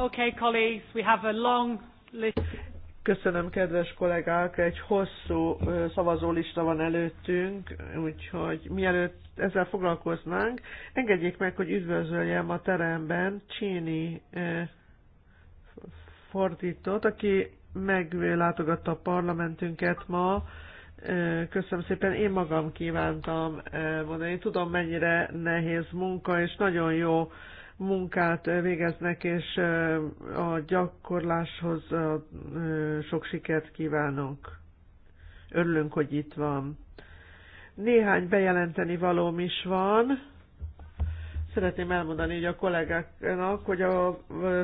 Okay, colleagues, we have a long list. Köszönöm, kedves kollégák, egy hosszú szavazólista van előttünk, úgyhogy mielőtt ezzel foglalkoznánk, engedjék meg, hogy üdvözöljem a teremben Csini fordítót, aki meglátogatta a parlamentünket ma, Köszönöm szépen, én magam kívántam mondani. Tudom, mennyire nehéz munka, és nagyon jó munkát végeznek, és a gyakorláshoz sok sikert kívánok. Örülünk, hogy itt van. Néhány bejelenteni valóm is van. Szeretném elmondani hogy a kollégáknak, hogy a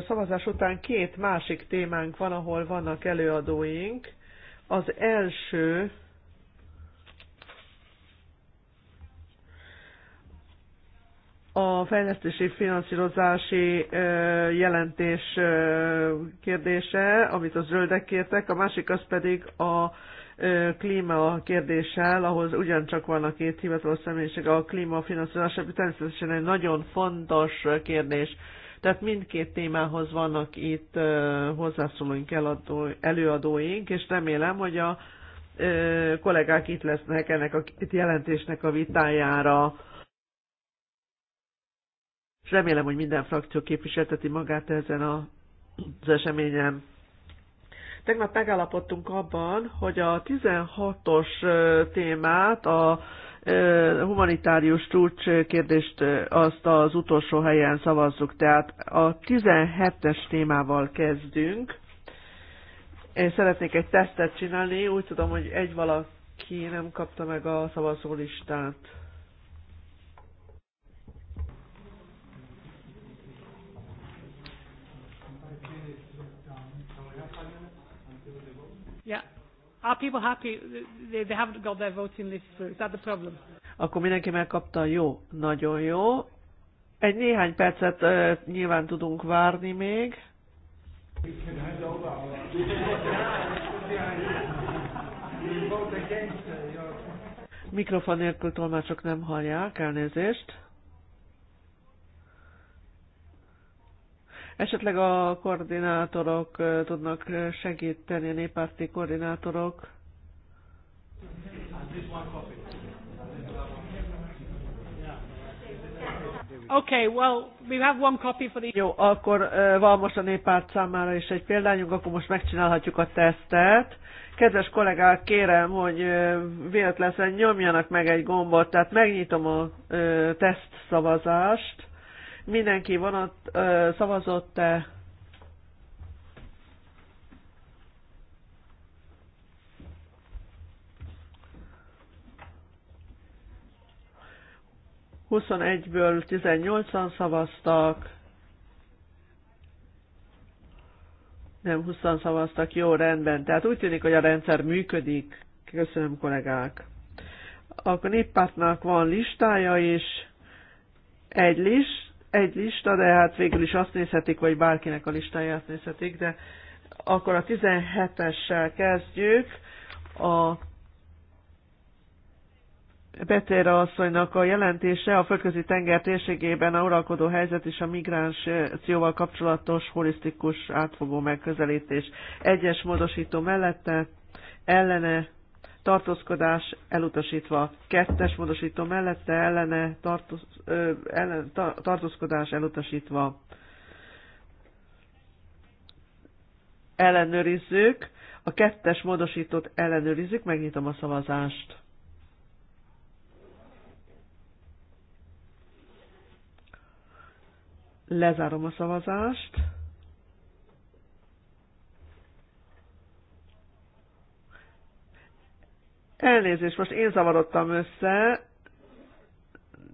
szavazás után két másik témánk van, ahol vannak előadóink. Az első a fejlesztési finanszírozási jelentés kérdése, amit a zöldek kértek, a másik az pedig a klíma kérdéssel, ahhoz ugyancsak van a két hivatalos személyiség, a klíma finanszírozása természetesen egy nagyon fontos kérdés. Tehát mindkét témához vannak itt hozzászólóink, előadóink, és remélem, hogy a kollégák itt lesznek ennek a jelentésnek a vitájára és remélem, hogy minden frakció képviselteti magát ezen a, az eseményen. Tegnap megállapodtunk abban, hogy a 16-os témát, a humanitárius csúcs kérdést azt az utolsó helyen szavazzuk. Tehát a 17-es témával kezdünk. Én szeretnék egy tesztet csinálni, úgy tudom, hogy egy valaki nem kapta meg a szavazólistát. Yeah. Are people happy? They, they haven't got their voting list through. Is that the problem? Akkor mindenki megkapta, jó, nagyon jó. Egy néhány percet uh, nyilván tudunk várni még. Mikrofon nélkül tolmácsok nem hallják, elnézést. Esetleg a koordinátorok tudnak segíteni, a néppárti koordinátorok. Okay, well, we have one copy for the... Jó, akkor uh, van most a néppárt számára is egy példányunk, akkor most megcsinálhatjuk a tesztet. Kedves kollégák, kérem, hogy uh, véletlenül nyomjanak meg egy gombot, tehát megnyitom a uh, teszt szavazást. Mindenki vonat, szavazott-e? Huszonegyből 18-an szavaztak, nem 20 szavaztak, jó rendben. Tehát úgy tűnik, hogy a rendszer működik. Köszönöm, kollégák. Akkor néppártnak van listája is, egy list, egy lista, de hát végül is azt nézhetik, vagy bárkinek a listáját nézhetik, de akkor a 17-essel kezdjük. A Betéra asszonynak a jelentése a földközi tenger térségében a uralkodó helyzet és a migrációval kapcsolatos holisztikus átfogó megközelítés. Egyes módosító mellette ellene tartózkodás elutasítva. Kettes módosító mellette ellene tartoz, ö, ellen, ta, tartózkodás elutasítva. Ellenőrizzük. A kettes módosítót ellenőrizzük, megnyitom a szavazást. Lezárom a szavazást. Elnézést, most én zavarodtam össze,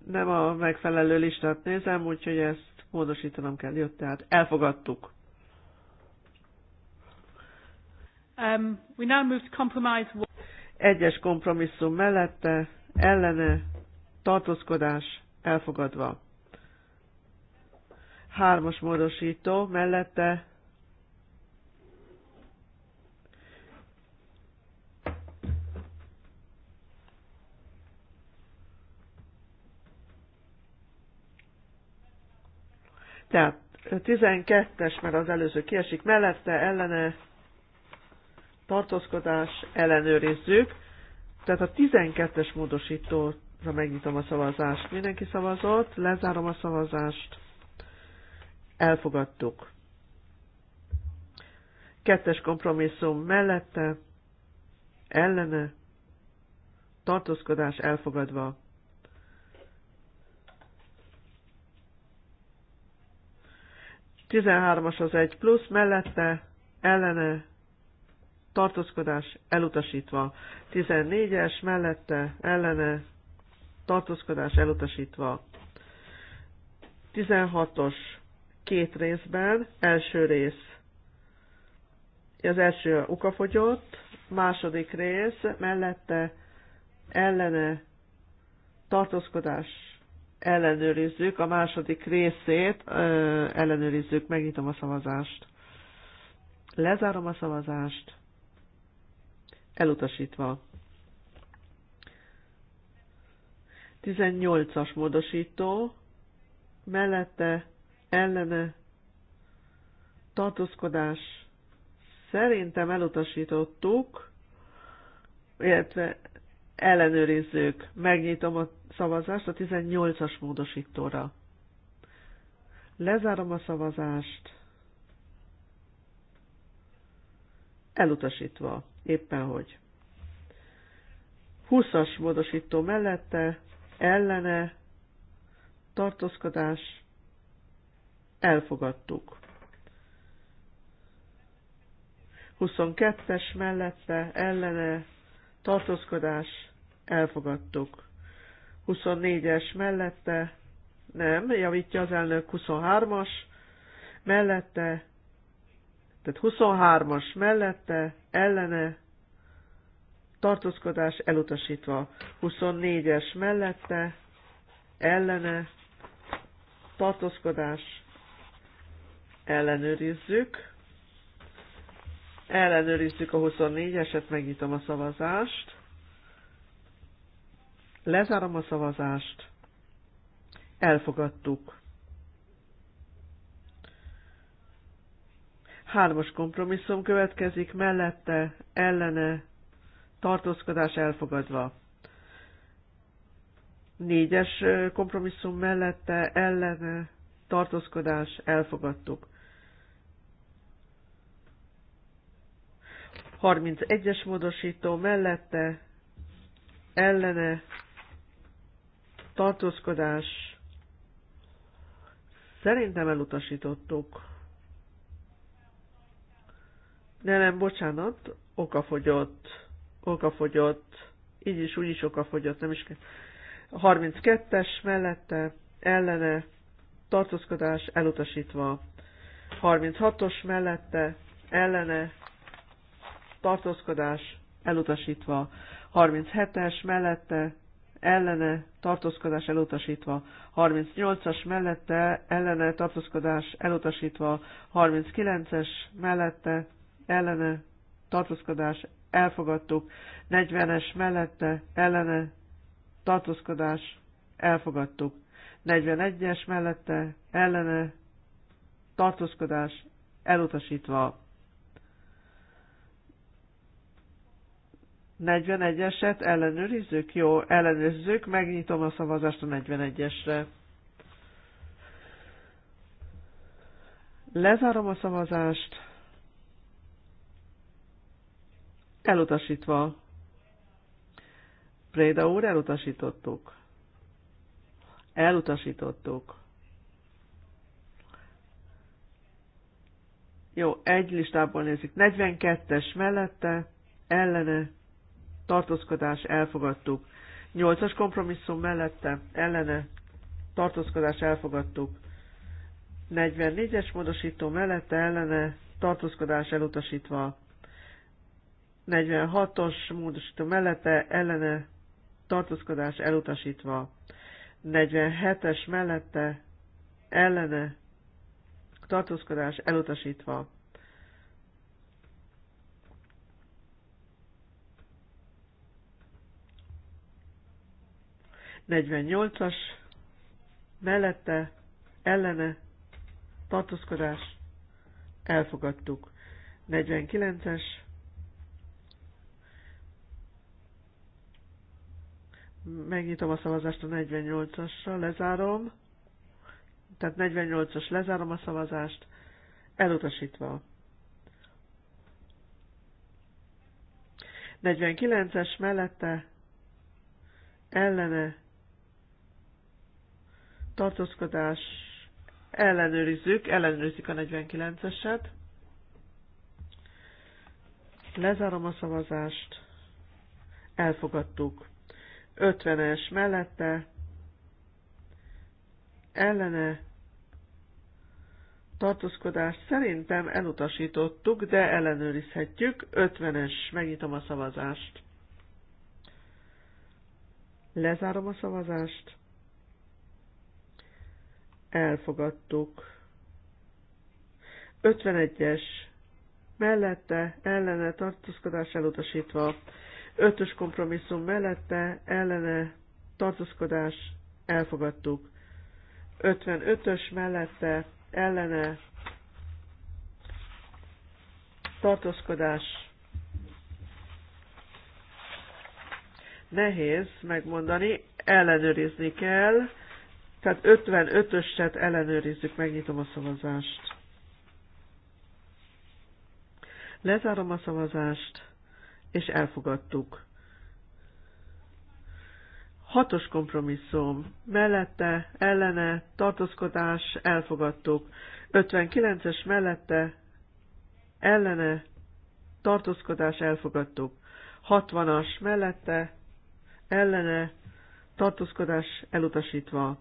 nem a megfelelő listát nézem, úgyhogy ezt módosítanom kell. Jött, tehát elfogadtuk. Um, we now move to compromise. Egyes kompromisszum mellette, ellene, tartózkodás, elfogadva. Hármas módosító mellette, Tehát 12-es, mert az előző kiesik mellette, ellene tartózkodás, ellenőrizzük. Tehát a 12-es módosítóra megnyitom a szavazást. Mindenki szavazott, lezárom a szavazást. Elfogadtuk. Kettes kompromisszum mellette, ellene, tartózkodás elfogadva. 13-as az egy plusz, mellette ellene tartózkodás elutasítva. 14-es mellette ellene tartózkodás elutasítva. 16-os két részben, első rész az első ukafogyott, második rész mellette ellene tartózkodás ellenőrizzük a második részét, ellenőrizzük, megnyitom a szavazást. Lezárom a szavazást. Elutasítva. 18-as módosító, mellette, ellene, tartózkodás. Szerintem elutasítottuk, illetve ellenőrizzük. Megnyitom a szavazást a 18-as módosítóra. Lezárom a szavazást. Elutasítva, éppen hogy. 20-as módosító mellette, ellene, tartózkodás, elfogadtuk. 22-es mellette, ellene, tartózkodás, elfogadtuk. 24-es mellette, nem, javítja az elnök 23-as, mellette, tehát 23-as mellette, ellene, tartózkodás elutasítva. 24-es mellette, ellene, tartózkodás, ellenőrizzük. Ellenőrizzük a 24-eset, megnyitom a szavazást. Lezárom a szavazást. Elfogadtuk. Hármas kompromisszum következik, mellette, ellene, tartózkodás elfogadva. Négyes kompromisszum mellette, ellene, tartózkodás elfogadtuk. 31-es módosító mellette, ellene, tartózkodás. Szerintem elutasítottuk. Ne, nem, bocsánat, okafogyott, okafogyott, így is, úgy is okafogyott, nem is kell. 32-es mellette, ellene, tartózkodás elutasítva. 36-os mellette, ellene, tartózkodás elutasítva. 37-es mellette, ellene tartózkodás elutasítva, 38-as mellette ellene tartózkodás elutasítva, 39-es mellette ellene tartózkodás elfogadtuk, 40-es mellette ellene tartózkodás elfogadtuk, 41-es mellette ellene tartózkodás elutasítva. 41-eset ellenőrizzük? Jó, ellenőrizzük, megnyitom a szavazást a 41-esre. Lezárom a szavazást. Elutasítva. Préda úr, elutasítottuk. Elutasítottuk. Jó, egy listából nézik. 42-es mellette, ellene, tartózkodás elfogadtuk. Nyolcas kompromisszum mellette ellene tartózkodás elfogadtuk. 44-es módosító mellette ellene tartózkodás elutasítva. 46-os módosító mellette ellene tartózkodás elutasítva. 47-es mellette ellene tartózkodás elutasítva. 48-as, mellette, ellene, tartózkodás, elfogadtuk. 49-es, megnyitom a szavazást a 48-assal, lezárom, tehát 48-as lezárom a szavazást, elutasítva. 49-es mellette, ellene, tartózkodás ellenőrizzük, ellenőrizik a 49-eset. Lezárom a szavazást. Elfogadtuk. 50-es mellette. Ellene. Tartózkodás szerintem elutasítottuk, de ellenőrizhetjük. 50-es. Megnyitom a szavazást. Lezárom a szavazást elfogadtuk. 51-es mellette, ellene tartózkodás elutasítva, 5-ös kompromisszum mellette, ellene tartózkodás elfogadtuk. 55-ös mellette, ellene tartózkodás nehéz megmondani, ellenőrizni kell, tehát 55-öset ellenőrizzük, megnyitom a szavazást. Lezárom a szavazást, és elfogadtuk. Hatos kompromisszum. Mellette, ellene, tartózkodás, elfogadtuk. 59-es mellette, ellene, tartózkodás, elfogadtuk. 60-as mellette, ellene, tartózkodás, elutasítva.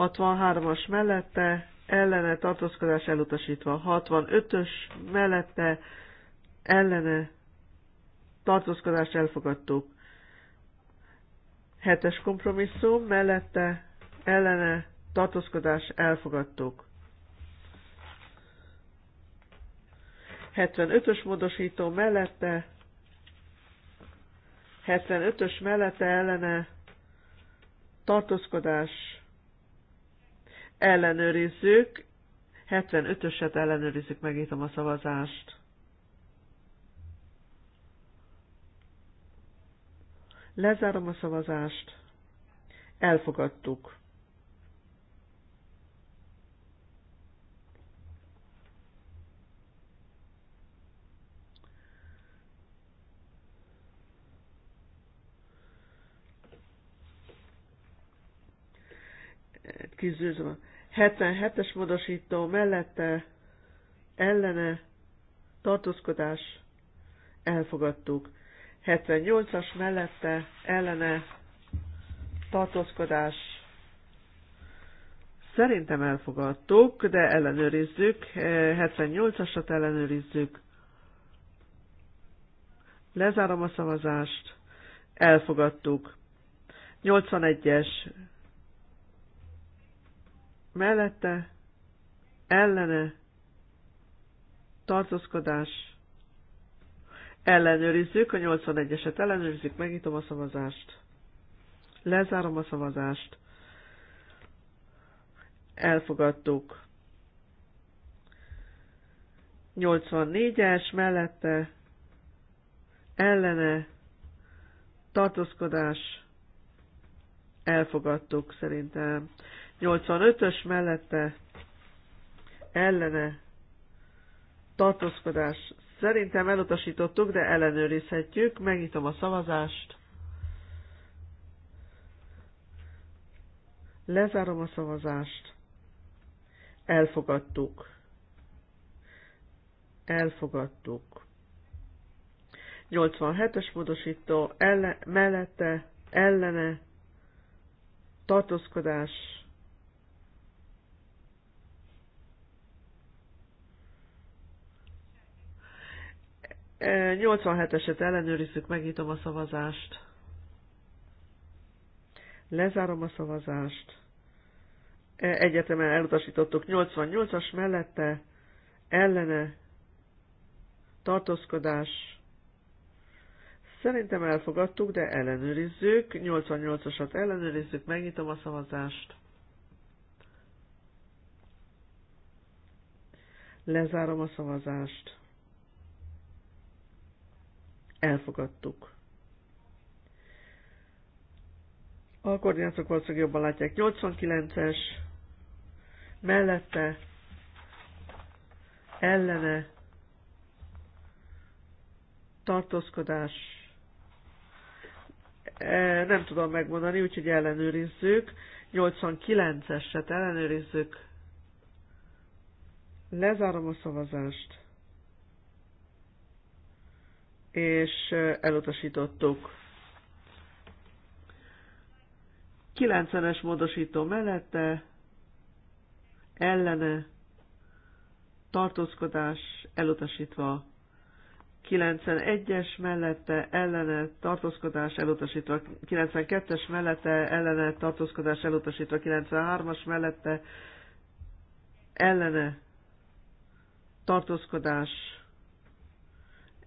63-as mellette, ellene tartózkodás elutasítva. 65-ös mellette, ellene tartózkodást elfogadtuk. 7-es kompromisszum mellette, ellene tartózkodás elfogadtuk. 75-ös módosító mellette, 75-ös mellette ellene tartózkodás ellenőrizzük, 75-öset ellenőrizzük, megítom a szavazást. Lezárom a szavazást. Elfogadtuk. küzdözve. 77-es módosító mellette ellene tartózkodás elfogadtuk. 78-as mellette ellene tartózkodás szerintem elfogadtuk, de ellenőrizzük. 78-asat ellenőrizzük. Lezárom a szavazást. Elfogadtuk. 81-es mellette, ellene, tartózkodás, ellenőrizzük, a 81-eset ellenőrizzük, megnyitom a szavazást, lezárom a szavazást, elfogadtuk. 84-es mellette, ellene, tartózkodás, elfogadtuk szerintem. 85-ös mellette ellene tartózkodás. Szerintem elutasítottuk, de ellenőrizhetjük. Megnyitom a szavazást. Lezárom a szavazást. Elfogadtuk. Elfogadtuk. 87-es módosító mellette ellene tartózkodás 87-eset ellenőrizzük, megnyitom a szavazást. Lezárom a szavazást. E, egyetemen elutasítottuk 88-as mellette, ellene, tartózkodás. Szerintem elfogadtuk, de ellenőrizzük. 88-asat ellenőrizzük, megnyitom a szavazást. Lezárom a szavazást elfogadtuk. A koordinátok valószínűleg jobban látják. 89-es mellette ellene tartózkodás e, nem tudom megmondani, úgyhogy ellenőrizzük. 89-eset ellenőrizzük. Lezárom a szavazást és elutasítottuk. 90-es módosító mellette, ellene, tartózkodás elutasítva. 91-es mellette ellene tartózkodás elutasítva, 92-es mellette ellene tartózkodás elutasítva, 93-as mellette ellene tartózkodás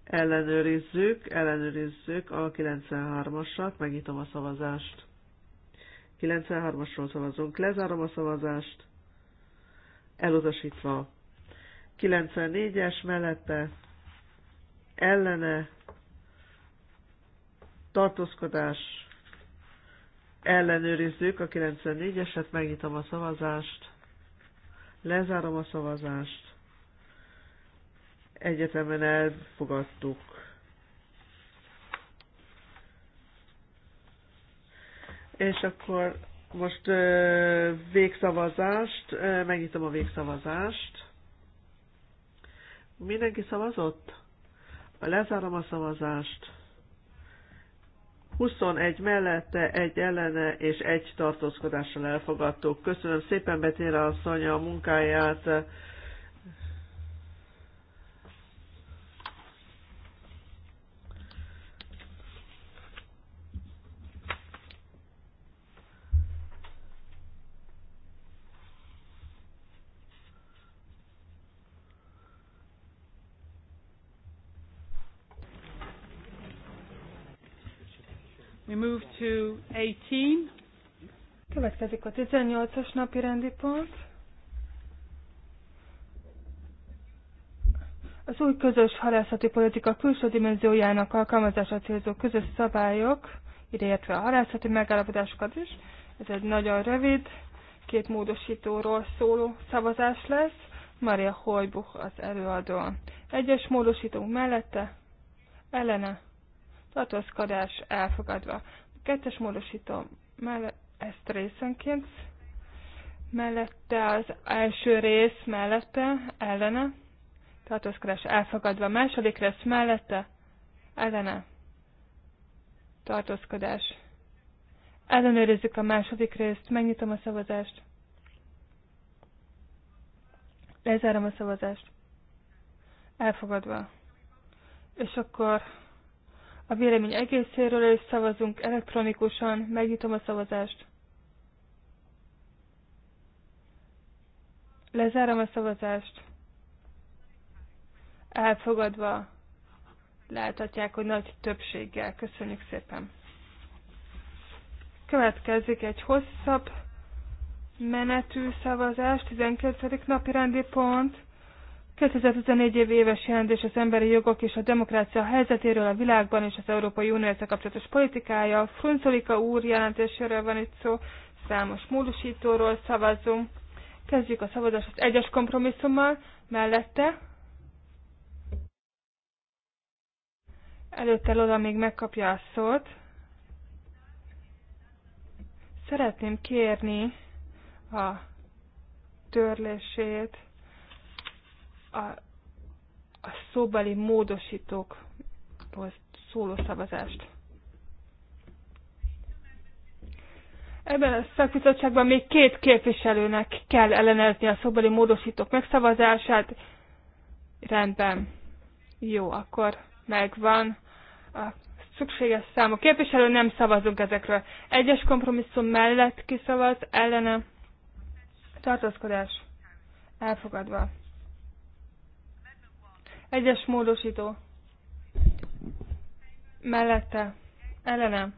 Ellenőrizzük, ellenőrizzük a 93-asat, megnyitom a szavazást. 93-asról szavazunk, lezárom a szavazást, elutasítva. 94-es mellette, ellene, tartózkodás, ellenőrizzük a 94-eset, megnyitom a szavazást, lezárom a szavazást, egyetemen elfogadtuk. És akkor most ö, végszavazást, ö, megnyitom a végszavazást. Mindenki szavazott? Lezárom a szavazást. 21 mellette, egy ellene és egy tartózkodással elfogadtuk. Köszönöm szépen Betéra asszony a munkáját Következik a 18-as napi rendi pont. Az új közös halászati politika külső dimenziójának alkalmazása célzó közös szabályok, ideértve a halászati megállapodásokat is. Ez egy nagyon rövid, két módosítóról szóló szavazás lesz. Maria Hojbuch az előadó. Egyes módosító mellette, ellene, tartózkodás elfogadva. Kettes módosító mellett, ezt részenként. Mellette az első rész mellette, ellene, tartózkodás elfogadva. Második rész mellette, ellene, tartózkodás. Ellenőrizzük a második részt, megnyitom a szavazást. Lezárom a szavazást. Elfogadva. És akkor a vélemény egészéről, és szavazunk elektronikusan. Megnyitom a szavazást. Lezárom a szavazást. Elfogadva láthatják, hogy nagy többséggel. Köszönjük szépen. Következik egy hosszabb menetű szavazás, 12. napi rendi pont. 2014 év éves jelentés az emberi jogok és a demokrácia helyzetéről a világban és az Európai Unió ezzel kapcsolatos politikája. Frunzolika úr jelentéséről van itt szó, számos módosítóról szavazunk. Kezdjük a szavazást az egyes kompromisszummal, mellette. Előtte Lola még megkapja a szót. Szeretném kérni a törlését a, a szóbeli módosítókhoz szóló szavazást. Ebben a szakbizottságban még két képviselőnek kell ellenezni a szóbeli módosítók megszavazását. Rendben. Jó, akkor megvan a szükséges számú képviselő, nem szavazunk ezekről. Egyes kompromisszum mellett kiszavaz, ellene tartózkodás elfogadva. Egyes módosító. Mellette. Ellene.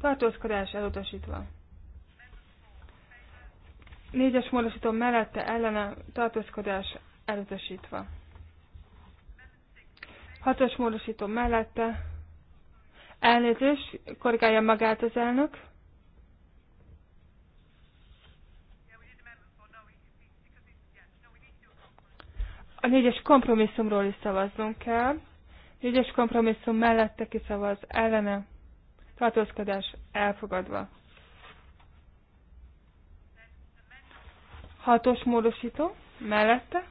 Tartózkodás elutasítva. Négyes módosító mellette ellene tartózkodás elutasítva. Hatos módosító mellette elnézés, korgálja magát az elnök. a négyes kompromisszumról is szavaznunk kell. Négyes kompromisszum mellette kiszavaz ellene. Tartózkodás elfogadva. Hatos módosító mellette.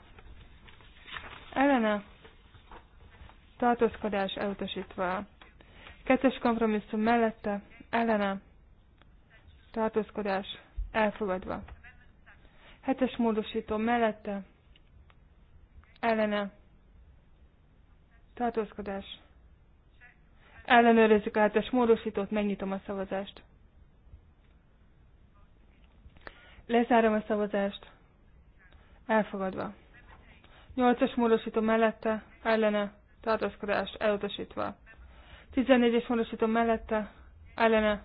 Ellene. Tartózkodás elutasítva. Kettes kompromisszum mellette. Ellene. Tartózkodás elfogadva. Hetes módosító mellette ellene tartózkodás. Ellenőrizzük a módosítót, megnyitom a szavazást. Lezárom a szavazást. Elfogadva. Nyolcas módosító mellette, ellene, tartózkodás, elutasítva. Tizennégyes módosító mellette, ellene,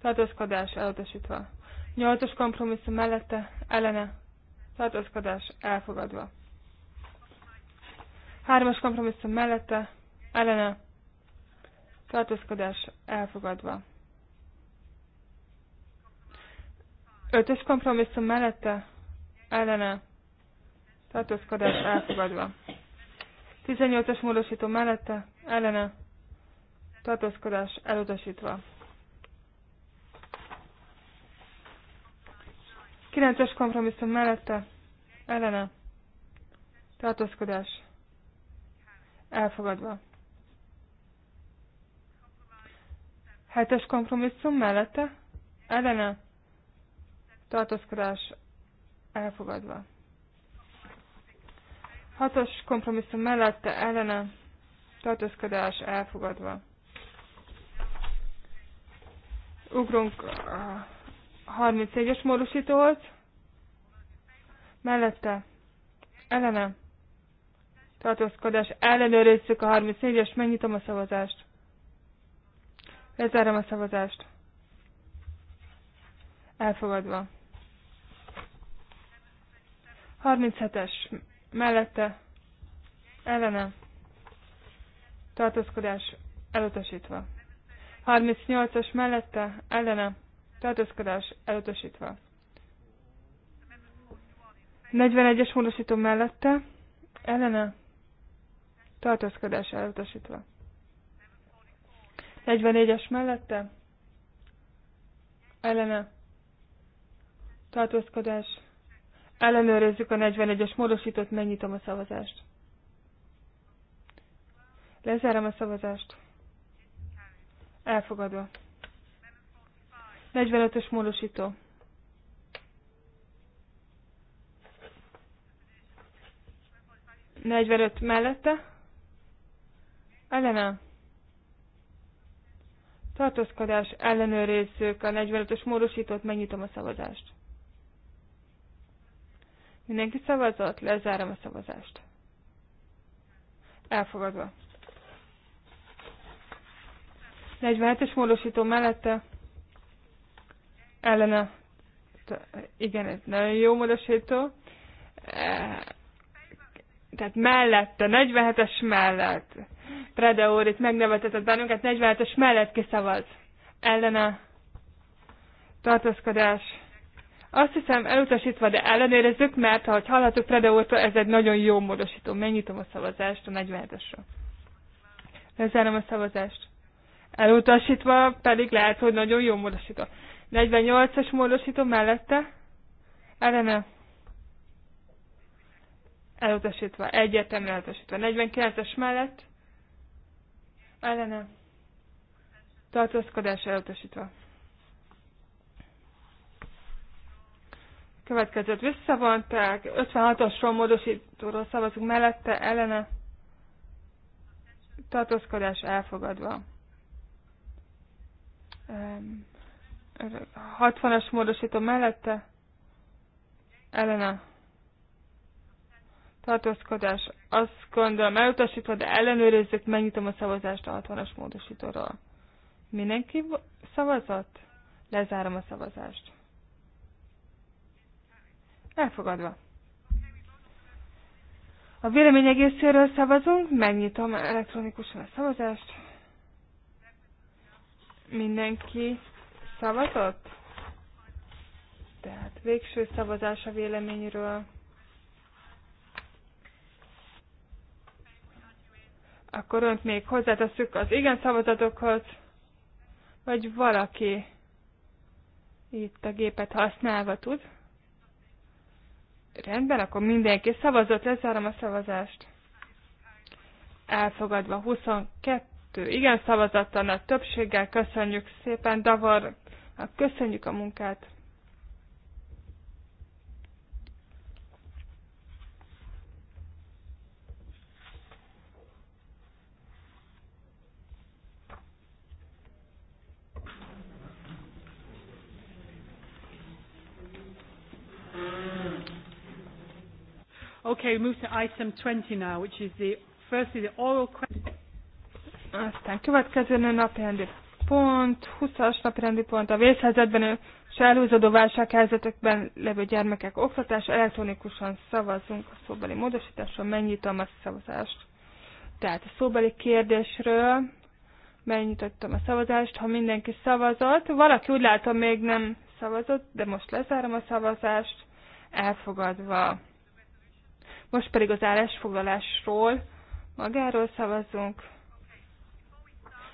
tartózkodás, elutasítva. Nyolcas kompromisszum mellette, ellene, tartózkodás, elfogadva. Hármas kompromisszum mellette ellene tartózkodás elfogadva. Ötös kompromisszum mellette ellene tartózkodás elfogadva. Tizennyolcas módosító mellette ellene tartózkodás elutasítva. Kilences kompromisszum mellette ellene tartózkodás elfogadva. Hetes kompromisszum mellette, ellene, tartózkodás elfogadva. Hatos kompromisszum mellette, ellene, tartózkodás elfogadva. Ugrunk a 31-es módosítóhoz, mellette, ellene, tartózkodás ellenőrizzük a 34-es, megnyitom a szavazást. Lezárom a szavazást. Elfogadva. 37-es, mellette, ellene, tartózkodás elutasítva. 38-as mellette, ellene, tartózkodás elutasítva. 41-es módosító mellette, ellene, tartózkodás elutasítva. 44-es mellette ellene tartózkodás. Ellenőrizzük a 41-es módosítót, megnyitom a szavazást. Lezárom a szavazást. Elfogadva. 45-ös módosító. Negyvenöt mellette ellene tartózkodás ellenőrizzük a 45-ös módosítót, megnyitom a szavazást. Mindenki szavazott? Lezárom a szavazást. Elfogadva. 47-es módosító mellette ellene, igen, ez nagyon jó módosító, e- tehát mellette, 47-es mellett Preda úr itt megnevetetett bennünket, 47-es mellett kiszavaz. Ellene tartózkodás. Azt hiszem elutasítva, de ellenérezzük, mert ahogy hallhattuk Preda úrtól, ez egy nagyon jó módosító. Megnyitom a szavazást a 47-esről. Lezárom a szavazást. Elutasítva pedig lehet, hogy nagyon jó módosító. 48-as módosító mellette ellene elutasítva, Egyértelműen elutasítva. 49-es mellett ellene tartózkodás elutasítva. Következőt visszavonták, 56-osról módosítóról szavazunk mellette, ellene tartózkodás elfogadva. 60-as módosító mellette, ellene tartózkodás azt gondolom elutasítva, de ellenőrizzük, megnyitom a szavazást a 60-as módosítóról. Mindenki szavazott? Lezárom a szavazást. Elfogadva. A vélemény egészéről szavazunk, megnyitom elektronikusan a szavazást. Mindenki szavazott? Tehát végső szavazás a véleményről. akkor önt még hozzáteszük az igen szavazatokhoz, vagy valaki itt a gépet használva tud. Rendben, akkor mindenki szavazott, lezárom a szavazást. Elfogadva 22 igen szavazattal, a többséggel köszönjük szépen, Davar, hát köszönjük a munkát. Okay, we move to item 20 now, which is the firstly the oral question. Aztán következő napirendi pont, 20-as napirendi pont a vészhelyzetben és elhúzódó válsághelyzetekben levő gyermekek oktatása. Elektronikusan szavazunk a szóbeli módosításról, megnyitom a szavazást. Tehát a szóbeli kérdésről megnyitottam a szavazást, ha mindenki szavazott. Valaki úgy látom még nem szavazott, de most lezárom a szavazást, elfogadva. Most pedig az állásfoglalásról magáról szavazunk.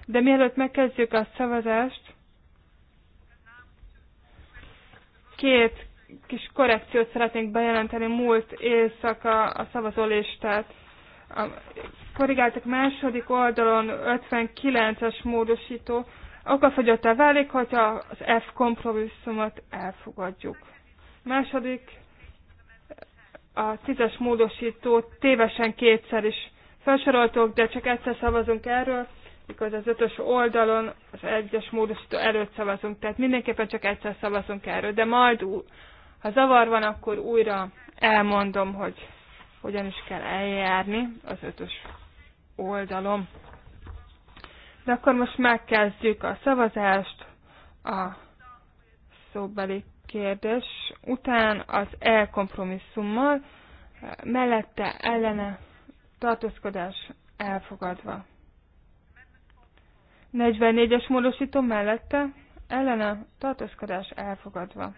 De mielőtt megkezdjük a szavazást, két kis korrekciót szeretnék bejelenteni múlt éjszaka a szavazólistát. Korrigáltak második oldalon 59-es módosító, a válik, hogyha az F kompromisszumot elfogadjuk. Második a tízes módosítót tévesen kétszer is felsoroltok, de csak egyszer szavazunk erről, mikor az ötös oldalon az egyes módosító előtt szavazunk, tehát mindenképpen csak egyszer szavazunk erről, de majd ha zavar van, akkor újra elmondom, hogy hogyan is kell eljárni az ötös oldalom. De akkor most megkezdjük a szavazást a szóbeli kérdés után az elkompromisszummal, mellette ellene tartózkodás elfogadva. 44-es módosító mellette ellene tartózkodás elfogadva.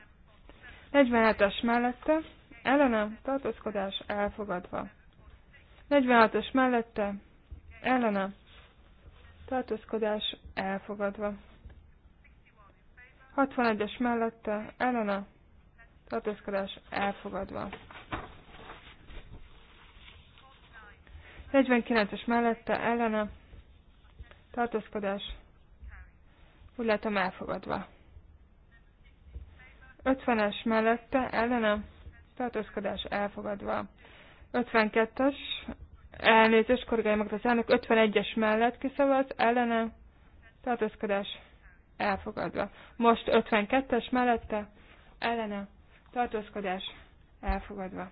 47-es mellette ellene tartózkodás elfogadva. 46-os mellette ellene tartózkodás elfogadva. 61-es mellette ellene tartózkodás elfogadva. 49-es mellette ellene tartózkodás úgy látom elfogadva. 50-es mellette ellene tartózkodás elfogadva. 52-es elnézést, korrigálja meg az elnök, 51-es mellett kiszavaz, ellene tartózkodás elfogadva. Most 52-es mellette ellene tartózkodás elfogadva.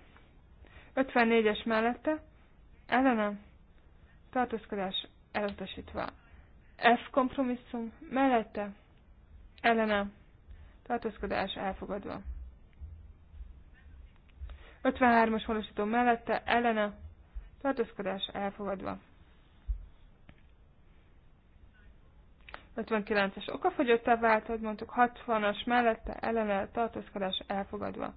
54-es mellette ellene tartózkodás elutasítva. F kompromisszum mellette ellene tartózkodás elfogadva. 53-as módosító mellette ellene tartózkodás elfogadva. 59-es okafogyottá vált, hogy mondtuk 60-as mellette ellene tartózkodás elfogadva.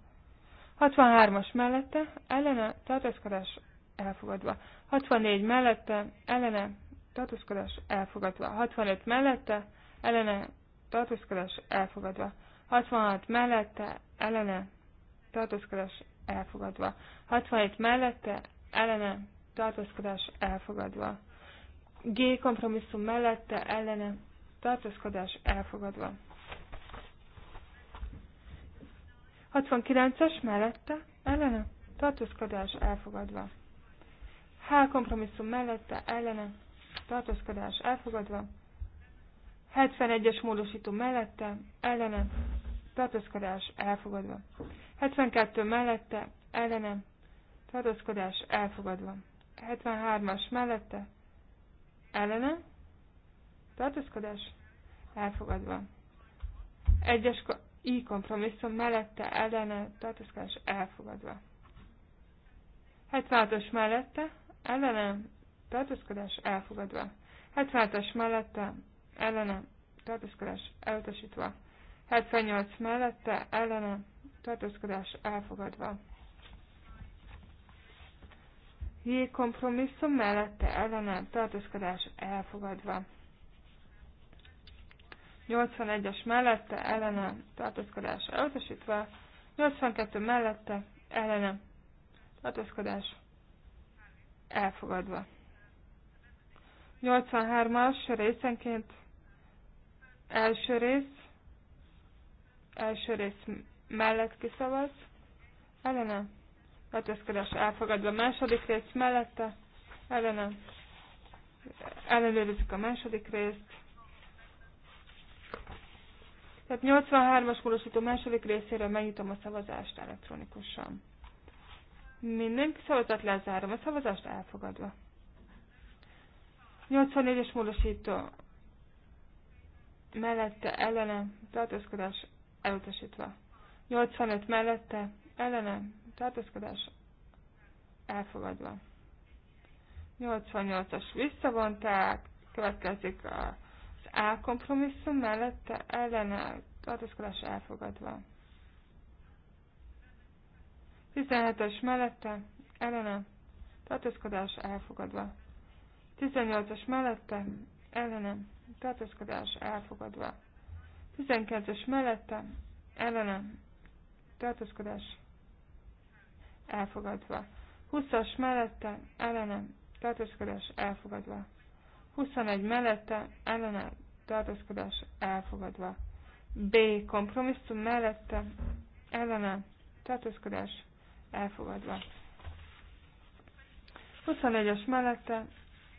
63-as mellette ellene tartózkodás elfogadva. 64 mellette ellene tartózkodás elfogadva. 65 mellette ellene tartózkodás elfogadva. 66 mellette ellene tartózkodás elfogadva. 67 mellette ellene tartózkodás elfogadva. G kompromisszum mellette ellene tartózkodás elfogadva. 69-es mellette, ellene, tartózkodás elfogadva. H kompromisszum mellette, ellene, tartózkodás elfogadva. 71-es módosító mellette, ellene, tartózkodás elfogadva. 72 mellette, ellene, tartózkodás elfogadva. 73-as mellette, ellene, tartózkodás elfogadva. Egyes i kompromisszum mellette ellene tartózkodás elfogadva. 76-os mellette ellene tartózkodás elfogadva. 76-as mellette ellene tartózkodás elutasítva. 78 mellette ellene tartózkodás elfogadva. J kompromisszum mellette ellene tartózkodás elfogadva. 81-es mellette ellene tartózkodás elutasítva, 82 mellette ellene tartózkodás elfogadva. 83-as részenként első rész, első rész mellett kiszavaz, ellene tartózkodás elfogadva, második rész mellette ellene ellenőrizik a második részt, tehát 83-as módosító második részéről megnyitom a szavazást elektronikusan. Mindenki szavazat lezárom, a szavazást elfogadva. 84-es módosító mellette ellene tartózkodás elutasítva. 85 mellette ellene tartózkodás elfogadva. 88-as visszavonták, következik a a kompromisszum mellette ellene tartózkodás elfogadva. 17-es mellette ellene tartózkodás elfogadva. 18 es mellette ellene tartózkodás elfogadva. 19-es mellette ellene tartózkodás elfogadva. 20-as mellette ellene tartózkodás elfogadva. 21 mellette ellene tartózkodás elfogadva. B. Kompromisszum mellette ellene tartózkodás elfogadva. 24-es mellette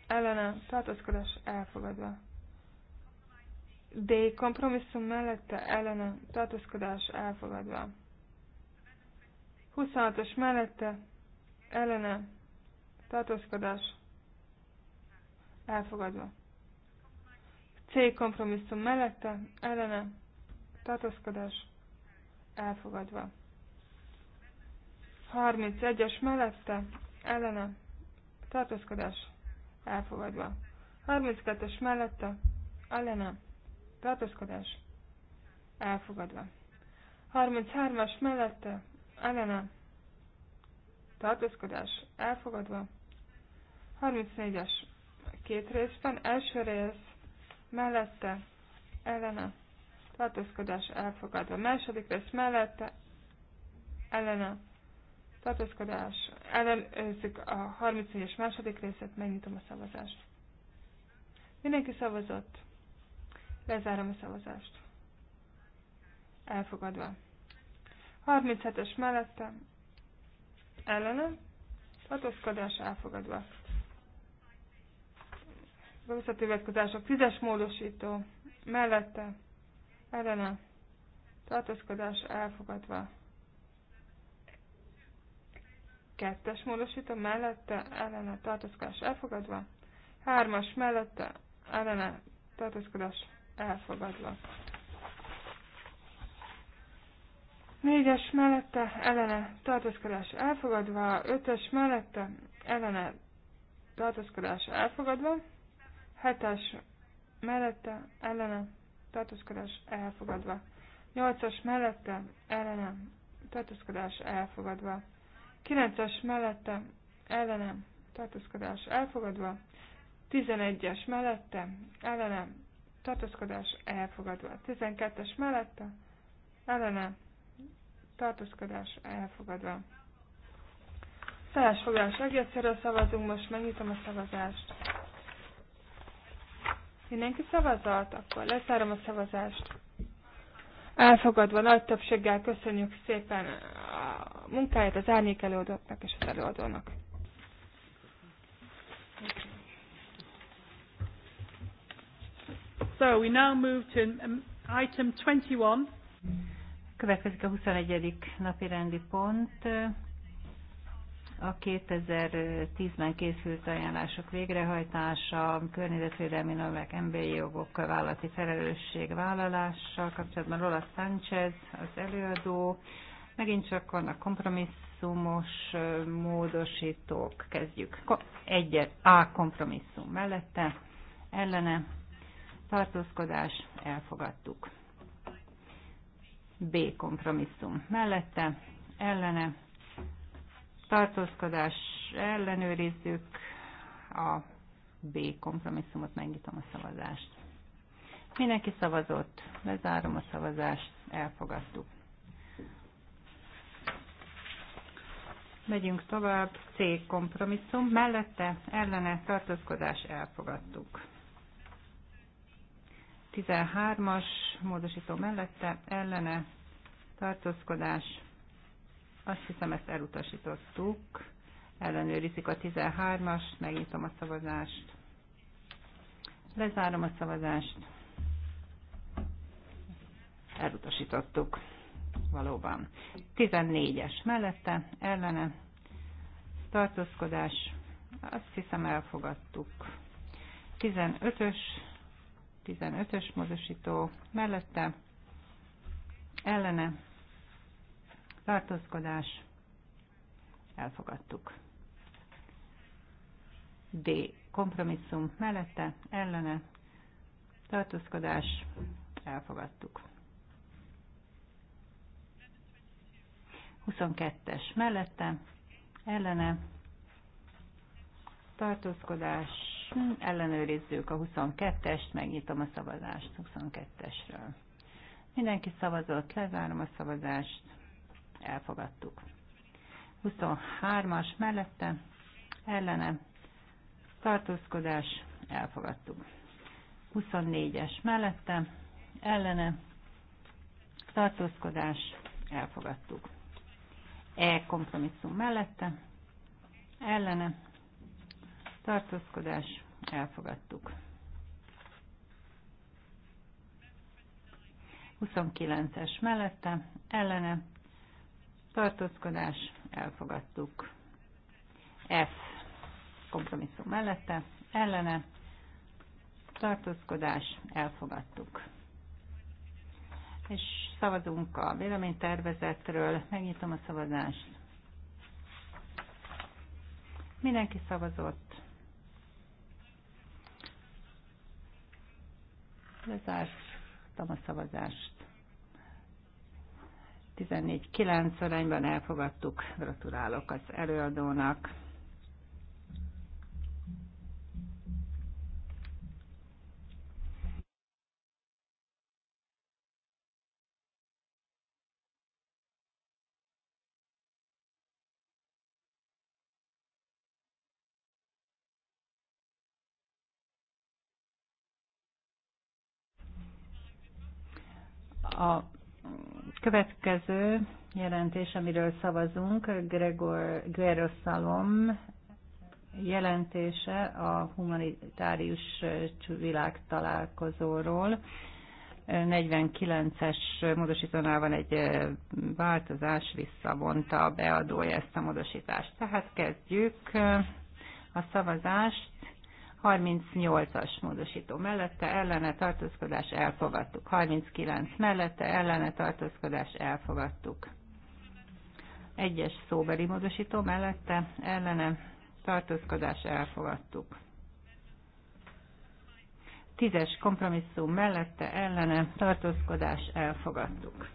ellene tartózkodás elfogadva. D. Kompromisszum mellette ellene tartózkodás elfogadva. 26-os mellette ellene tartózkodás elfogadva cég kompromisszum mellette, ellene, tartózkodás, elfogadva. 31-es mellette, ellene, tartózkodás, elfogadva. 32-es mellette, ellene, tartózkodás, elfogadva. 33-as mellette, ellene, tartózkodás, elfogadva. 34-es két részben, első rész mellette, ellene, tartózkodás elfogadva. Második rész mellette, ellene, tartózkodás, ellenőrzik a 31-es második részet, megnyitom a szavazást. Mindenki szavazott. Lezárom a szavazást. Elfogadva. 37-es mellette, ellene, tartózkodás elfogadva visszatűvetkozások, tízes módosító, mellette, ellene, tartózkodás elfogadva. Kettes módosító, mellette, ellene, tartózkodás elfogadva. Hármas, mellette, ellene, tartózkodás elfogadva. Négyes mellette ellene tartózkodás elfogadva, ötös mellette ellene tartózkodás elfogadva. 7-es mellette ellene tartózkodás elfogadva. 8-as mellette ellene tartózkodás elfogadva. es mellette ellene tartózkodás elfogadva. es mellette ellene tartózkodás elfogadva. es mellette ellene tartózkodás elfogadva. Felesfoglalás egyszerre szavazunk, most megnyitom a szavazást. Mindenki szavazott? Akkor lezárom a szavazást. Elfogadva nagy többséggel köszönjük szépen a munkáját az árnyék előadóknak és az előadónak. So we now move to um, item 21. Következik a 21. napi rendi pont. A 2010-ben készült ajánlások végrehajtása, környezetvédelmi normák, emberi jogok, vállalati felelősség vállalással kapcsolatban Lola Sánchez az előadó. Megint csak vannak kompromisszumos módosítók. Kezdjük. Egyet A kompromisszum mellette, ellene, tartózkodás, elfogadtuk. B kompromisszum mellette, ellene, tartózkodás ellenőrizzük a B kompromisszumot, megnyitom a szavazást. Mindenki szavazott, lezárom a szavazást, elfogadtuk. Megyünk tovább, C kompromisszum, mellette ellene tartózkodás elfogadtuk. 13-as módosító mellette ellene tartózkodás azt hiszem, ezt elutasítottuk. Ellenőrizik a 13-as, megnyitom a szavazást. Lezárom a szavazást. Elutasítottuk. Valóban. 14-es mellette, ellene, tartózkodás, azt hiszem elfogadtuk. 15-ös, 15-ös mozosító mellette, ellene, tartózkodás, elfogadtuk. D. Kompromisszum mellette, ellene, tartózkodás, elfogadtuk. 22-es mellette, ellene, tartózkodás, ellenőrizzük a 22-est, megnyitom a szavazást 22-esről. Mindenki szavazott, lezárom a szavazást elfogadtuk. 23-as mellette ellene tartózkodás elfogadtuk. 24-es mellette ellene tartózkodás elfogadtuk. E kompromisszum mellette ellene tartózkodás elfogadtuk. 29-es mellette ellene tartózkodás, elfogadtuk. F kompromisszum mellette, ellene, tartózkodás, elfogadtuk. És szavazunk a véleménytervezetről, megnyitom a szavazást. Mindenki szavazott. Lezártam a szavazást. 14-9 arányban elfogadtuk. Gratulálok az előadónak. a Következő jelentés, amiről szavazunk, Gregor Gerosalom jelentése a humanitárius világtalálkozóról. 49-es módosítónál van egy változás, visszavonta a beadója ezt a módosítást. Tehát kezdjük a szavazást. 38-as módosító mellette ellene tartózkodás elfogadtuk. 39 mellette ellene tartózkodás elfogadtuk. Egyes szóbeli módosító mellette ellene tartózkodás elfogadtuk. Tízes kompromisszum mellette ellene tartózkodás elfogadtuk.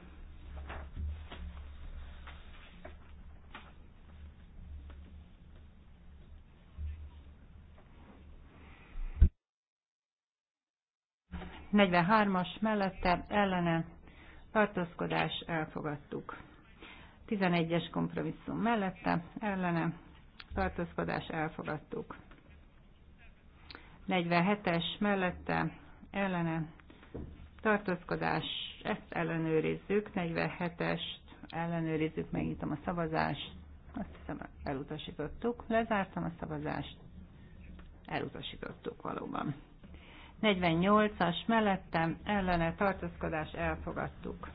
43-as mellette ellene tartózkodás elfogadtuk. 11-es kompromisszum mellette ellene tartózkodás elfogadtuk. 47-es mellette ellene tartózkodás, ezt ellenőrizzük, 47-est ellenőrizzük, megnyitom a szavazást, azt hiszem elutasítottuk, lezártam a szavazást, elutasítottuk valóban. 48-as mellettem ellene tartózkodás elfogadtuk.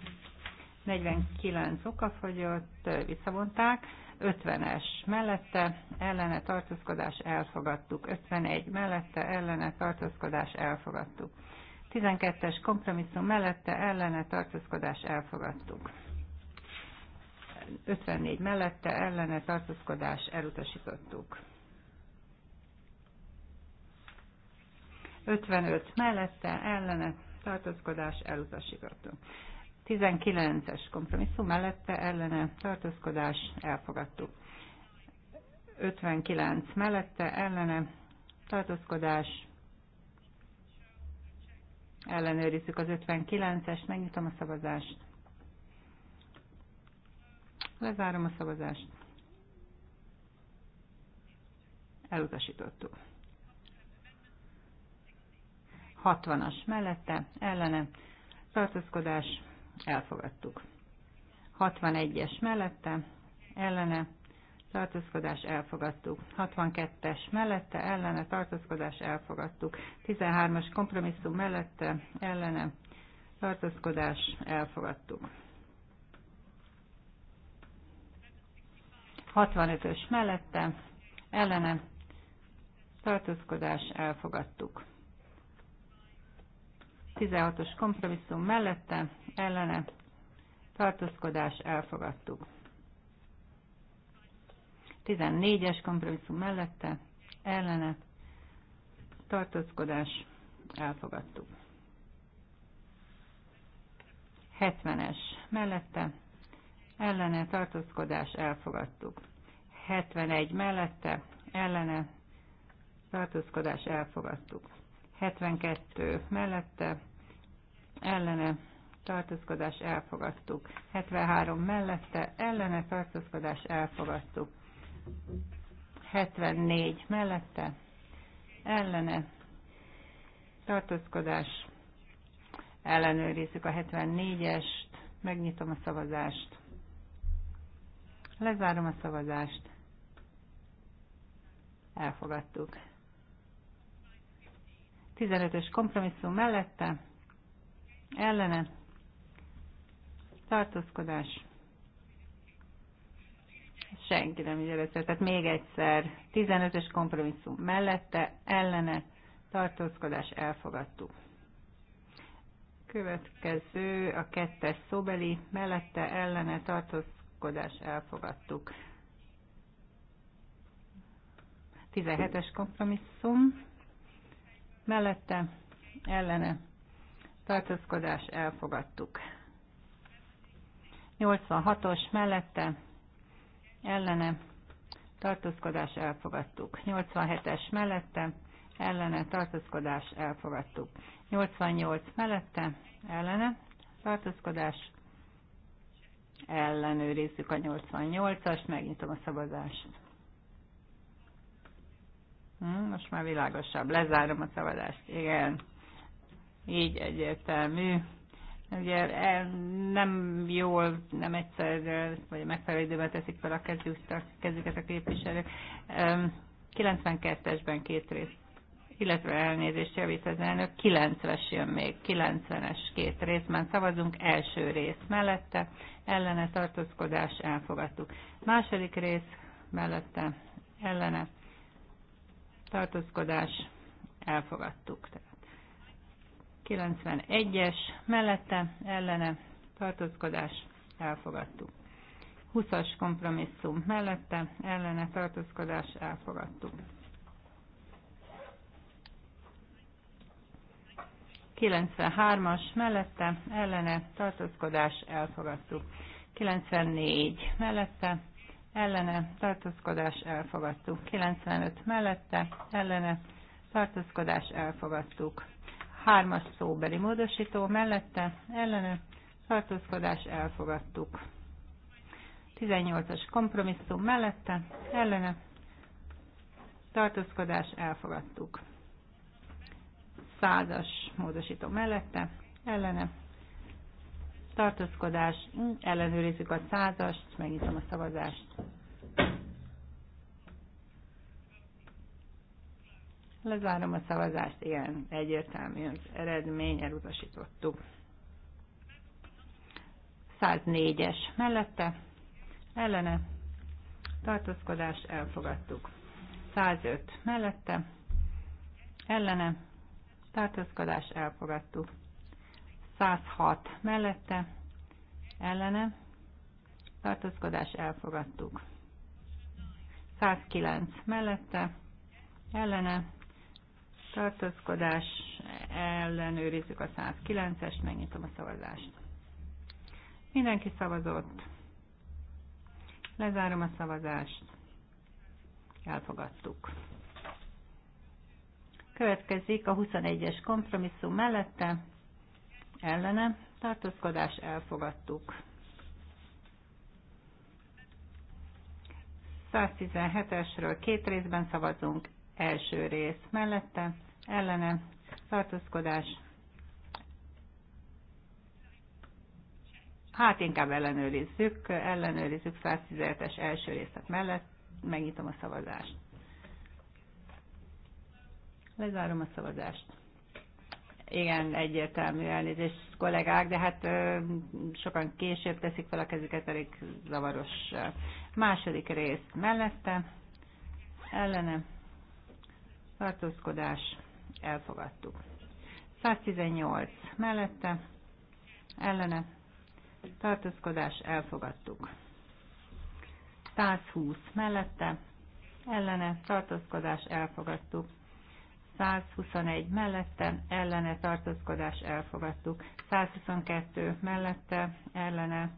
49 okafogyott, visszavonták. 50-es mellette ellene tartózkodás elfogadtuk. 51 mellette ellene tartózkodás elfogadtuk. 12-es kompromisszum mellette ellene tartózkodás elfogadtuk. 54 mellette ellene tartózkodás elutasítottuk. 55 mellette, ellene, tartózkodás elutasítottuk. 19-es kompromisszum mellette, ellene, tartózkodás elfogadtuk. 59 mellette, ellene, tartózkodás ellenőrizzük az 59-es, megnyitom a szavazást. Lezárom a szavazást. Elutasítottuk. 60-as mellette, ellene, tartózkodás, elfogadtuk. 61-es mellette, ellene, tartózkodás, elfogadtuk. 62-es mellette, ellene, tartózkodás, elfogadtuk. 13-as kompromisszum mellette, ellene, tartózkodás, elfogadtuk. 65-ös mellette, ellene, tartózkodás, elfogadtuk. 16-os kompromisszum mellette, ellene, tartózkodás elfogadtuk. 14-es kompromisszum mellette, ellene, tartózkodás elfogadtuk. 70-es mellette, ellene, tartózkodás elfogadtuk. 71 mellette, ellene, tartózkodás elfogadtuk. 72 mellette, ellene tartózkodás elfogadtuk. 73 mellette, ellene tartózkodás elfogadtuk. 74 mellette, ellene tartózkodás ellenőrizzük a 74-est, megnyitom a szavazást, lezárom a szavazást, elfogadtuk. 15-ös kompromisszum mellette, ellene, tartózkodás, senki nem így először, tehát még egyszer, 15-ös kompromisszum mellette, ellene, tartózkodás, elfogadtuk. Következő a kettes szóbeli, mellette, ellene, tartózkodás, elfogadtuk. 17-es kompromisszum mellette, ellene, tartózkodás, elfogadtuk. 86-os mellette, ellene, tartózkodás, elfogadtuk. 87-es mellette, ellene, tartózkodás, elfogadtuk. 88 mellette, ellene, tartózkodás, ellenőrizzük a 88-as, megnyitom a szavazást. Hm, most már világosabb. Lezárom a szavazást. Igen. Így egyértelmű. Ugye e, nem jól, nem egyszer, vagy megfelelő időben teszik fel a kezüket a képviselők. 92-esben két rész, illetve elnézést javít az elnök, 90-es jön még, 90-es két rész. Már szavazunk, első rész mellette, ellene tartózkodás elfogadtuk. Második rész mellette, ellene tartózkodás, elfogadtuk. Tehát 91-es mellette, ellene, tartózkodás, elfogadtuk. 20-as kompromisszum mellette, ellene, tartózkodás, elfogadtuk. 93-as mellette, ellene, tartózkodás, elfogadtuk. 94 mellette, ellene tartózkodás elfogadtuk. 95 mellette ellene tartózkodás elfogadtuk. Hármas szóbeli módosító mellette ellene tartózkodás elfogadtuk. 18-as kompromisszum mellette ellene tartózkodás elfogadtuk. Százas módosító mellette ellene tartózkodás, ellenőrizzük a százast, megnyitom a szavazást. Lezárom a szavazást, igen, egyértelmű az eredmény, elutasítottuk. 104-es mellette, ellene, tartózkodás, elfogadtuk. 105 mellette, ellene, tartózkodás, elfogadtuk. 106 mellette, ellene, tartózkodás elfogadtuk. 109 mellette, ellene, tartózkodás, ellenőrizzük a 109-est, megnyitom a szavazást. Mindenki szavazott. Lezárom a szavazást. Elfogadtuk. Következik a 21-es kompromisszum mellette, ellene tartózkodás elfogadtuk. 117-esről két részben szavazunk, első rész mellette, ellene tartózkodás. Hát inkább ellenőrizzük, ellenőrizzük 117-es első részet mellett, megnyitom a szavazást. Lezárom a szavazást igen, egyértelmű elnézést kollégák, de hát sokan később teszik fel a kezüket, elég zavaros. Második rész mellette, ellene, tartózkodás, elfogadtuk. 118 mellette, ellene, tartózkodás, elfogadtuk. 120 mellette, ellene, tartózkodás, elfogadtuk. 121 mellette, ellene tartózkodás elfogadtuk. 122 mellette, ellene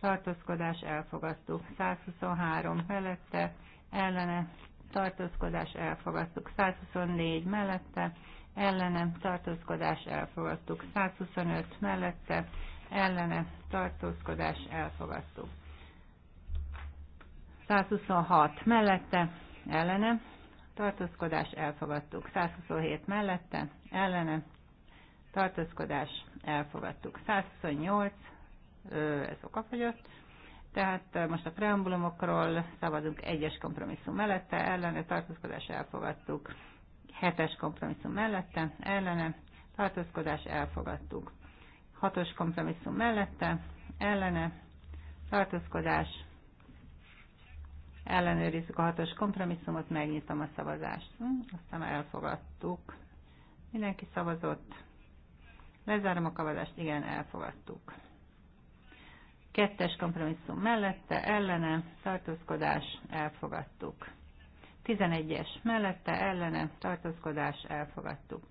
tartózkodás elfogadtuk. 123 mellette, ellene tartózkodás elfogadtuk. 124 mellette, ellene tartózkodás elfogadtuk. 125 mellette, ellene tartózkodás elfogadtuk. 126 mellette, ellene tartózkodás elfogadtuk. 127 mellette, ellene, tartózkodás elfogadtuk. 128, ez okafogyott, tehát most a preambulumokról szavazunk egyes kompromisszum mellette, ellene, tartózkodás elfogadtuk. Hetes kompromisszum mellette, ellene, tartózkodás elfogadtuk. Hatos kompromisszum mellette, ellene, tartózkodás ellenőrizzük a hatos kompromisszumot, megnyitom a szavazást. Hm, aztán elfogadtuk. Mindenki szavazott. Lezárom a kavazást, igen, elfogadtuk. Kettes kompromisszum mellette, ellene, tartózkodás, elfogadtuk. 11-es mellette, ellene, tartózkodás, elfogadtuk.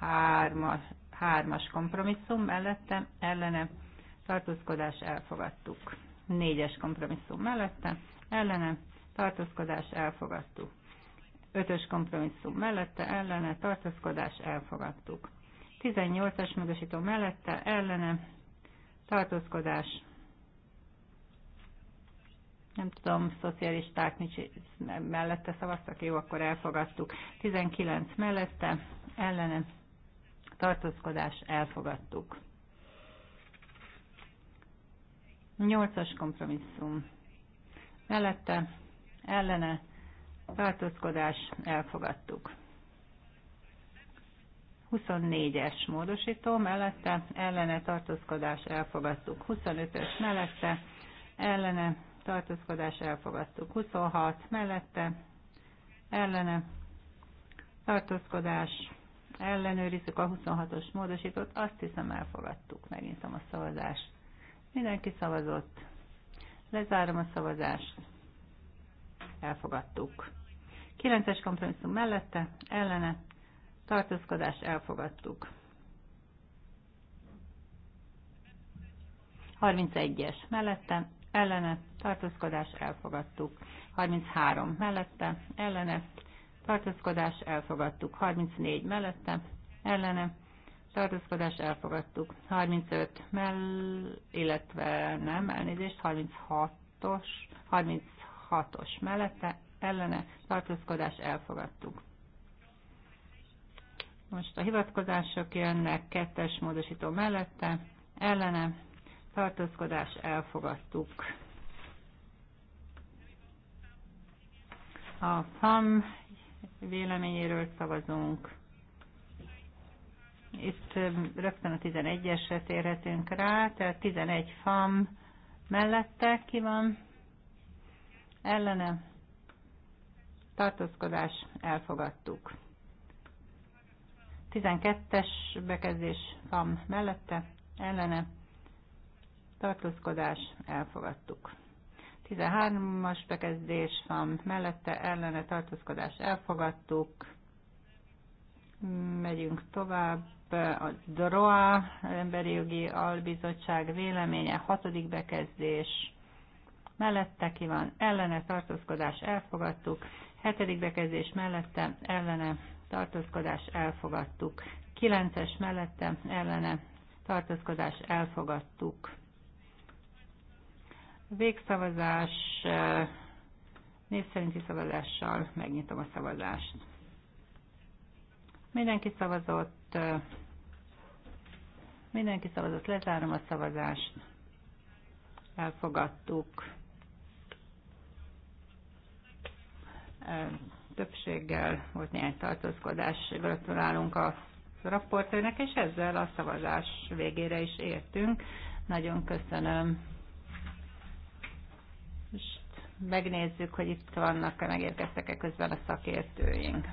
Hármas, hármas kompromisszum mellette, ellene, tartózkodás, elfogadtuk négyes kompromisszum mellette, ellene, tartózkodás elfogadtuk. Ötös kompromisszum mellette, ellene, tartózkodás elfogadtuk. 18-as módosító mellette, ellene, tartózkodás nem tudom, szocialisták nincs, mellette szavaztak, jó, akkor elfogadtuk. 19 mellette, ellene, tartózkodás, elfogadtuk. Nyolcas kompromisszum. Mellette, ellene, változkodás, elfogadtuk. 24-es módosító mellette, ellene tartózkodás elfogadtuk. 25-ös mellette, ellene tartózkodás elfogadtuk. 26 mellette, ellene tartózkodás ellenőrizzük a 26-os módosítót, azt hiszem elfogadtuk. megint a szavazást. Mindenki szavazott. Lezárom a szavazást. Elfogadtuk. 9-es kompromisszum mellette, ellene, tartózkodás elfogadtuk. 31-es mellette, ellene, tartózkodás elfogadtuk. 33 mellette, ellene, tartózkodás elfogadtuk. 34 mellette, ellene, tartózkodás elfogadtuk. 35 mell, illetve nem, elnézést, 36-os, 36-os mellette ellene tartózkodás elfogadtuk. Most a hivatkozások jönnek, kettes módosító mellette, ellene tartózkodás elfogadtuk. A FAM véleményéről szavazunk. Itt rögtön a 11-esre térhetünk rá, tehát 11 fam mellette ki van, ellene, tartózkodás, elfogadtuk. 12-es bekezdés fam mellette, ellene, tartózkodás, elfogadtuk. 13-as bekezdés fam mellette ellene tartózkodás elfogadtuk. Megyünk tovább a DROA, Emberi Jogi Albizottság véleménye, hatodik bekezdés, mellette ki van, ellene tartózkodás elfogadtuk, hetedik bekezdés mellette, ellene tartózkodás elfogadtuk, kilences mellette, ellene tartózkodás elfogadtuk. Végszavazás név szerinti szavazással megnyitom a szavazást. Mindenki szavazott szavazott. Mindenki szavazott, lezárom a szavazást. Elfogadtuk. Többséggel volt néhány tartózkodás. Gratulálunk a raportőnek, és ezzel a szavazás végére is értünk. Nagyon köszönöm. Most megnézzük, hogy itt vannak-e, megérkeztek-e közben a szakértőink.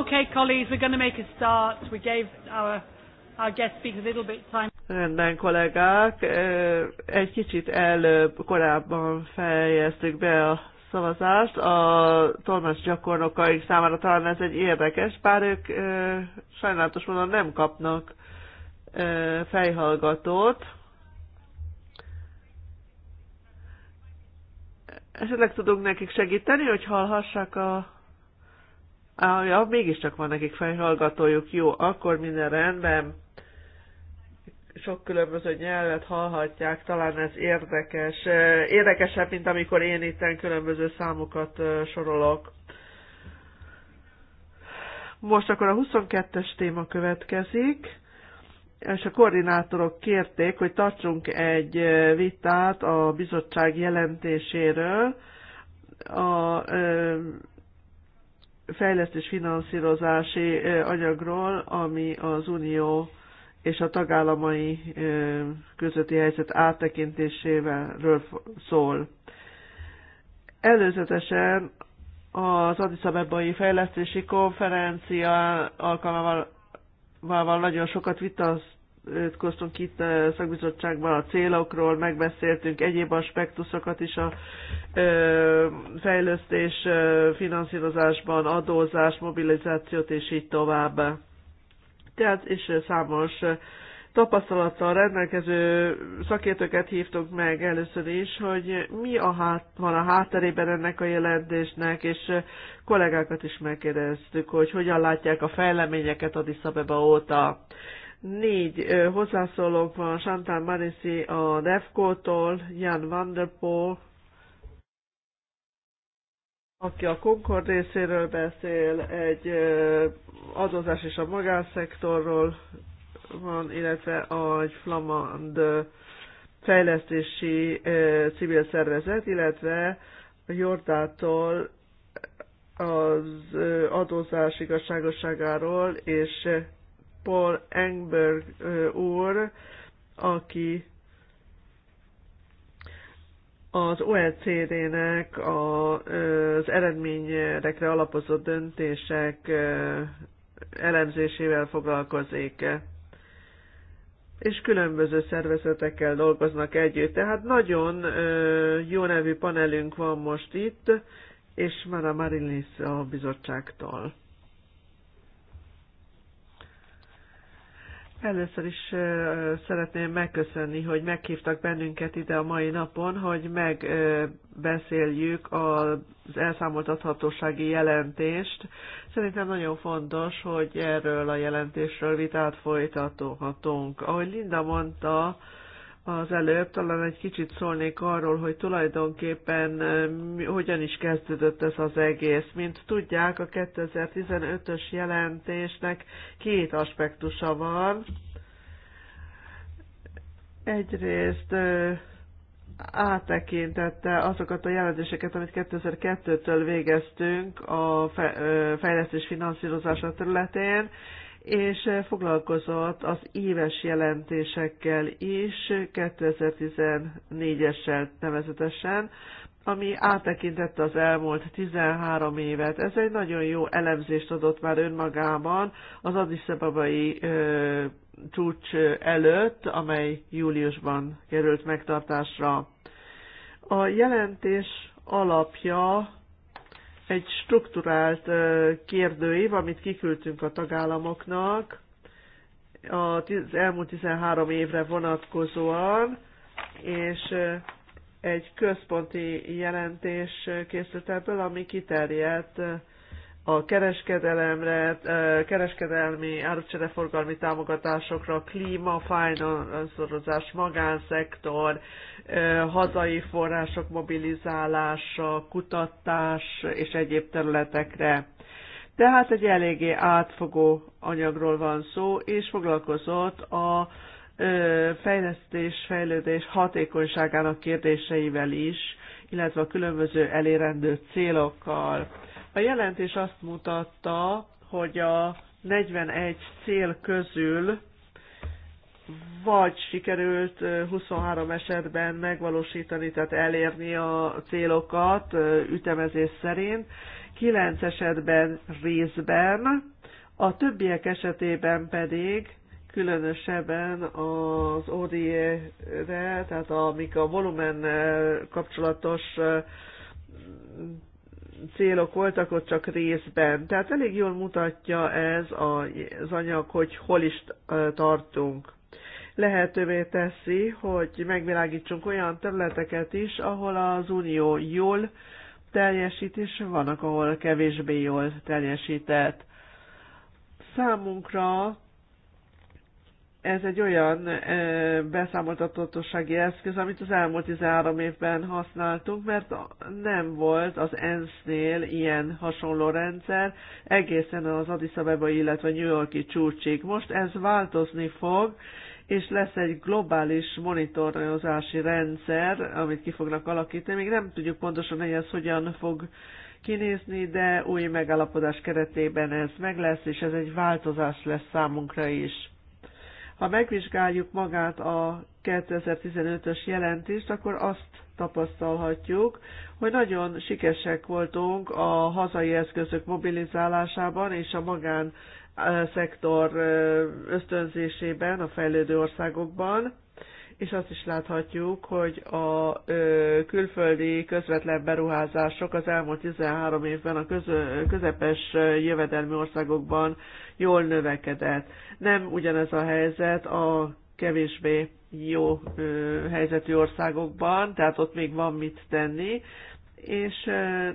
Okay, colleagues, we're going to make a start. We gave our, our guest speaker a little bit of time. Rendben, kollégák, eh, egy kicsit előbb, korábban fejeztük be a szavazást. A tolmács gyakornokaik számára talán ez egy érdekes, bár ők eh, sajnálatos módon nem kapnak eh, fejhallgatót. Esetleg tudunk nekik segíteni, hogy hallhassák a Ja, mégiscsak van nekik fejhallgatójuk, jó, akkor minden rendben. Sok különböző nyelvet hallhatják, talán ez érdekes. Érdekesebb, mint amikor én itten különböző számokat sorolok. Most akkor a 22-es téma következik, és a koordinátorok kérték, hogy tartsunk egy vitát a bizottság jelentéséről, a fejlesztés finanszírozási anyagról, ami az Unió és a tagállamai közötti helyzet áttekintésével szól. Előzetesen az Addis Abebai Fejlesztési Konferencia alkalmával nagyon sokat vitaszt vitatkoztunk itt a eh, szakbizottságban a célokról, megbeszéltünk egyéb aspektusokat is a eh, fejlesztés, eh, finanszírozásban, adózás, mobilizációt és így tovább. Tehát, és számos tapasztalattal rendelkező szakértőket hívtunk meg először is, hogy mi a hát, van a hátterében ennek a jelentésnek, és kollégákat is megkérdeztük, hogy hogyan látják a fejleményeket Addis Abeba óta. Négy hozzászólók van, Chantal Marisi a Defco-tól, Jan Vanderpool, aki a Concord részéről beszél, egy adózás és a magánszektorról van, illetve a, flamand fejlesztési civil szervezet, illetve a Jordától az adózás igazságosságáról és Paul Engberg úr, aki az OECD-nek az eredményekre alapozott döntések elemzésével foglalkozik és különböző szervezetekkel dolgoznak együtt. Tehát nagyon jó nevű panelünk van most itt, és már a Marilis a bizottságtól. Először is szeretném megköszönni, hogy meghívtak bennünket ide a mai napon, hogy megbeszéljük az elszámoltathatósági jelentést. Szerintem nagyon fontos, hogy erről a jelentésről vitát folytatóhatunk. Ahogy Linda mondta, az előbb, talán egy kicsit szólnék arról, hogy tulajdonképpen hogyan is kezdődött ez az egész. Mint tudják, a 2015-ös jelentésnek két aspektusa van. Egyrészt áttekintette azokat a jelentéseket, amit 2002-től végeztünk a fejlesztés finanszírozása területén, és foglalkozott az éves jelentésekkel is, 2014-essel nevezetesen, ami áttekintette az elmúlt 13 évet. Ez egy nagyon jó elemzést adott már önmagában az Addis Ababai ö, csúcs előtt, amely júliusban került megtartásra. A jelentés alapja egy strukturált kérdőív, amit kiküldtünk a tagállamoknak az elmúlt 13 évre vonatkozóan, és egy központi jelentés készült ebből, ami kiterjedt a kereskedelemre, kereskedelmi árucsereforgalmi támogatásokra, klíma, finanszírozás, magánszektor, hazai források mobilizálása, kutatás és egyéb területekre. Tehát egy eléggé átfogó anyagról van szó, és foglalkozott a fejlesztés, fejlődés hatékonyságának kérdéseivel is, illetve a különböző elérendő célokkal a jelentés azt mutatta, hogy a 41 cél közül vagy sikerült 23 esetben megvalósítani, tehát elérni a célokat ütemezés szerint, 9 esetben részben, a többiek esetében pedig különösebben az ODI-re, tehát amik a volumen kapcsolatos célok voltak ott csak részben. Tehát elég jól mutatja ez az anyag, hogy hol is tartunk. Lehetővé teszi, hogy megvilágítsunk olyan területeket is, ahol az Unió jól teljesít, és vannak, ahol kevésbé jól teljesített. Számunkra ez egy olyan beszámoltatottsági eszköz, amit az elmúlt 13 évben használtunk, mert nem volt az ENSZ-nél ilyen hasonló rendszer egészen az Addis Abeba, illetve New Yorki csúcsig. Most ez változni fog, és lesz egy globális monitorozási rendszer, amit ki fognak alakítani. Még nem tudjuk pontosan, hogy ez hogyan fog kinézni, de új megállapodás keretében ez meg lesz, és ez egy változás lesz számunkra is ha megvizsgáljuk magát a 2015-ös jelentést, akkor azt tapasztalhatjuk, hogy nagyon sikesek voltunk a hazai eszközök mobilizálásában és a magán szektor ösztönzésében a fejlődő országokban és azt is láthatjuk, hogy a külföldi közvetlen beruházások az elmúlt 13 évben a közö, közepes jövedelmi országokban jól növekedett. Nem ugyanez a helyzet a kevésbé jó helyzetű országokban, tehát ott még van mit tenni, és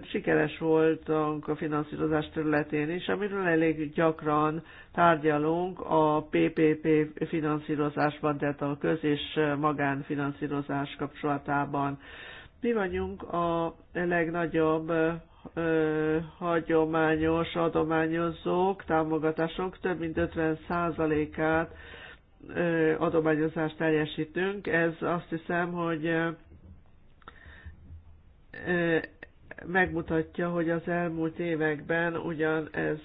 sikeres voltunk a finanszírozás területén is, amiről elég gyakran tárgyalunk a PPP finanszírozásban, tehát a köz- és magánfinanszírozás kapcsolatában. Mi vagyunk a legnagyobb ö, hagyományos adományozók, támogatások több mint 50%-át adományozást teljesítünk. Ez azt hiszem, hogy megmutatja, hogy az elmúlt években ugyan ez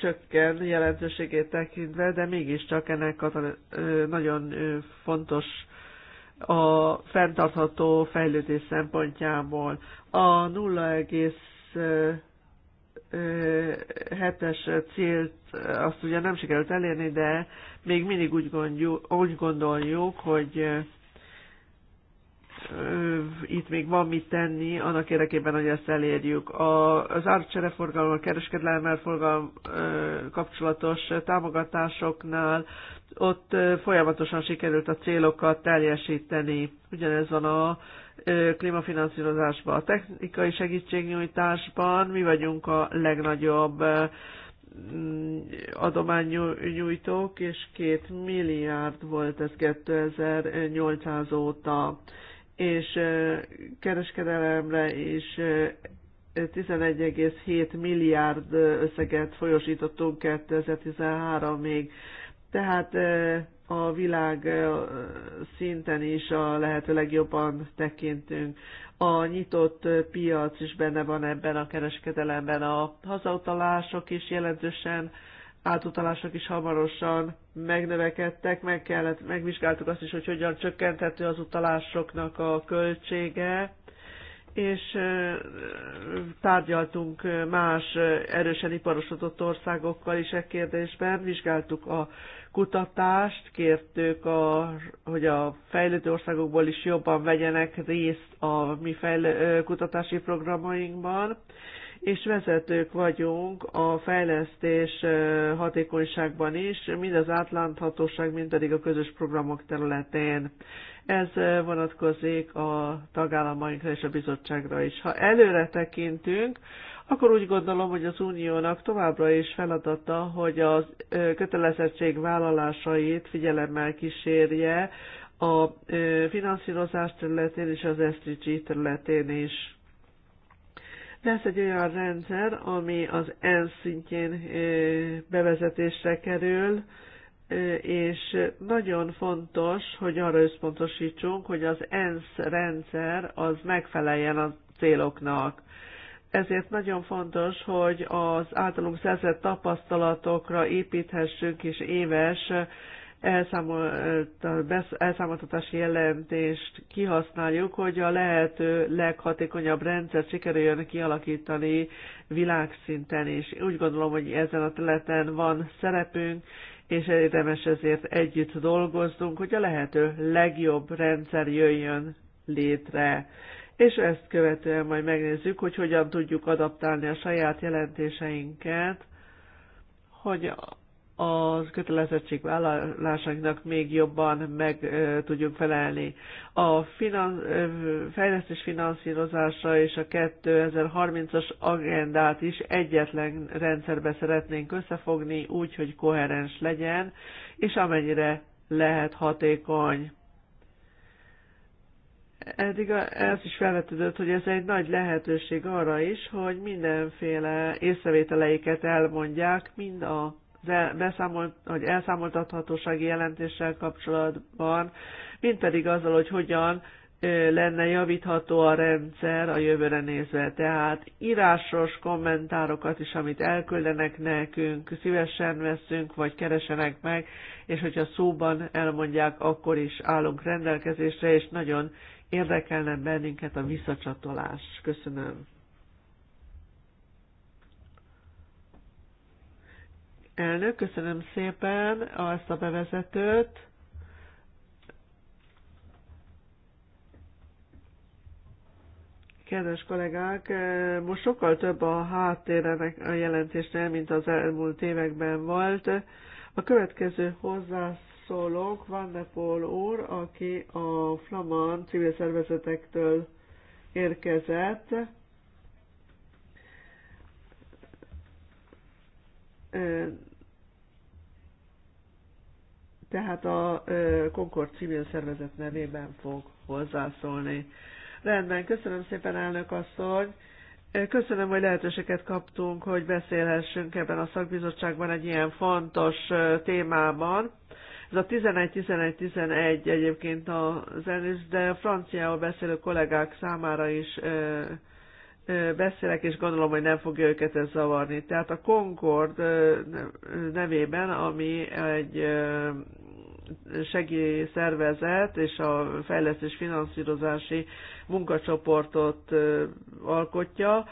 csökken jelentőségét tekintve, de mégiscsak ennek a, nagyon fontos a fenntartható fejlődés szempontjából. A 0,7-es célt azt ugye nem sikerült elérni, de még mindig úgy, úgy gondoljuk, hogy itt még van mit tenni annak érdekében, hogy ezt elérjük. A, az árcsereforgalom, a kereskedelemmel forgalom kapcsolatos támogatásoknál ott folyamatosan sikerült a célokat teljesíteni. Ugyanez van a klímafinanszírozásban, a technikai segítségnyújtásban mi vagyunk a legnagyobb mm, adománynyújtók, és két milliárd volt ez 2800 óta és kereskedelemre is 11,7 milliárd összeget folyosítottunk 2013 még. Tehát a világ szinten is a lehető legjobban tekintünk. A nyitott piac is benne van ebben a kereskedelemben. A hazautalások is jelentősen átutalások is hamarosan megnövekedtek, meg kellett, megvizsgáltuk azt is, hogy hogyan csökkenthető az utalásoknak a költsége, és tárgyaltunk más erősen iparosodott országokkal is e kérdésben, vizsgáltuk a kutatást, kértük, a, hogy a fejlődő országokból is jobban vegyenek részt a mi fejl- kutatási programainkban, és vezetők vagyunk a fejlesztés hatékonyságban is, mind az átláthatóság, mind pedig a közös programok területén. Ez vonatkozik a tagállamainkra és a bizottságra is. Ha előre tekintünk, akkor úgy gondolom, hogy az uniónak továbbra is feladata, hogy a kötelezettség vállalásait figyelemmel kísérje a finanszírozás területén és az SDG területén is lesz egy olyan rendszer, ami az ENSZ szintjén bevezetésre kerül, és nagyon fontos, hogy arra összpontosítsunk, hogy az ENSZ rendszer az megfeleljen a céloknak. Ezért nagyon fontos, hogy az általunk szerzett tapasztalatokra építhessünk és éves elszámoltatási jelentést kihasználjuk, hogy a lehető leghatékonyabb rendszer sikerüljön kialakítani világszinten is. Úgy gondolom, hogy ezen a területen van szerepünk, és érdemes ezért együtt dolgoznunk, hogy a lehető legjobb rendszer jöjjön létre. És ezt követően majd megnézzük, hogy hogyan tudjuk adaptálni a saját jelentéseinket, hogy az kötelezettségvállalásainknak még jobban meg tudjunk felelni. A finan, fejlesztés finanszírozása és a 2030-as agendát is egyetlen rendszerbe szeretnénk összefogni, úgy, hogy koherens legyen, és amennyire lehet hatékony. Eddig ez is felvetődött, hogy ez egy nagy lehetőség arra is, hogy mindenféle észrevételeiket elmondják, mind a beszámolt, hogy elszámoltathatósági jelentéssel kapcsolatban, mint pedig azzal, hogy hogyan lenne javítható a rendszer a jövőre nézve. Tehát írásos kommentárokat is, amit elküldenek nekünk, szívesen veszünk, vagy keresenek meg, és hogyha szóban elmondják, akkor is állunk rendelkezésre, és nagyon érdekelne bennünket a visszacsatolás. Köszönöm. Elnök, köszönöm szépen azt a bevezetőt. Kedves kollégák, most sokkal több a háttérenek a jelentésnél, mint az elmúlt években volt. A következő hozzászólók Van de Paul úr, aki a Flaman civil szervezetektől érkezett tehát a Concord civil szervezet nevében fog hozzászólni. Rendben, köszönöm szépen, elnök asszony. Köszönöm, hogy lehetőséget kaptunk, hogy beszélhessünk ebben a szakbizottságban egy ilyen fontos témában. Ez a 11-11-11 egyébként az előző, de franciául beszélő kollégák számára is beszélek, és gondolom, hogy nem fogja őket ez zavarni. Tehát a Concord nevében, ami egy segélyszervezet és a fejlesztés finanszírozási munkacsoportot alkotja,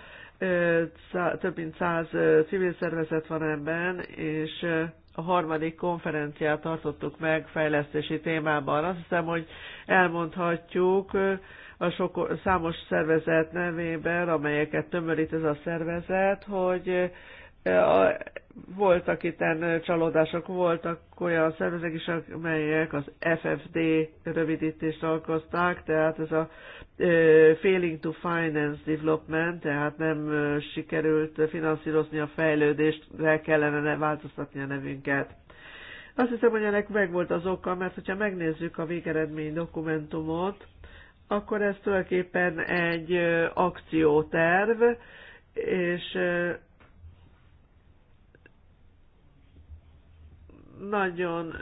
több mint száz civil szervezet van ebben, és a harmadik konferenciát tartottuk meg fejlesztési témában. Azt hiszem, hogy elmondhatjuk, a sok, számos szervezet nevében, amelyeket tömörít ez a szervezet, hogy eh, voltak itten eh, csalódások, voltak olyan szervezek is, amelyek az FFD rövidítést alkozták, tehát ez a eh, Failing to Finance Development, tehát nem sikerült finanszírozni a fejlődést, le kellene változtatni a nevünket. Azt hiszem, hogy ennek megvolt az oka, mert hogyha megnézzük a végeredmény dokumentumot, akkor ez tulajdonképpen egy akcióterv, és nagyon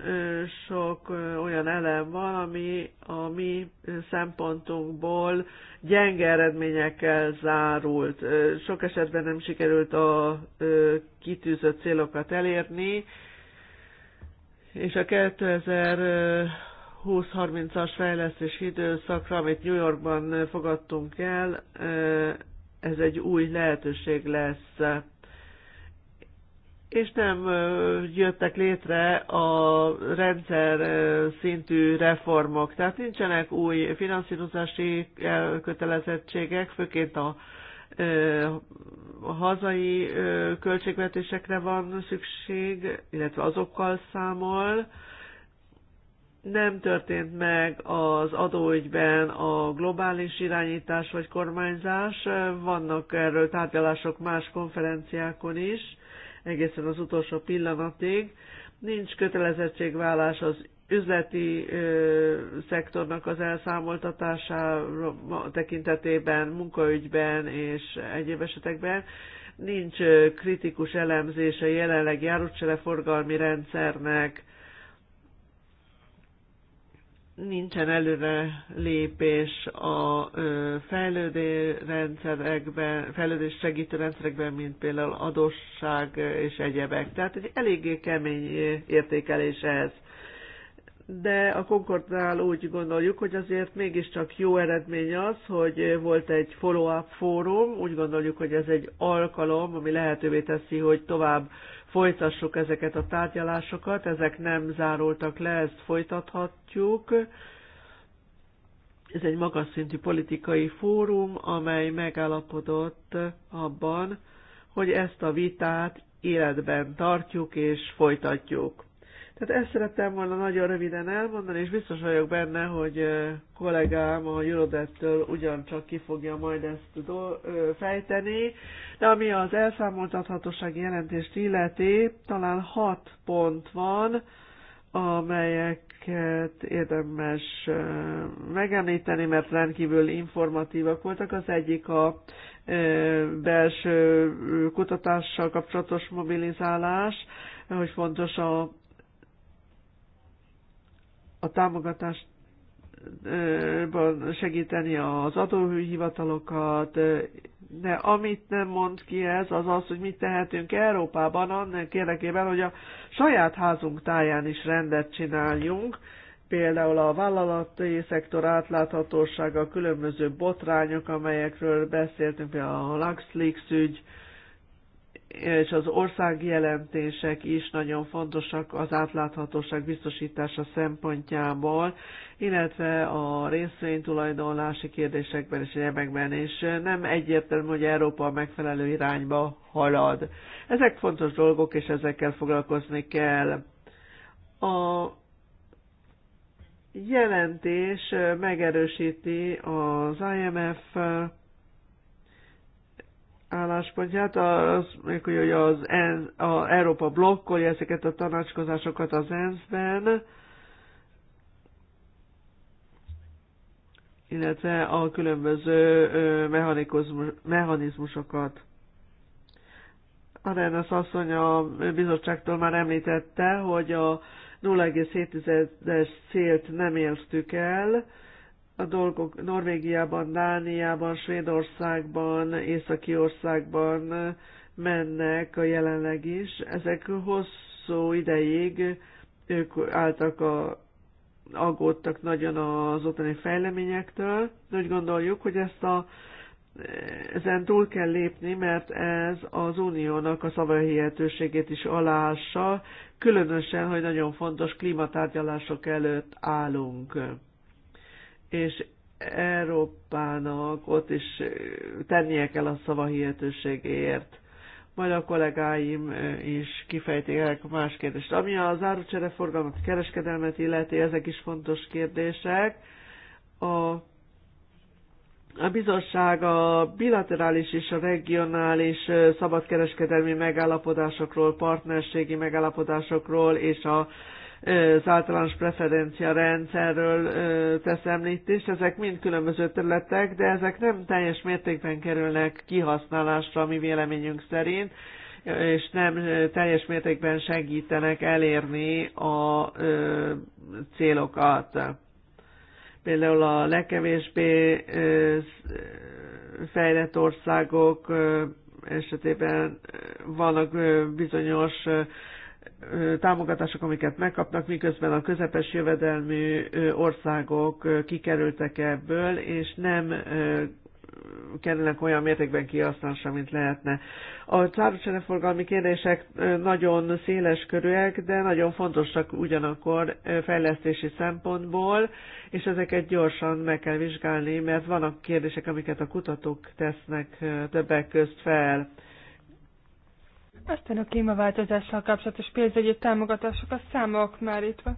sok olyan elem van, ami a mi szempontunkból gyenge eredményekkel zárult. Sok esetben nem sikerült a kitűzött célokat elérni, és a 2000 20-30-as fejlesztési időszakra, amit New Yorkban fogadtunk el, ez egy új lehetőség lesz. És nem jöttek létre a rendszer szintű reformok, tehát nincsenek új finanszírozási kötelezettségek, főként a a hazai költségvetésekre van szükség, illetve azokkal számol, nem történt meg az adóügyben a globális irányítás vagy kormányzás, vannak erről tárgyalások más konferenciákon is, egészen az utolsó pillanatig. Nincs kötelezettségvállás az üzleti ö, szektornak az elszámoltatása tekintetében, munkaügyben és egyéb esetekben. Nincs kritikus elemzése jelenleg járutsele forgalmi rendszernek, nincsen előre lépés a fejlődő rendszerekben, fejlődés segítő rendszerekben, mint például adósság és egyebek. Tehát egy eléggé kemény értékelés ez. De a Concordnál úgy gondoljuk, hogy azért mégiscsak jó eredmény az, hogy volt egy follow-up fórum, úgy gondoljuk, hogy ez egy alkalom, ami lehetővé teszi, hogy tovább folytassuk ezeket a tárgyalásokat, ezek nem zárultak le, ezt folytathatjuk. Ez egy magas szintű politikai fórum, amely megállapodott abban, hogy ezt a vitát életben tartjuk és folytatjuk. Tehát ezt szerettem volna nagyon röviden elmondani, és biztos vagyok benne, hogy kollégám a Jurodettől ugyancsak ki fogja majd ezt fejteni, de ami az elszámoltathatósági jelentést illeti, talán hat pont van, amelyeket érdemes megemlíteni, mert rendkívül informatívak voltak. Az egyik a belső kutatással kapcsolatos mobilizálás, hogy fontos a a támogatásban segíteni az adóhivatalokat, de amit nem mond ki ez, az az, hogy mit tehetünk Európában annak érdekében, hogy a saját házunk táján is rendet csináljunk, például a vállalati szektor átláthatósága, a különböző botrányok, amelyekről beszéltünk, például a LuxLeaks ügy, és az országjelentések is nagyon fontosak az átláthatóság biztosítása szempontjából, illetve a részvénytulajdonlási kérdésekben és egyebekben, és nem egyértelmű, hogy Európa megfelelő irányba halad. Ezek fontos dolgok, és ezekkel foglalkozni kell. A jelentés megerősíti az imf álláspontját, az, hogy az, ENSZ, az Európa blokkolja ezeket a tanácskozásokat az ENSZ-ben, illetve a különböző mechanizmusokat. Arenas asszony a bizottságtól már említette, hogy a 0,7-es célt nem értük el, a dolgok Norvégiában, Dániában, Svédországban, Északi országban mennek a jelenleg is. Ezek hosszú ideig ők álltak a aggódtak nagyon az ottani fejleményektől, úgy gondoljuk, hogy ezt a ezen túl kell lépni, mert ez az uniónak a szavahihetőségét is aláássa, különösen, hogy nagyon fontos klímatárgyalások előtt állunk és Európának ott is tennie kell a szava hihetőségéért. Majd a kollégáim is kifejtik más kérdést. Ami az forgalmat, kereskedelmet illeti, ezek is fontos kérdések. A a bizottság a bilaterális és a regionális szabadkereskedelmi megállapodásokról, partnerségi megállapodásokról és a az általános preferencia rendszerről tesz említést. Ezek mind különböző területek, de ezek nem teljes mértékben kerülnek kihasználásra, mi véleményünk szerint és nem teljes mértékben segítenek elérni a ö, célokat. Például a legkevésbé ö, fejlett országok ö, esetében vannak bizonyos támogatások, amiket megkapnak, miközben a közepes jövedelmű országok kikerültek ebből, és nem kerülnek olyan mértékben kihasználásra, mint lehetne. A csárucseneforgalmi kérdések nagyon széles körűek, de nagyon fontosak ugyanakkor fejlesztési szempontból, és ezeket gyorsan meg kell vizsgálni, mert vannak kérdések, amiket a kutatók tesznek többek közt fel aztán a klímaváltozással kapcsolatos pénzügyi támogatások, a számok már itt van.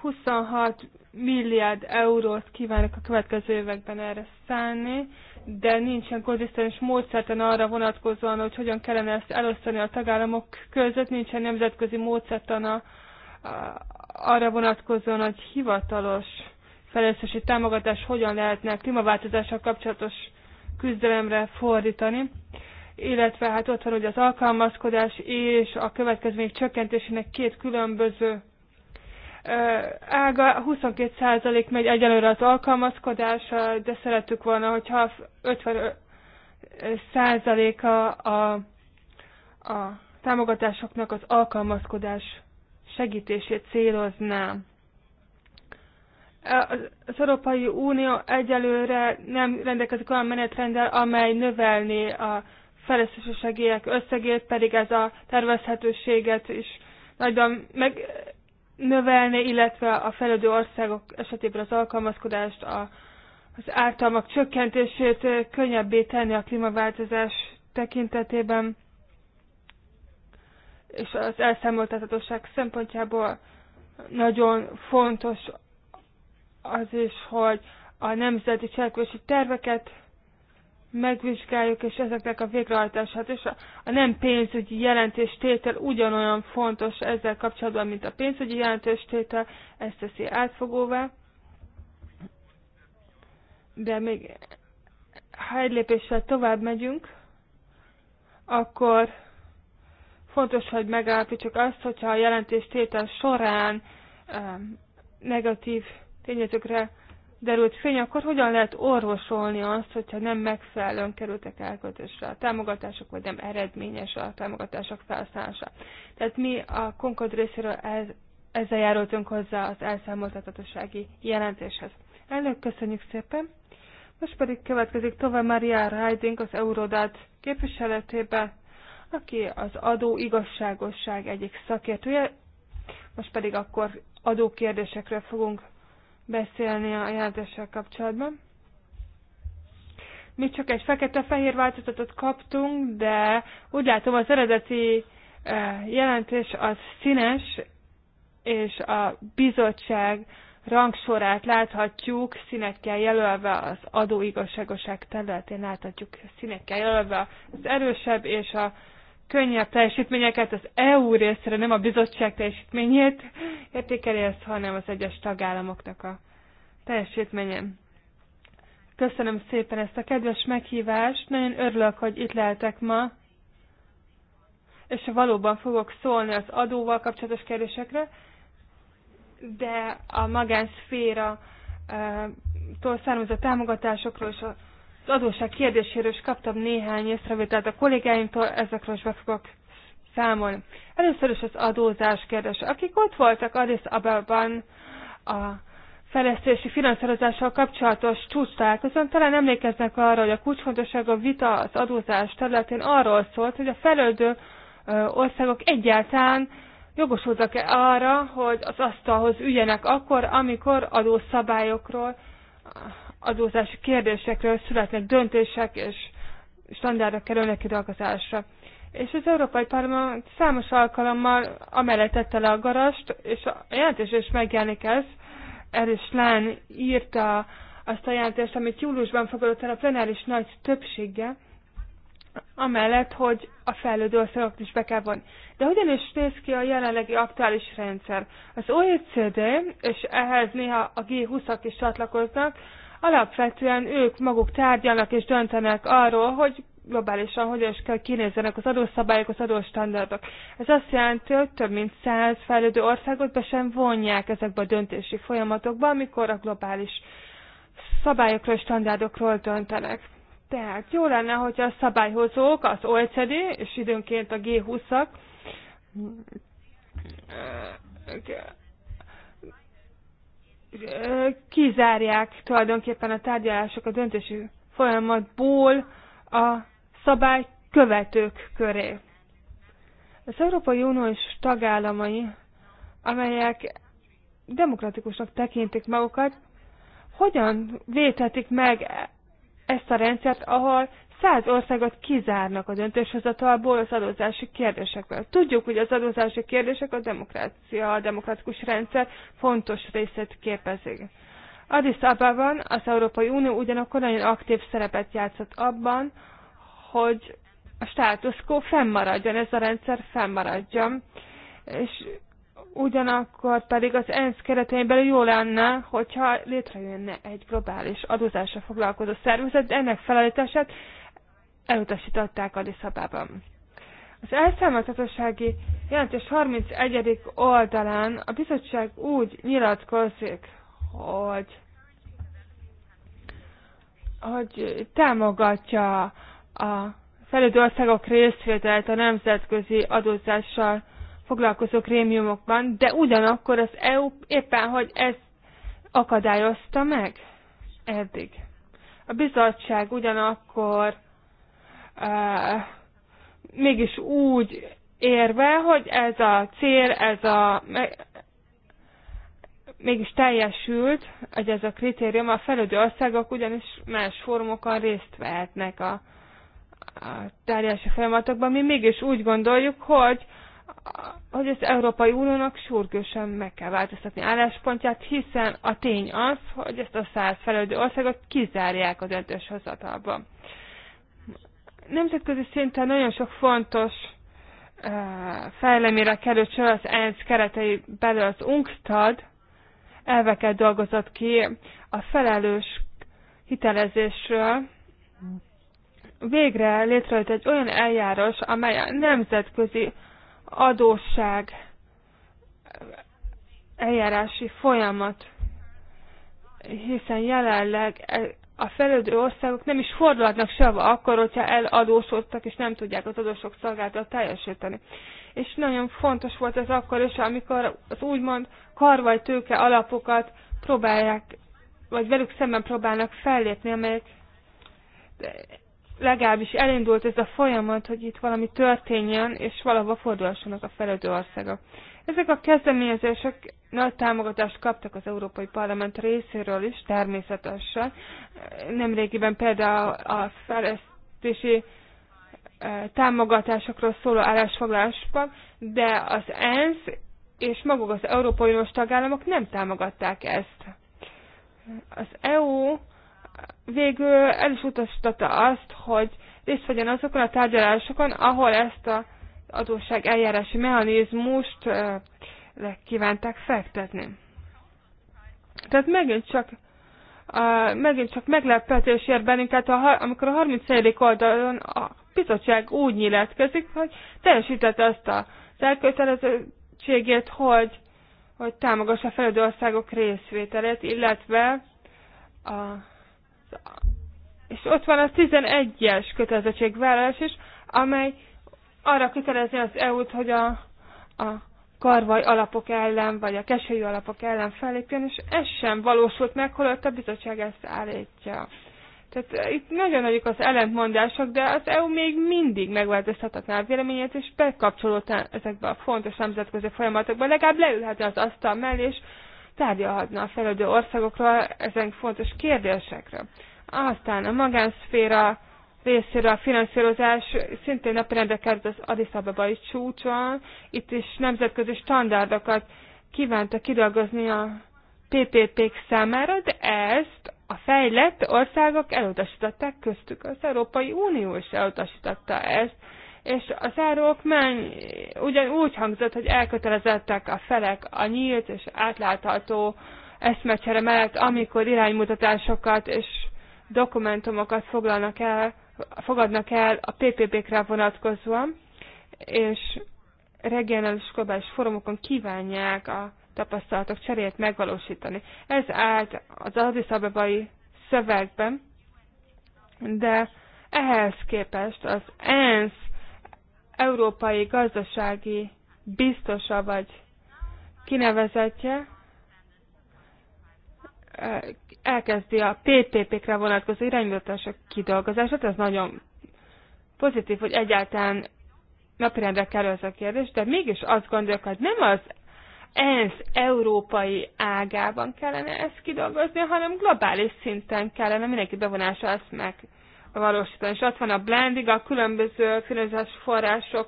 26 milliárd eurót kívánok a következő években erre szállni, de nincsen konzisztens módszertan arra vonatkozóan, hogy hogyan kellene ezt elosztani a tagállamok között, nincsen nemzetközi módszertana arra vonatkozóan, hogy hivatalos felelősségi támogatás hogyan lehetne a klímaváltozással kapcsolatos küzdelemre fordítani illetve hát ott van ugye az alkalmazkodás és a következmények csökkentésének két különböző ága, 22% megy egyelőre az alkalmazkodás, de szerettük volna, hogyha 50%-a a, a támogatásoknak az alkalmazkodás segítését célozná. Az Európai Unió egyelőre nem rendelkezik olyan menetrenddel, amely növelni a fejlesztési segélyek összegét, pedig ez a tervezhetőséget is nagyban megnövelni, illetve a fejlődő országok esetében az alkalmazkodást, a, az ártalmak csökkentését könnyebbé tenni a klímaváltozás tekintetében, és az elszámoltathatóság szempontjából nagyon fontos az is, hogy a nemzeti cselekvési terveket megvizsgáljuk, és ezeknek a végrehajtását, és a, a nem pénzügyi jelentéstétel ugyanolyan fontos ezzel kapcsolatban, mint a pénzügyi jelentéstétel, ezt teszi átfogóvá. De még ha egy lépéssel tovább megyünk, akkor fontos, hogy megállapítsuk azt, hogyha a jelentéstétel során um, negatív tényezőkre derült fény, akkor hogyan lehet orvosolni azt, hogyha nem megfelelően kerültek elköltésre a támogatások, vagy nem eredményes a támogatások felszállása. Tehát mi a Concord részéről ez, ezzel járultunk hozzá az elszámoltatatossági jelentéshez. Elnök, köszönjük szépen! Most pedig következik tovább Maria Riding az Eurodát képviseletében, aki az adó igazságosság egyik szakértője. Most pedig akkor adókérdésekről fogunk beszélni a jelentéssel kapcsolatban. Mi csak egy fekete-fehér változatot kaptunk, de úgy látom az eredeti eh, jelentés az színes, és a bizottság rangsorát láthatjuk, színekkel jelölve az adóigazságoság területén láthatjuk színekkel jelölve az erősebb és a könnyebb teljesítményeket az EU részre nem a bizottság teljesítményét értékeli ezt, hanem az egyes tagállamoknak a teljesítményen. Köszönöm szépen ezt a kedves meghívást, nagyon örülök, hogy itt lehetek ma, és valóban fogok szólni az adóval kapcsolatos kérdésekre, de a magánszféra eh, tól származó támogatásokról és a az adóság kérdéséről is kaptam néhány észrevételt a kollégáimtól, ezekről is be fogok számolni. Először is az adózás kérdés. Akik ott voltak Addis Abában a fejlesztési finanszírozással kapcsolatos csúcs találkozón, talán emlékeznek arra, hogy a kulcsfontosságú vita az adózás területén arról szólt, hogy a felöldő országok egyáltalán jogosultak-e arra, hogy az asztalhoz üljenek akkor, amikor adószabályokról, adózási kérdésekről születnek döntések és standardok kerülnek kidolgozásra. És az Európai Parlament számos alkalommal amellett tette le a garast, és a jelentés is megjelenik ez. Erős Lán írta azt a jelentést, amit júliusban fogadott el a plenáris nagy többséggel, amellett, hogy a fejlődő országok is be kell vonni. De hogyan is néz ki a jelenlegi aktuális rendszer? Az OECD, és ehhez néha a G20-ak is csatlakoznak, alapvetően ők maguk tárgyalnak és döntenek arról, hogy globálisan hogyan is kell kinézzenek az adószabályok, az adóstandardok. Ez azt jelenti, hogy több mint száz fejlődő országot be sem vonják ezekbe a döntési folyamatokba, amikor a globális szabályokról és standardokról döntenek. Tehát jó lenne, hogyha a szabályhozók, az OECD és időnként a G20-ak kizárják tulajdonképpen a tárgyalások a döntési folyamatból a szabály követők köré. Az Európai Uniós tagállamai, amelyek demokratikusnak tekintik magukat, hogyan védhetik meg ezt a rendszert, ahol száz országot kizárnak a döntéshozatalból az adózási kérdésekből. Tudjuk, hogy az adózási kérdések a demokrácia, a demokratikus rendszer fontos részét képezik. Addis Abában az Európai Unió ugyanakkor nagyon aktív szerepet játszott abban, hogy a status quo fennmaradjon, ez a rendszer fennmaradjon. És ugyanakkor pedig az ENSZ keretein belül jó lenne, hogyha létrejönne egy globális adózásra foglalkozó szervezet, de ennek felállítását elutasították Adiszabában. Az elszámoltatossági jelentés 31. oldalán a bizottság úgy nyilatkozik, hogy, hogy támogatja a felüldő országok részvételt a nemzetközi adózással foglalkozó krémiumokban, de ugyanakkor az EU éppen, hogy ez akadályozta meg eddig. A bizottság ugyanakkor uh, mégis úgy érve, hogy ez a cél, ez a mégis teljesült, hogy ez a kritérium, a felődő országok ugyanis más fórumokon részt vehetnek a, a tárgyási folyamatokban. Mi mégis úgy gondoljuk, hogy, hogy az Európai Uniónak sürgősen meg kell változtatni álláspontját, hiszen a tény az, hogy ezt a száz felődő országot kizárják az Uh, Nemzetközi szinten nagyon sok fontos eh, fejlemére került sor az ENSZ keretei belül az UNCTAD elveket dolgozott ki a felelős hitelezésről. Végre létrejött egy olyan eljárás, amely a nemzetközi adósság eljárási folyamat, hiszen jelenleg a felelő országok nem is fordulhatnak sehova akkor, hogyha eladósodtak, és nem tudják az adósok szolgáltat teljesíteni. És nagyon fontos volt ez akkor is, amikor az úgymond karvaj tőke alapokat próbálják, vagy velük szemben próbálnak fellépni, amelyek legalábbis elindult ez a folyamat, hogy itt valami történjen, és valahova fordulhassanak a felelő országok. Ezek a kezdeményezések nagy támogatást kaptak az Európai Parlament részéről is, természetesen. Nemrégiben például a fejlesztési e, támogatásokról szóló állásfoglalásban, de az ENSZ és maguk az Európai Uniós tagállamok nem támogatták ezt. Az EU végül el is utasította azt, hogy részt vegyen azokon a tárgyalásokon, ahol ezt a adósság eljárási mechanizmust e, kívánták fektetni. Tehát megint csak a, megint csak meglepetés ér bennünket, a, amikor a 31. oldalon a bizottság úgy nyilatkozik, hogy teljesítette azt a elkötelezettségét, hogy, hogy támogassa a fejlődő országok részvételét, illetve a, és ott van a 11-es kötelezettségvállalás is, amely arra kötelezi az EU-t, hogy a, a karvaj alapok ellen, vagy a keselyű alapok ellen fellépjen, és ez sem valósult meg, holott a bizottság ezt állítja. Tehát eh, itt nagyon nagyok az ellentmondások, de az EU még mindig megváltoztathatná a véleményét, és bekapcsolódna ezekbe a fontos nemzetközi folyamatokba, legalább leülhetne az asztal mellé, és tárgyalhatna a fejlődő országokról ezen fontos kérdésekre. Aztán a magánszféra részéről a finanszírozás szintén napirendre került az Addis Abebai csúcson. Itt is nemzetközi standardokat kívánta kidolgozni a PPP-k számára, de ezt a fejlett országok elutasították, köztük az Európai Unió is elutasította ezt, és az árok menny, ugyanúgy hangzott, hogy elkötelezettek a felek a nyílt és átlátható eszmecsere mellett, amikor iránymutatásokat és dokumentumokat foglalnak el fogadnak el a PPP-kre vonatkozóan, és regionális globális fórumokon kívánják a tapasztalatok cseréjét megvalósítani. Ez állt az Addis Abebai szövegben, de ehhez képest az ENSZ európai gazdasági biztosa vagy kinevezetje elkezdi a PPP-kre vonatkozó irányítások kidolgozását, ez nagyon pozitív, hogy egyáltalán napirendre kerül ez a kérdés, de mégis azt gondolok, hogy nem az ENSZ európai ágában kellene ezt kidolgozni, hanem globális szinten kellene mindenki bevonása ezt megvalósítani. És ott van a blending, a különböző finanszírozás források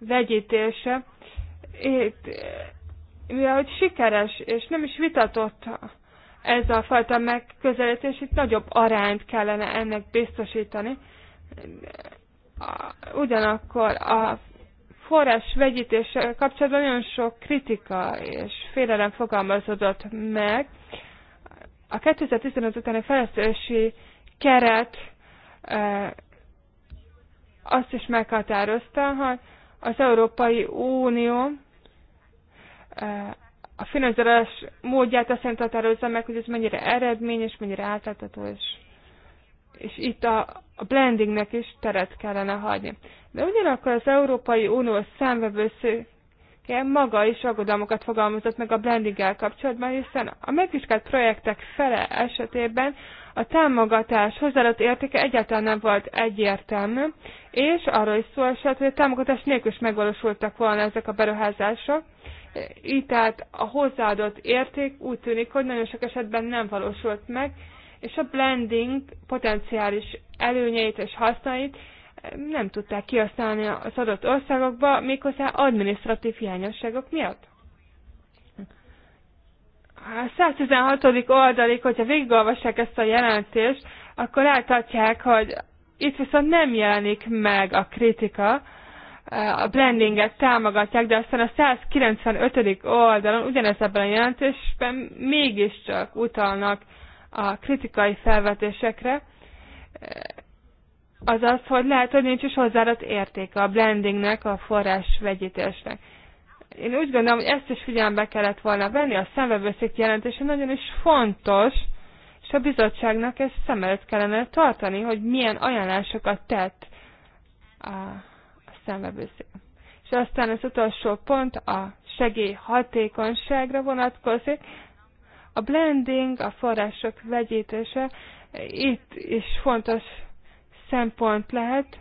vegyítése. Itt, mivel hogy sikeres és nem is vitatott ez a fajta megközelítés, itt nagyobb arányt kellene ennek biztosítani. Ugyanakkor a forrás vegyítés kapcsolatban nagyon sok kritika és félelem fogalmazódott meg. A 2015 utáni fejlesztési keret e, azt is meghatározta, hogy az Európai Unió e, a finanszírozás módját szerint határozza meg, hogy ez mennyire eredményes, mennyire átlátható, és, és itt a, a blendingnek is teret kellene hagyni. De ugyanakkor az Európai Unió számvevőszéke maga is aggodalmakat fogalmazott meg a blendinggel kapcsolatban, hiszen a megvizsgált projektek fele esetében a támogatás hozzáadott értéke egyáltalán nem volt egyértelmű, és arról is szó esett, hogy a támogatás nélkül is megvalósultak volna ezek a beruházások, így tehát a hozzáadott érték úgy tűnik, hogy nagyon sok esetben nem valósult meg, és a blending potenciális előnyeit és hasznait eh, nem tudták kihasználni az adott országokba, méghozzá administratív hiányosságok miatt. A 116. oldalig, hogyha végigolvassák ezt a jelentést, akkor láthatják, hogy itt viszont nem jelenik meg a kritika, a blendinget támogatják, de aztán a 195. oldalon ugyanez ebben a jelentésben mégiscsak utalnak a kritikai felvetésekre, eh, azaz, hogy lehet, hogy nincs is hozzáadott értéke a blendingnek, a forrás vegyítésnek. Én úgy gondolom, hogy ezt is figyelembe kellett volna venni, a szemvevőszék jelentése nagyon is fontos, és a bizottságnak ezt szem előtt kellene tartani, hogy milyen ajánlásokat tett a számvevőszék. És aztán az utolsó pont a segély hatékonyságra vonatkozik. A blending, a források vegyítése itt is fontos szempont lehet,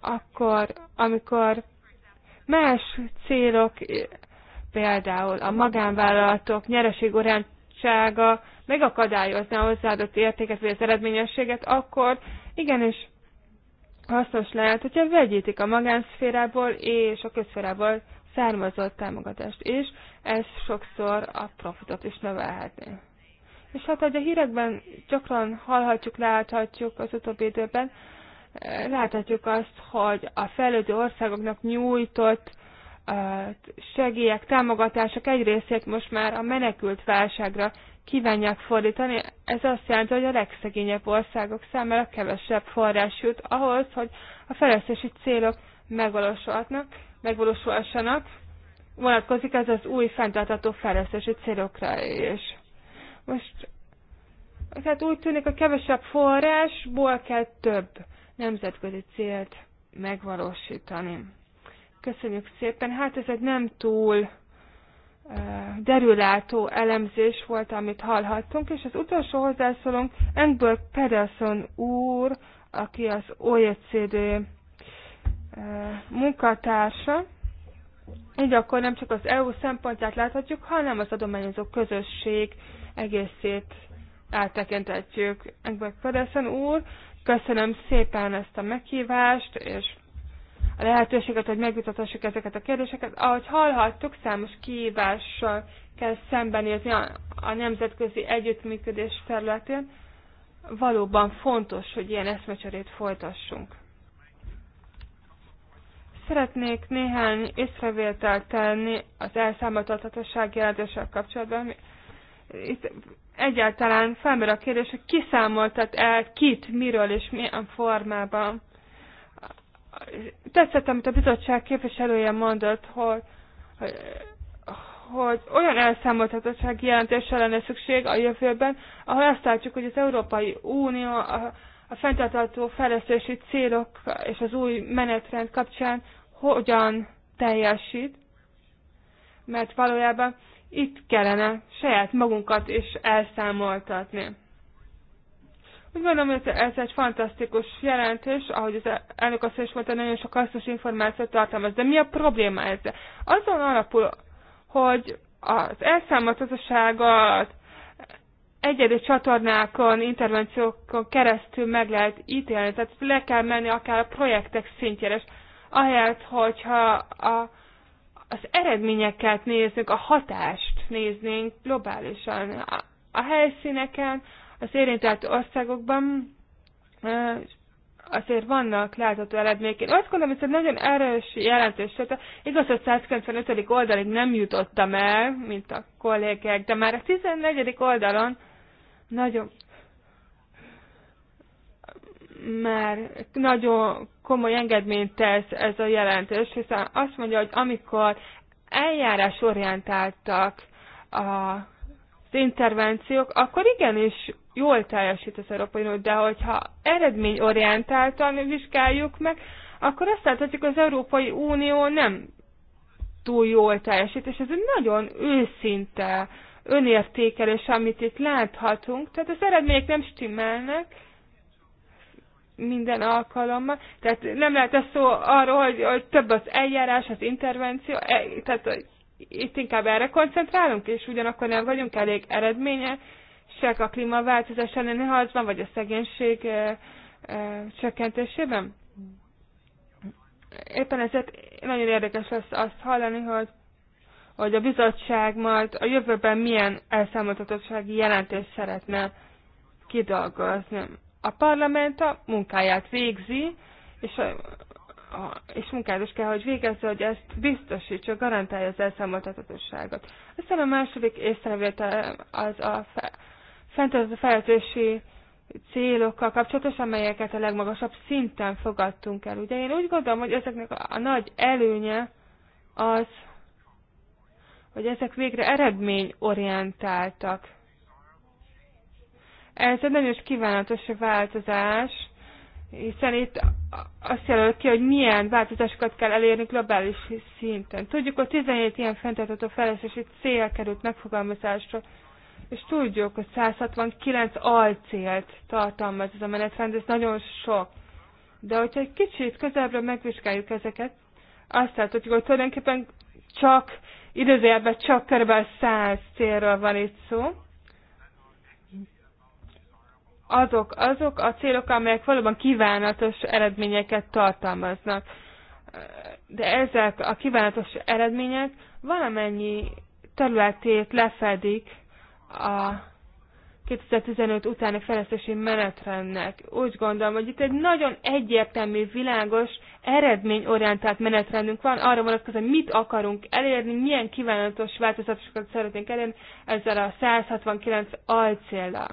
akkor, amikor más célok, például a magánvállalatok nyereségoránysága megakadályozná hozzáadott értéket vagy az eredményességet, akkor igenis hasznos lehet, hogyha vegyítik a magánszférából és a közszférából származott támogatást is, ez sokszor a profitot is növelhetné. És hát, hogy a hírekben gyakran hallhatjuk, láthatjuk az utóbbi időben, láthatjuk azt, hogy a fejlődő országoknak nyújtott segélyek, támogatások egy részét most már a menekült válságra kívánják fordítani. Ez azt jelenti, hogy a legszegényebb országok számára kevesebb forrás jut ahhoz, hogy a fejlesztési célok megvalósulhatnak, megvalósulhassanak. Vonatkozik ez az új fenntartható fejlesztési célokra is. Most tehát úgy tűnik, a kevesebb forrásból kell több nemzetközi célt megvalósítani. Köszönjük szépen. Hát ez egy nem túl derülátó elemzés volt, amit hallhattunk, és az utolsó hozzászólónk Engberg Pedersen úr, aki az OECD munkatársa. Így akkor nem csak az EU szempontját láthatjuk, hanem az adományozó közösség egészét áttekintetjük. Engberg Pedersen úr, köszönöm szépen ezt a meghívást, és a lehetőséget, hogy megvitathassuk ezeket a kérdéseket. Ahogy hallhattuk, számos kihívással kell szembenézni a, a nemzetközi együttműködés területén. Valóban fontos, hogy ilyen eszmecserét folytassunk. Szeretnék néhány észrevételt tenni az elszámoltathatóság jelentéssel kapcsolatban. Itt egyáltalán felmerül a kérdés, hogy kiszámoltat el kit, miről és milyen formában tetszett, amit a bizottság képviselője mondott, hogy, hogy, hogy olyan elszámoltatottság jelentésre lenne szükség a jövőben, ahol azt látjuk, hogy az Európai Unió a, a fenntartható fejlesztési célok és az új menetrend kapcsán hogyan teljesít, mert valójában itt kellene saját magunkat is elszámoltatni. Úgy gondolom, hogy ez egy fantasztikus jelentés, ahogy az elnök azt is mondta, nagyon sok hasznos információt tartalmaz. De mi a probléma ezzel? Azon alapul, hogy az elszámolt az egyedi csatornákon, intervenciókon keresztül meg lehet ítélni, tehát le kell menni akár a projektek szintjére, és ahelyett, hogyha a, az eredményeket néznünk, a hatást néznénk globálisan a, a helyszíneken, az érintett országokban azért vannak látható eredmények. Én azt gondolom, hogy ez egy nagyon erős jelentés. Tehát igaz, hogy 195. oldalig nem jutottam el, mint a kollégák, de már a 14. oldalon nagyon már nagyon komoly engedményt tesz ez a jelentés, hiszen azt mondja, hogy amikor eljárásorientáltak a intervenciók, akkor igenis jól teljesít az Európai Unió, de hogyha eredményorientáltan vizsgáljuk meg, akkor azt láthatjuk, hogy az Európai Unió nem túl jól teljesít, és ez egy nagyon őszinte önértékelés, amit itt láthatunk, tehát az eredmények nem stimmelnek, minden alkalommal. Tehát nem lehet ez szó arról, hogy, hogy több az eljárás, az intervenció, e, tehát hogy itt inkább erre koncentrálunk, és ugyanakkor nem vagyunk elég eredménye, eredményesek a klímaváltozás elleni harcban, vagy a szegénység csökkentésében? Éppen ezért nagyon érdekes lesz azt hallani, hogy, hogy a bizottság majd a jövőben milyen elszámoltatottsági jelentést szeretne kidolgozni. A parlament a munkáját végzi, és és munkát is kell, hogy végezze, hogy ezt biztosítsa, garantálja az elszámoltatatosságot. Aztán a második észrevétel az a fe, fejlesztési célokkal kapcsolatos, amelyeket a legmagasabb szinten fogadtunk el. Ugye én úgy gondolom, hogy ezeknek a nagy előnye az, hogy ezek végre eredményorientáltak. Ez egy nagyon kívánatos változás, hiszen itt azt jelöl ki, hogy milyen változásokat kell elérni globális szinten. Tudjuk, hogy 17 ilyen fenntartható fejlesztési cél került megfogalmazásra, és tudjuk, hogy 169 alcélt tartalmaz ez a menetrend, ez nagyon sok. De hogyha egy kicsit közelebbről megvizsgáljuk ezeket, azt látjuk, hogy tulajdonképpen csak, időzőjelben csak kb. 100 célról van itt szó, azok, azok a célok, amelyek valóban kívánatos eredményeket tartalmaznak. De ezek a kívánatos eredmények valamennyi területét lefedik a 2015 utáni fejlesztési menetrendnek. Úgy gondolom, hogy itt egy nagyon egyértelmű, világos, eredményorientált menetrendünk van, arra vonatkozóan, hogy mit akarunk elérni, milyen kívánatos változatokat szeretnénk elérni ezzel a 169 alcéllal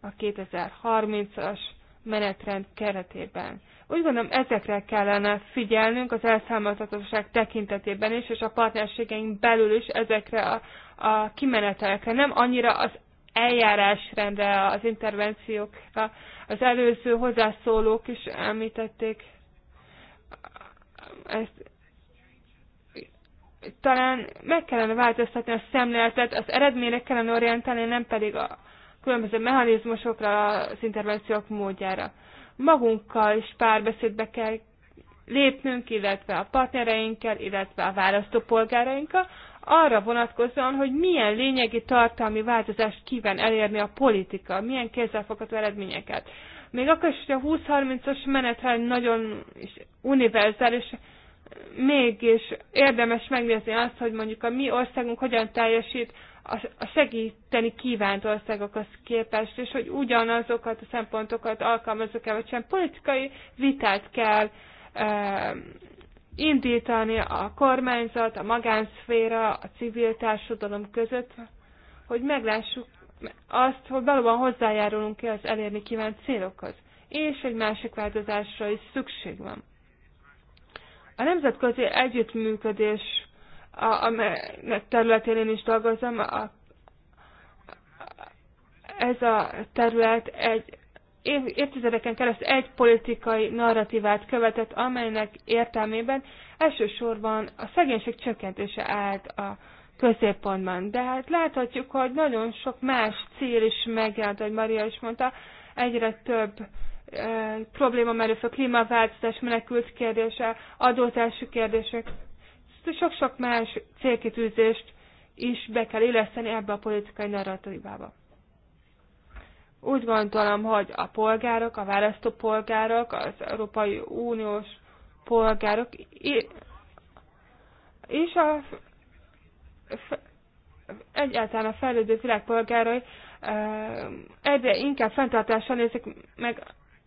a 2030-as menetrend keretében. Úgy gondolom, ezekre kellene figyelnünk az elszámoltatóság tekintetében is, és a partnerségeink belül is ezekre a, a kimenetelekre, nem annyira az eljárásrendre, az intervenciókra. Az előző hozzászólók is említették ezt. Talán meg kellene változtatni a szemléletet, az eredményre kellene orientálni, nem pedig a, különböző mechanizmusokra, az intervenciók módjára. Magunkkal is párbeszédbe kell lépnünk, illetve a partnereinkkel, illetve a választópolgárainkkal, arra vonatkozóan, hogy milyen lényegi tartalmi változást kíván elérni a politika, milyen kézzelfogható eredményeket. Még akkor is, hogy a 20-30-as menetrend nagyon is univerzális, mégis érdemes megnézni azt, hogy mondjuk a mi országunk hogyan teljesít a segíteni kívánt országokhoz képest, és hogy ugyanazokat a szempontokat alkalmazok-e, vagy sem politikai vitát kell e, indítani a kormányzat, a magánszféra, a civil társadalom között, hogy meglássuk azt, hogy valóban hozzájárulunk-e az elérni kívánt célokhoz. És egy másik változásra is szükség van. A nemzetközi együttműködés a, a területén én is dolgozom, a, ez a terület egy év, évtizedeken keresztül egy politikai narratívát követett, amelynek értelmében elsősorban a szegénység csökkentése állt a középpontban. De hát láthatjuk, hogy nagyon sok más cél is megjelent, ahogy Maria is mondta, egyre több e, probléma merül fel, klímaváltozás, menekült kérdése, adózási kérdések, sok-sok más célkitűzést is be kell illeszteni ebbe a politikai narratívába. Úgy gondolom, hogy a polgárok, a választópolgárok, az Európai Uniós polgárok és a egyáltalán a fejlődő világpolgárai egyre inkább fenntartással nézik, meg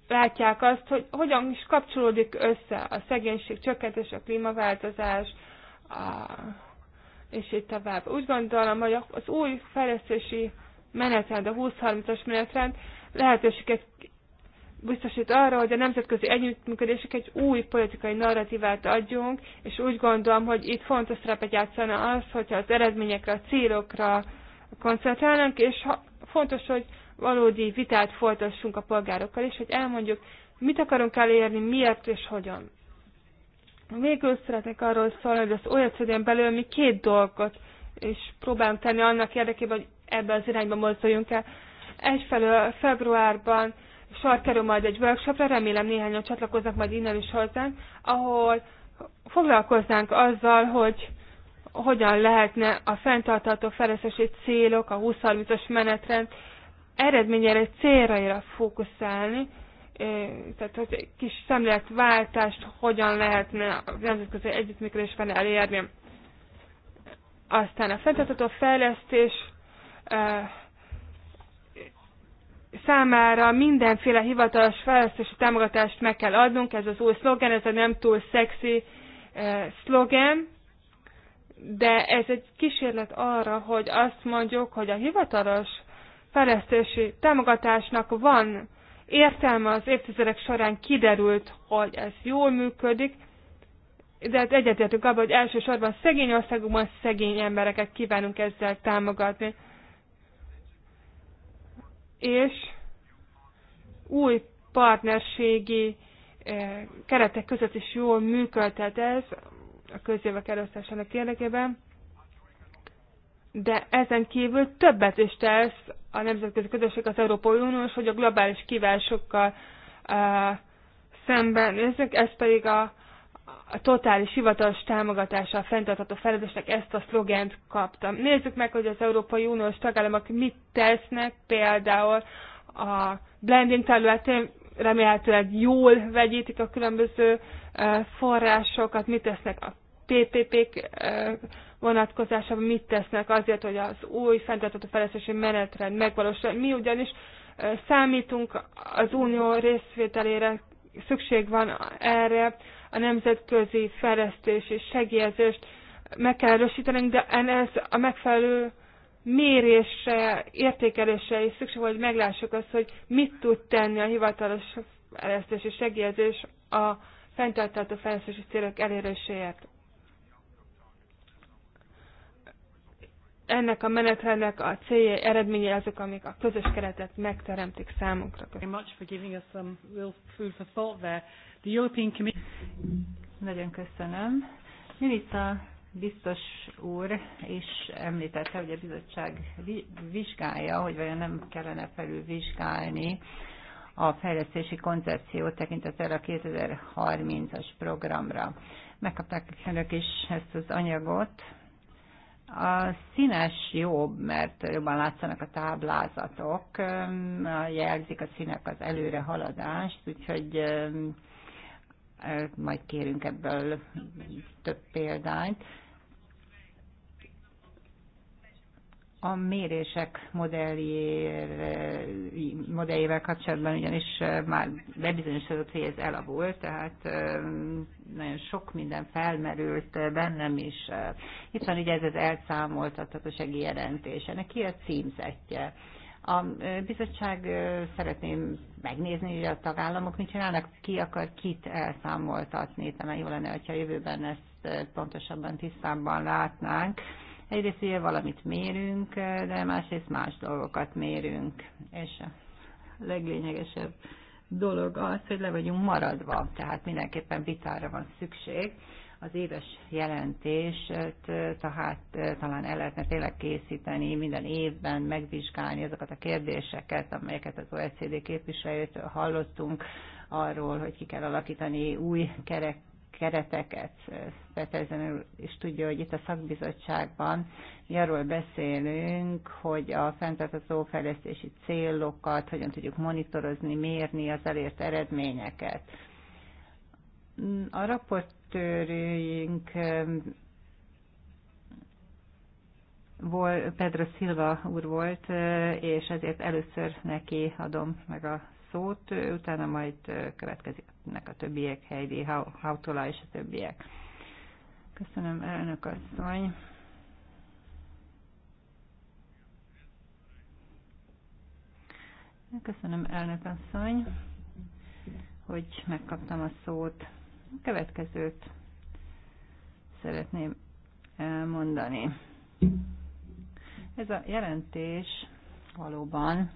látják azt, hogy hogyan is kapcsolódik össze a szegénység csökkentés, a klímaváltozás, és így tovább. Úgy gondolom, hogy az új fejlesztési menetrend, a 20-30-as menetrend lehetőséget biztosít arra, hogy a nemzetközi együttműködések egy új politikai narratívát adjunk, és úgy gondolom, hogy itt fontos szerepet játszana az, hogyha az eredményekre, a célokra koncentrálnánk, és ha, fontos, hogy valódi vitát folytassunk a polgárokkal, és hogy elmondjuk, mit akarunk elérni, miért és hogyan. Végül szeretnék arról szólni, hogy az OECD-n belül mi két dolgot is próbálunk tenni annak érdekében, hogy ebbe az irányba mozduljunk el. Egyfelől februárban sor kerül majd egy workshopra, remélem néhányan csatlakoznak majd innen is hozzánk, ahol foglalkoznánk azzal, hogy hogyan lehetne a fenntartható fejlesztési célok, a 20-30-as menetrend eredményére, célraira fókuszálni, tehát hogy kis szemléletváltást hogyan lehetne a nemzetközi együttműködésben elérni. Aztán a fenntartható fejlesztés számára mindenféle hivatalos fejlesztési támogatást meg kell adnunk, ez az új szlogen, ez a nem túl szexi szlogen, de ez egy kísérlet arra, hogy azt mondjuk, hogy a hivatalos fejlesztési támogatásnak van értelme az évtizedek során kiderült, hogy ez jól működik, de hát egyetértünk abban, hogy elsősorban szegény országokban szegény embereket kívánunk ezzel támogatni. És új partnerségi eh, keretek között is jól működhet ez a közjövök elosztásának érdekében de ezen kívül többet is tesz a nemzetközi közösség az Európai Unió, hogy a globális kívásokkal e, szemben nézzük, ez pedig a, a totális hivatalos támogatása a fenntartható fejlődésnek ezt a szlogent kaptam. Nézzük meg, hogy az Európai Uniós tagállamok mit tesznek, például a blending területén remélhetőleg jól vegyítik a különböző forrásokat, mit tesznek a PPP-k eh, vonatkozásában mit tesznek azért, hogy az új fenntartható fejlesztési menetrend megvalósul. Mi ugyanis eh, számítunk az unió részvételére, szükség van erre, a nemzetközi fejlesztési segélyezést meg kell erősítenünk, de ez a megfelelő mérésre, értékelésre is szükség van, hogy meglássuk azt, hogy mit tud tenni a hivatalos fejlesztési segélyezés a fenntartható fejlesztési célok eléréséért. ennek a menetrendnek a célja, eredménye azok, amik a közös keretet megteremtik számunkra. Nagyon köszönöm. Milita biztos úr is említette, hogy a bizottság vizsgálja, hogy vajon nem kellene felülvizsgálni a fejlesztési koncepciót tekintettel a 2030-as programra. Megkapták önök is ezt az anyagot, a színes jobb, mert jobban látszanak a táblázatok, jelzik a színek az előre haladást, úgyhogy majd kérünk ebből több példányt. A mérések modelljével kapcsolatban ugyanis már bebizonyosodott, hogy ez elavult, tehát nagyon sok minden felmerült bennem is. Itt van ugye ez az elszámoltathatósági jelentés. Ennek ki a címzetje? A bizottság szeretném megnézni, hogy a tagállamok mit csinálnak, ki akar kit elszámoltatni, talán jó lenne, hogyha jövőben ezt pontosabban tisztában látnánk. Egyrészt ugye valamit mérünk, de másrészt más dolgokat mérünk. És a leglényegesebb dolog az, hogy le vagyunk maradva, tehát mindenképpen vitára van szükség. Az éves jelentés, tehát talán el lehetne tényleg készíteni, minden évben megvizsgálni azokat a kérdéseket, amelyeket az OECD képviselőtől hallottunk, arról, hogy ki kell alakítani új kerek kereteket. betezenül is tudja, hogy itt a szakbizottságban mi arról beszélünk, hogy a fenntartható fejlesztési célokat hogyan tudjuk monitorozni, mérni az elért eredményeket. A raportőrünk volt Pedro Silva úr volt, és ezért először neki adom meg a szót, utána majd következik nek a többiek, Heidi Hautola és a többiek. Köszönöm, elnök asszony. Köszönöm, elnök asszony, hogy megkaptam a szót. A következőt szeretném elmondani. Ez a jelentés valóban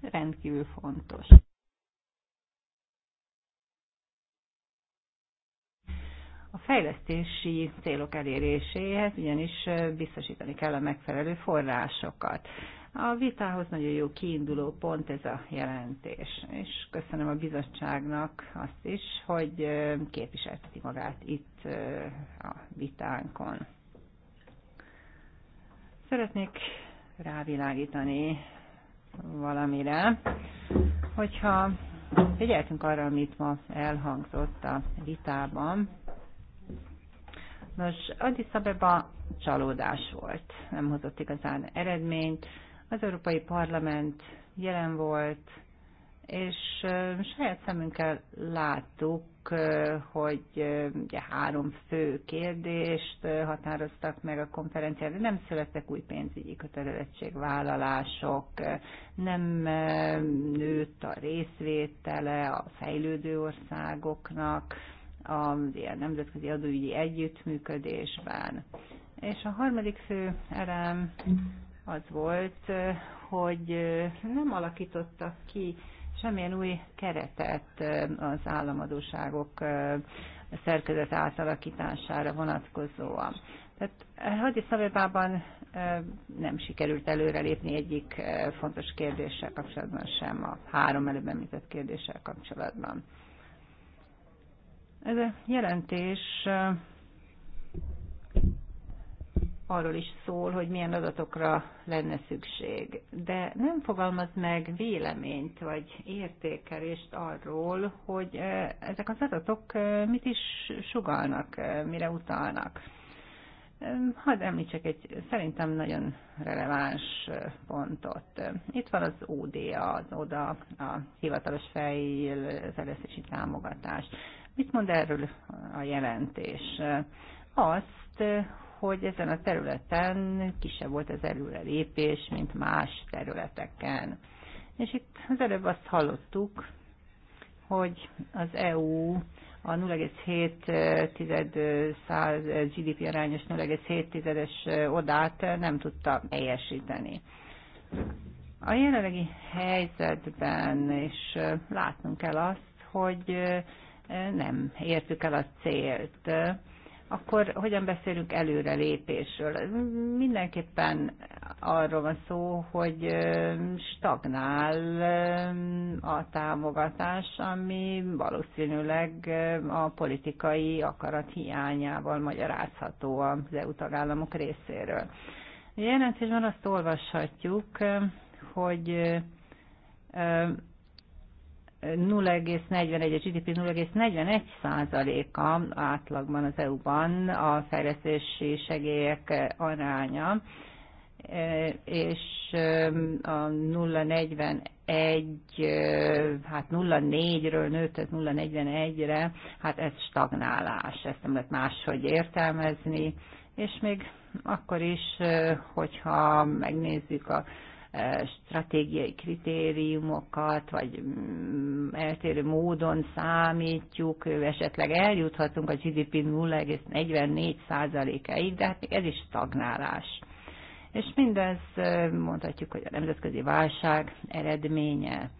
rendkívül fontos. a fejlesztési célok eléréséhez, ugyanis biztosítani kell a megfelelő forrásokat. A vitához nagyon jó kiinduló pont ez a jelentés, és köszönöm a bizottságnak azt is, hogy képviselteti magát itt a vitánkon. Szeretnék rávilágítani valamire, hogyha figyeltünk arra, amit ma elhangzott a vitában, Nos, Addis Abeba csalódás volt, nem hozott igazán eredményt. Az Európai Parlament jelen volt, és saját szemünkkel láttuk, hogy ugye három fő kérdést határoztak meg a konferencián, de nem születtek új pénzügyi kötelezettségvállalások, nem nőtt a részvétele a fejlődő országoknak, az ilyen nemzetközi adóügyi együttműködésben. És a harmadik fő elem az volt, hogy nem alakítottak ki semmilyen új keretet az államadóságok szerkezet átalakítására vonatkozóan. Tehát Hadiszavévában nem sikerült előrelépni egyik fontos kérdéssel kapcsolatban sem, a három előbb említett kérdéssel kapcsolatban. Ez a jelentés arról is szól, hogy milyen adatokra lenne szükség, de nem fogalmaz meg véleményt vagy értékelést arról, hogy ezek az adatok mit is sugalnak, mire utalnak. Hadd említsek egy szerintem nagyon releváns pontot. Itt van az ODA, az ODA, a hivatalos fejlesztési támogatás. Mit mond erről a jelentés? Azt, hogy ezen a területen kisebb volt az előrelépés, mint más területeken. És itt az előbb azt hallottuk, hogy az EU a 0,7 GDP arányos 0,7-es odát nem tudta teljesíteni. A jelenlegi helyzetben is látnunk kell azt, hogy nem értük el a célt, akkor hogyan beszélünk előre lépésről? Mindenképpen arról van szó, hogy stagnál a támogatás, ami valószínűleg a politikai akarat hiányával magyarázható az EU tagállamok részéről. A jelentésben azt olvashatjuk, hogy 0,41, a GDP 0,41 százaléka átlagban az EU-ban a fejlesztési segélyek aránya, e, és e, a 0,41, e, hát 0,4-ről nőtt, 0,41-re, hát ez stagnálás, ezt nem lehet máshogy értelmezni, és még akkor is, hogyha megnézzük a stratégiai kritériumokat, vagy mm, eltérő módon számítjuk, esetleg eljuthatunk a GDP 044 ig de hát még ez is stagnálás. És mindez mondhatjuk, hogy a nemzetközi válság eredménye.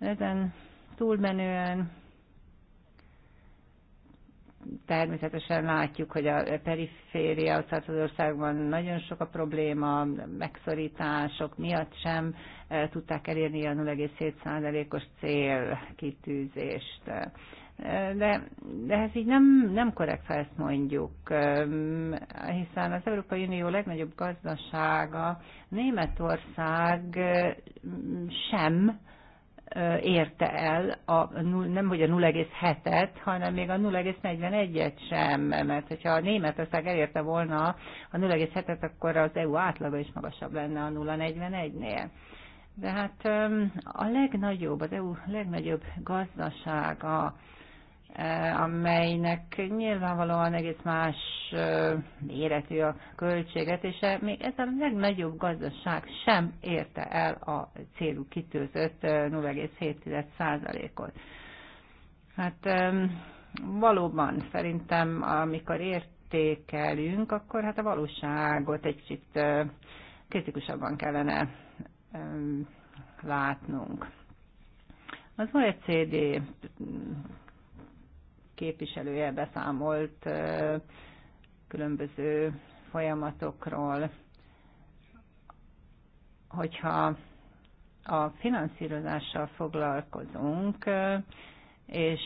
Ezen túlmenően természetesen látjuk, hogy a periféria az országban nagyon sok a probléma, megszorítások miatt sem eh, tudták elérni a 0,7%-os célkitűzést. Eh, de, de ez így nem, nem korrekt, ha ezt mondjuk, eh, hiszen az Európai Unió legnagyobb gazdasága Németország sem érte el, a, nem hogy a 0,7-et, hanem még a 0,41-et sem, mert hogyha a Németország elérte volna a 0,7-et, akkor az EU átlaga is magasabb lenne a 0,41-nél. De hát a legnagyobb, az EU legnagyobb gazdasága, E, amelynek nyilvánvalóan egész más e, méretű a költségvetése, még ez a legnagyobb gazdaság sem érte el a célú kitűzött 0,7%-ot. E, hát valóban szerintem, amikor értékelünk, akkor hát a valóságot egy kicsit kritikusabban kellene látnunk. Az OECD képviselője beszámolt különböző folyamatokról. Hogyha a finanszírozással foglalkozunk, és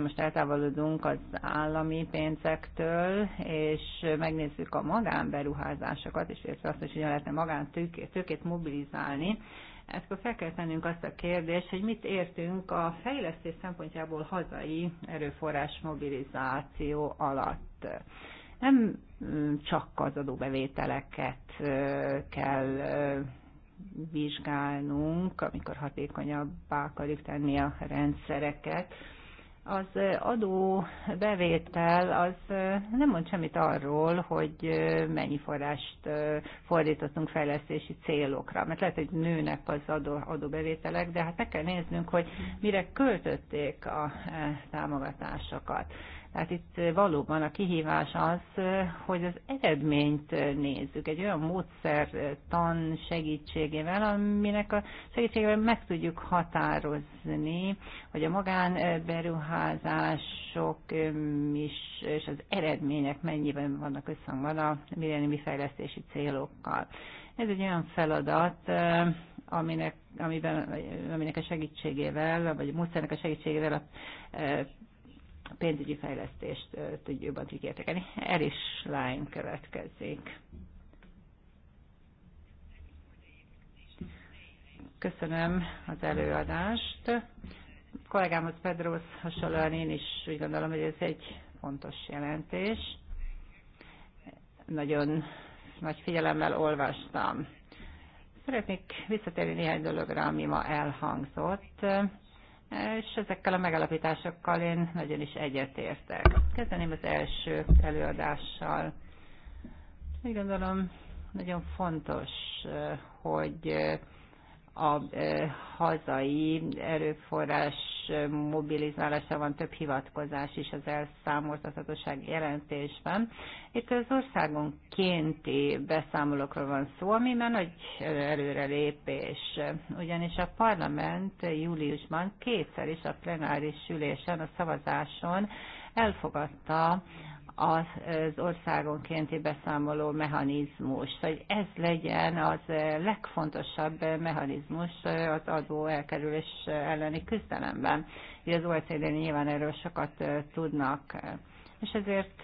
most eltávolodunk az állami pénzektől, és megnézzük a magánberuházásokat, és azt is, hogy lehetne magántőkét mobilizálni. Ekkor fel kell tennünk azt a kérdést, hogy mit értünk a fejlesztés szempontjából hazai erőforrás mobilizáció alatt. Nem mm, csak az adóbevételeket kell vizsgálnunk, amikor hatékonyabbá akarjuk tenni a rendszereket, az adó bevétel az nem mond semmit arról, hogy mennyi forrást fordítottunk fejlesztési célokra, mert lehet, hogy nőnek az adó, adóbevételek, de hát meg kell néznünk, hogy mire költötték a támogatásokat. Tehát itt valóban a kihívás az, hogy az eredményt nézzük egy olyan módszertan segítségével, aminek a segítségével meg tudjuk határozni, hogy a magánberuházások is, és az eredmények mennyiben vannak összhangban a milleniumi fejlesztési célokkal. Ez egy olyan feladat, aminek, amiben, aminek a segítségével, vagy a módszernek a segítségével a pénzügyi fejlesztést tudjuk jobban el is lány következik. Köszönöm az előadást. Kollégámhoz Pedrosz hasonlóan én is úgy gondolom, hogy ez egy fontos jelentés. Nagyon nagy figyelemmel olvastam. Szeretnék visszatérni néhány dologra, ami ma elhangzott és ezekkel a megalapításokkal én nagyon is egyetértek. Kezdeném az első előadással. Úgy gondolom, nagyon fontos, eh, hogy eh, a e, hazai erőforrás mobilizálása van több hivatkozás is az elszámoltathatóság jelentésben. Itt az országonkénti beszámolókról van szó, ami már nagy előrelépés, ugyanis a parlament júliusban kétszer is a plenáris ülésen, a szavazáson elfogadta az országonkénti beszámoló mechanizmus, hogy ez legyen az legfontosabb mechanizmus az adó elkerülés elleni küzdelemben. Ugye az OECD nyilván erről sokat tudnak, és ezért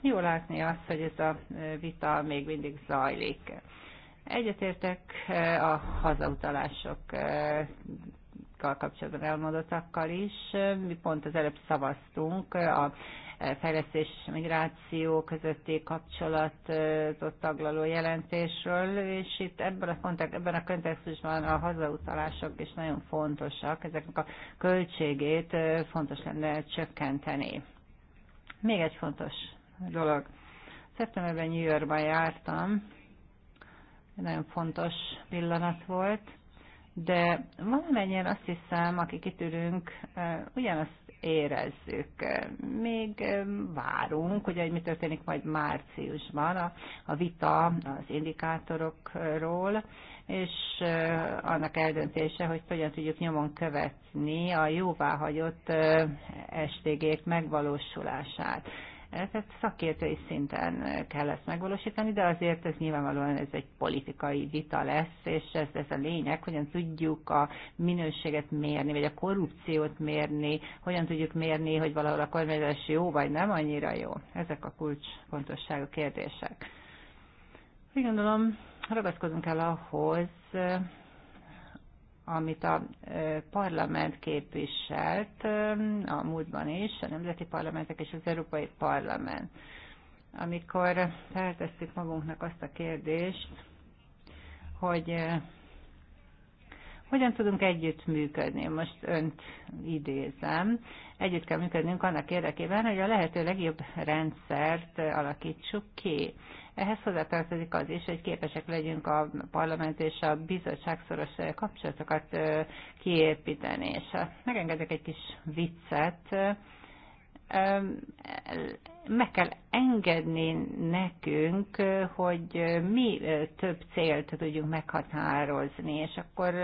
jó látni azt, hogy ez a vita még mindig zajlik. Egyetértek a hazautalások kapcsolatban elmondottakkal is. Mi pont az előbb szavaztunk a fejlesztés migráció közötti kapcsolatot taglaló jelentésről, és itt ebben a, kontext, ebben a kontextusban a hazautalások is nagyon fontosak, ezeknek a költségét fontos lenne csökkenteni. Még egy fontos dolog. Szeptemberben New Yorkban jártam, nagyon fontos pillanat volt, de valamennyien azt hiszem, akik itt ülünk, ugyanazt érezzük. Még várunk, ugye, hogy mi történik majd márciusban a, a vita az indikátorokról, és eh, annak eldöntése, hogy hogyan tudjuk nyomon követni a jóváhagyott eh, STG-k megvalósulását. Tehát szakértői szinten kell ezt megvalósítani, de azért ez nyilvánvalóan ez egy politikai vita lesz, és ez, ez a lényeg, hogyan tudjuk a minőséget mérni, vagy a korrupciót mérni, hogyan tudjuk mérni, hogy valahol a kormányzás jó, vagy nem annyira jó. Ezek a kulcsfontosságú kérdések. Úgy gondolom, ragaszkodunk el ahhoz, amit a parlament képviselt a múltban is, a nemzeti parlamentek és az Európai Parlament. Amikor feltesszük magunknak azt a kérdést, hogy hogyan tudunk együttműködni? Most önt idézem. Együtt kell működnünk annak érdekében, hogy a lehető legjobb rendszert alakítsuk ki. Ehhez hozzátartozik az is, hogy képesek legyünk a parlament és a bizottság szoros kapcsolatokat kiépíteni. És megengedek egy kis viccet meg kell engedni nekünk, hogy mi több célt tudjunk meghatározni, és akkor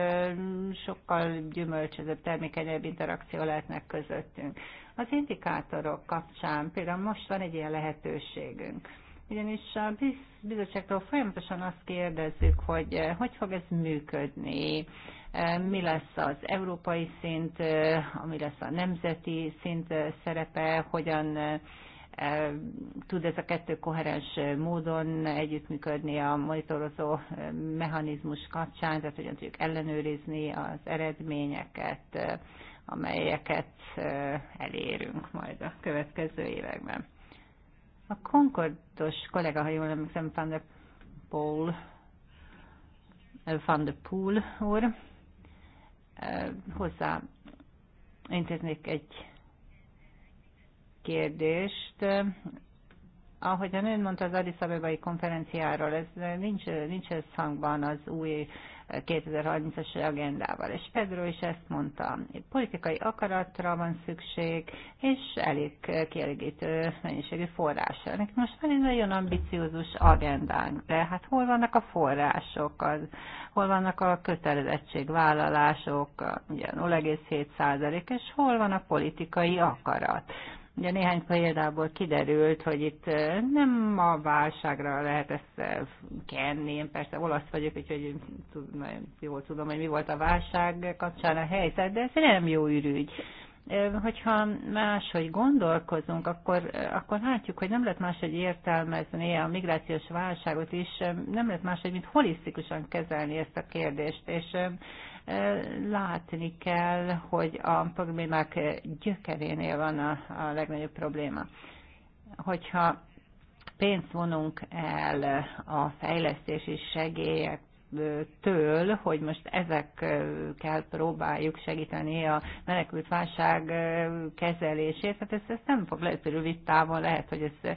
sokkal gyümölcsözőbb, termékenyebb interakció lehetnek közöttünk. Az indikátorok kapcsán például most van egy ilyen lehetőségünk. Ugyanis a bizottságtól folyamatosan azt kérdezzük, hogy hogy fog ez működni, mi lesz az európai szint, ami lesz a nemzeti szint szerepe, hogyan tud ez a kettő koherens módon együttműködni a monitorozó mechanizmus kapcsán, tehát hogyan tudjuk ellenőrizni az eredményeket, amelyeket elérünk majd a következő években. A Concordos kollega, ha jól emlékszem, Van der Poel, Van der Poel úr, hozzá intéznék egy kérdést. Ahogyan ön mondta az Addis Abebai konferenciáról, ez nincs, nincs hangban az új 2030-as agendával. És Pedro is ezt mondta, politikai akaratra van szükség, és elég kielégítő mennyiségű forrása. Nekünk most van egy nagyon ambiciózus agendánk, de hát hol vannak a források, az, hol vannak a kötelezettségvállalások, ugye 0,7 százalék, és hol van a politikai akarat. Ugye néhány példából kiderült, hogy itt nem a válságra lehet ezt kenni. Én persze olasz vagyok, úgyhogy nagyon jól tudom, hogy mi volt a válság kapcsán a helyzet, de ez nem jó ürügy. Hogyha máshogy gondolkozunk, akkor, akkor látjuk, hogy nem lehet máshogy értelmezni a migrációs válságot is, nem lehet máshogy, mint holisztikusan kezelni ezt a kérdést, és látni kell, hogy a problémák gyökerénél van a, a legnagyobb probléma. Hogyha pénzt vonunk el a fejlesztési segélyek től, hogy most ezekkel próbáljuk segíteni a menekült válság kezelését. Hát ez, ez nem fog lehet, rövid távon lehet, hogy ez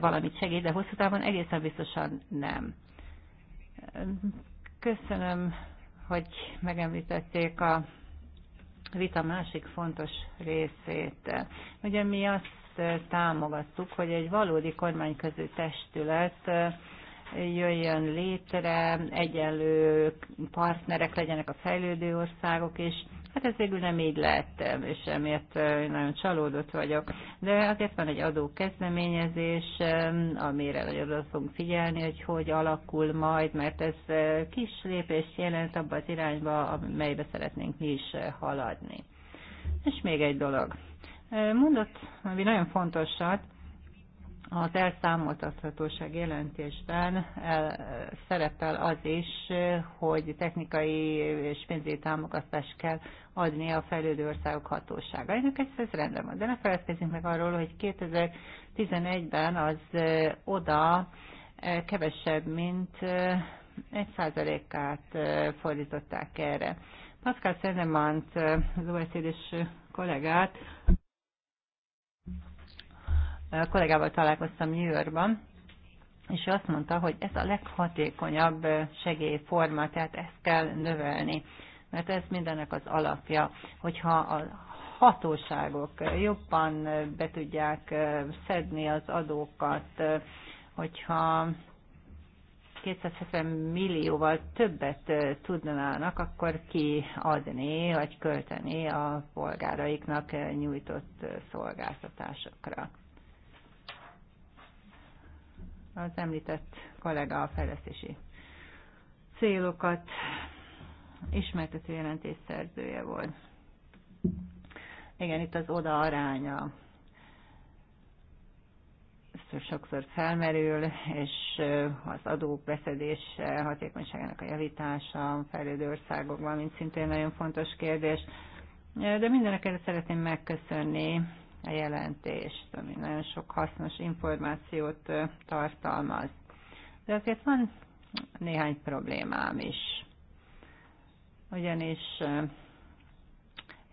valamit segít, de hosszú távon egészen biztosan nem. Köszönöm hogy megemlítették a vita másik fontos részét. Ugye mi azt támogattuk, hogy egy valódi kormányközi testület jöjjön létre, egyenlő partnerek legyenek a fejlődő országok és Hát ez végül nem így lett, és emiatt nagyon csalódott vagyok. De azért van egy adó kezdeményezés, amire nagyon fogunk figyelni, hogy hogy alakul majd, mert ez kis lépést jelent abba az irányba, amelybe szeretnénk mi is haladni. És még egy dolog. Mondott, ami nagyon fontosat, az elszámoltathatóság jelentésben el, szerepel az is, hogy technikai és pénzügyi támogatást kell adni a fejlődő országok hatóságainak. Ez, ez rendben van. De ne feledkezzünk meg arról, hogy 2011-ben az e, oda e, kevesebb, mint 1%-át e, fordították erre. Pascal Szenemant, az OECD-s kollégát, kollégával találkoztam New Yorkban, és ő azt mondta, hogy ez a leghatékonyabb segélyforma, tehát ezt kell növelni, mert ez mindennek az alapja, hogyha a hatóságok jobban be tudják szedni az adókat, hogyha 270 millióval többet tudnának, akkor kiadni vagy költeni a polgáraiknak nyújtott szolgáltatásokra az említett kollega a fejlesztési célokat ismertető jelentés szerzője volt. Igen, itt az oda aránya sokszor felmerül, és az adók beszedés hatékonyságának a javítása a fejlődő országokban, mint szintén nagyon fontos kérdés. De mindenekre szeretném megköszönni a jelentést, ami nagyon sok hasznos információt tartalmaz. De azért van néhány problémám is. Ugyanis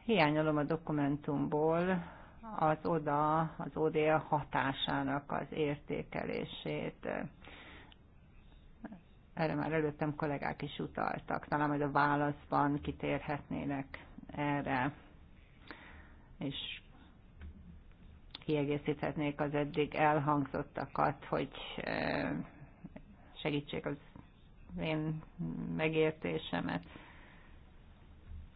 hiányolom a dokumentumból az ODA, az ODA hatásának az értékelését. Erre már előttem kollégák is utaltak. Talán majd a válaszban kitérhetnének erre. És kiegészíthetnék az eddig elhangzottakat, hogy segítsék az én megértésemet.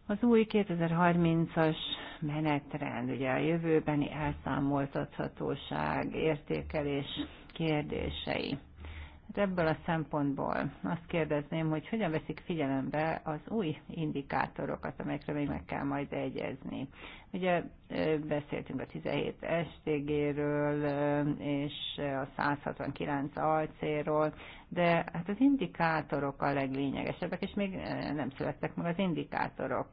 Az új 2030-as menetrend, ugye a jövőbeni elszámoltathatóság, értékelés kérdései. Hát ebből a szempontból azt kérdezném, hogy hogyan veszik figyelembe az új indikátorokat, amelyekre még meg kell majd egyezni. Ugye beszéltünk a 17 STG-ről és a 169 AC-ról, de hát az indikátorok a leglényegesebbek, és még nem születtek meg az indikátorok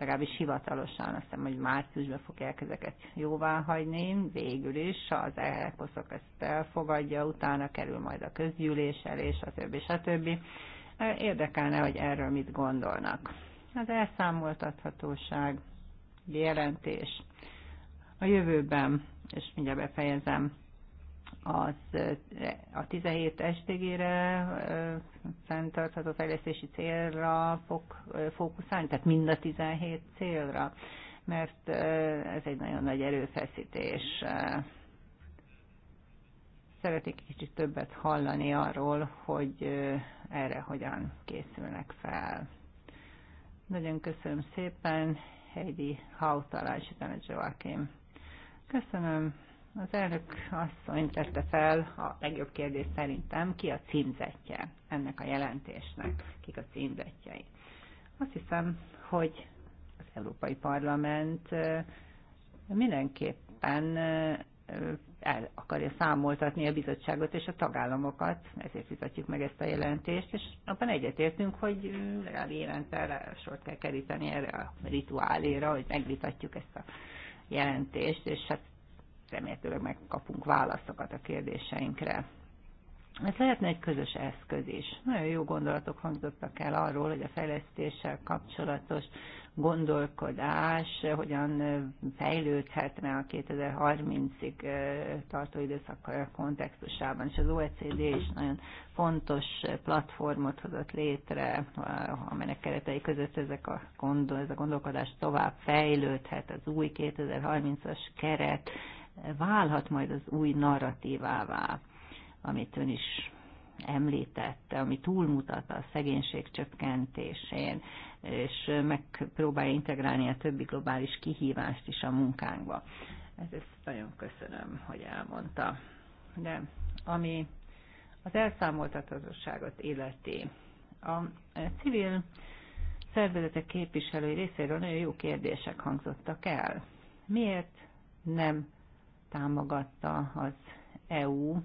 legalábbis hivatalosan, azt hiszem, hogy márciusban fogják ezeket jóvá hagyni, végül is az elkoszok ezt elfogadja, utána kerül majd a közgyűlés elé, stb. stb. Érdekelne, hogy erről mit gondolnak. Az elszámoltathatóság jelentés a jövőben, és mindjárt befejezem, az eh, a 17 estégére eh, fenntartható fejlesztési célra fog eh, fókuszálni, tehát mind a 17 célra, mert ez egy nagyon nagy erőfeszítés. Szeretnék kicsit többet hallani arról, hogy erre hogyan készülnek fel. Nagyon köszönöm szépen, Heidi Hautala és Köszönöm. Az elnök asszony tette fel a legjobb kérdés szerintem, ki a címzetje ennek a jelentésnek, kik a címzetjei. Azt hiszem, hogy az Európai Parlament mindenképpen el akarja számoltatni a bizottságot és a tagállamokat, ezért fizetjük meg ezt a jelentést, és abban egyetértünk, hogy legalább évente sort kell keríteni erre a rituáléra, hogy megvitatjuk ezt a jelentést, és hát remélhetőleg megkapunk válaszokat a kérdéseinkre. Ez lehetne egy közös eszköz is. Nagyon jó gondolatok hangzottak el arról, hogy a fejlesztéssel kapcsolatos gondolkodás hogyan fejlődhetne a 2030-ig eh, tartó időszak kontextusában. És az OECD is nagyon fontos platformot hozott létre, eh, amelynek keretei között ezek a gondol, ez a gondolkodás tovább fejlődhet, az új 2030-as keret válhat majd az új narratívává, amit ön is említette, ami túlmutat a szegénység csökkentésén, és megpróbálja integrálni a többi globális kihívást is a munkánkba. Ez ezt nagyon köszönöm, hogy elmondta. De ami az elszámoltathatóságot illeti, a civil szervezetek képviselői részéről nagyon jó kérdések hangzottak el. Miért nem támogatta az EU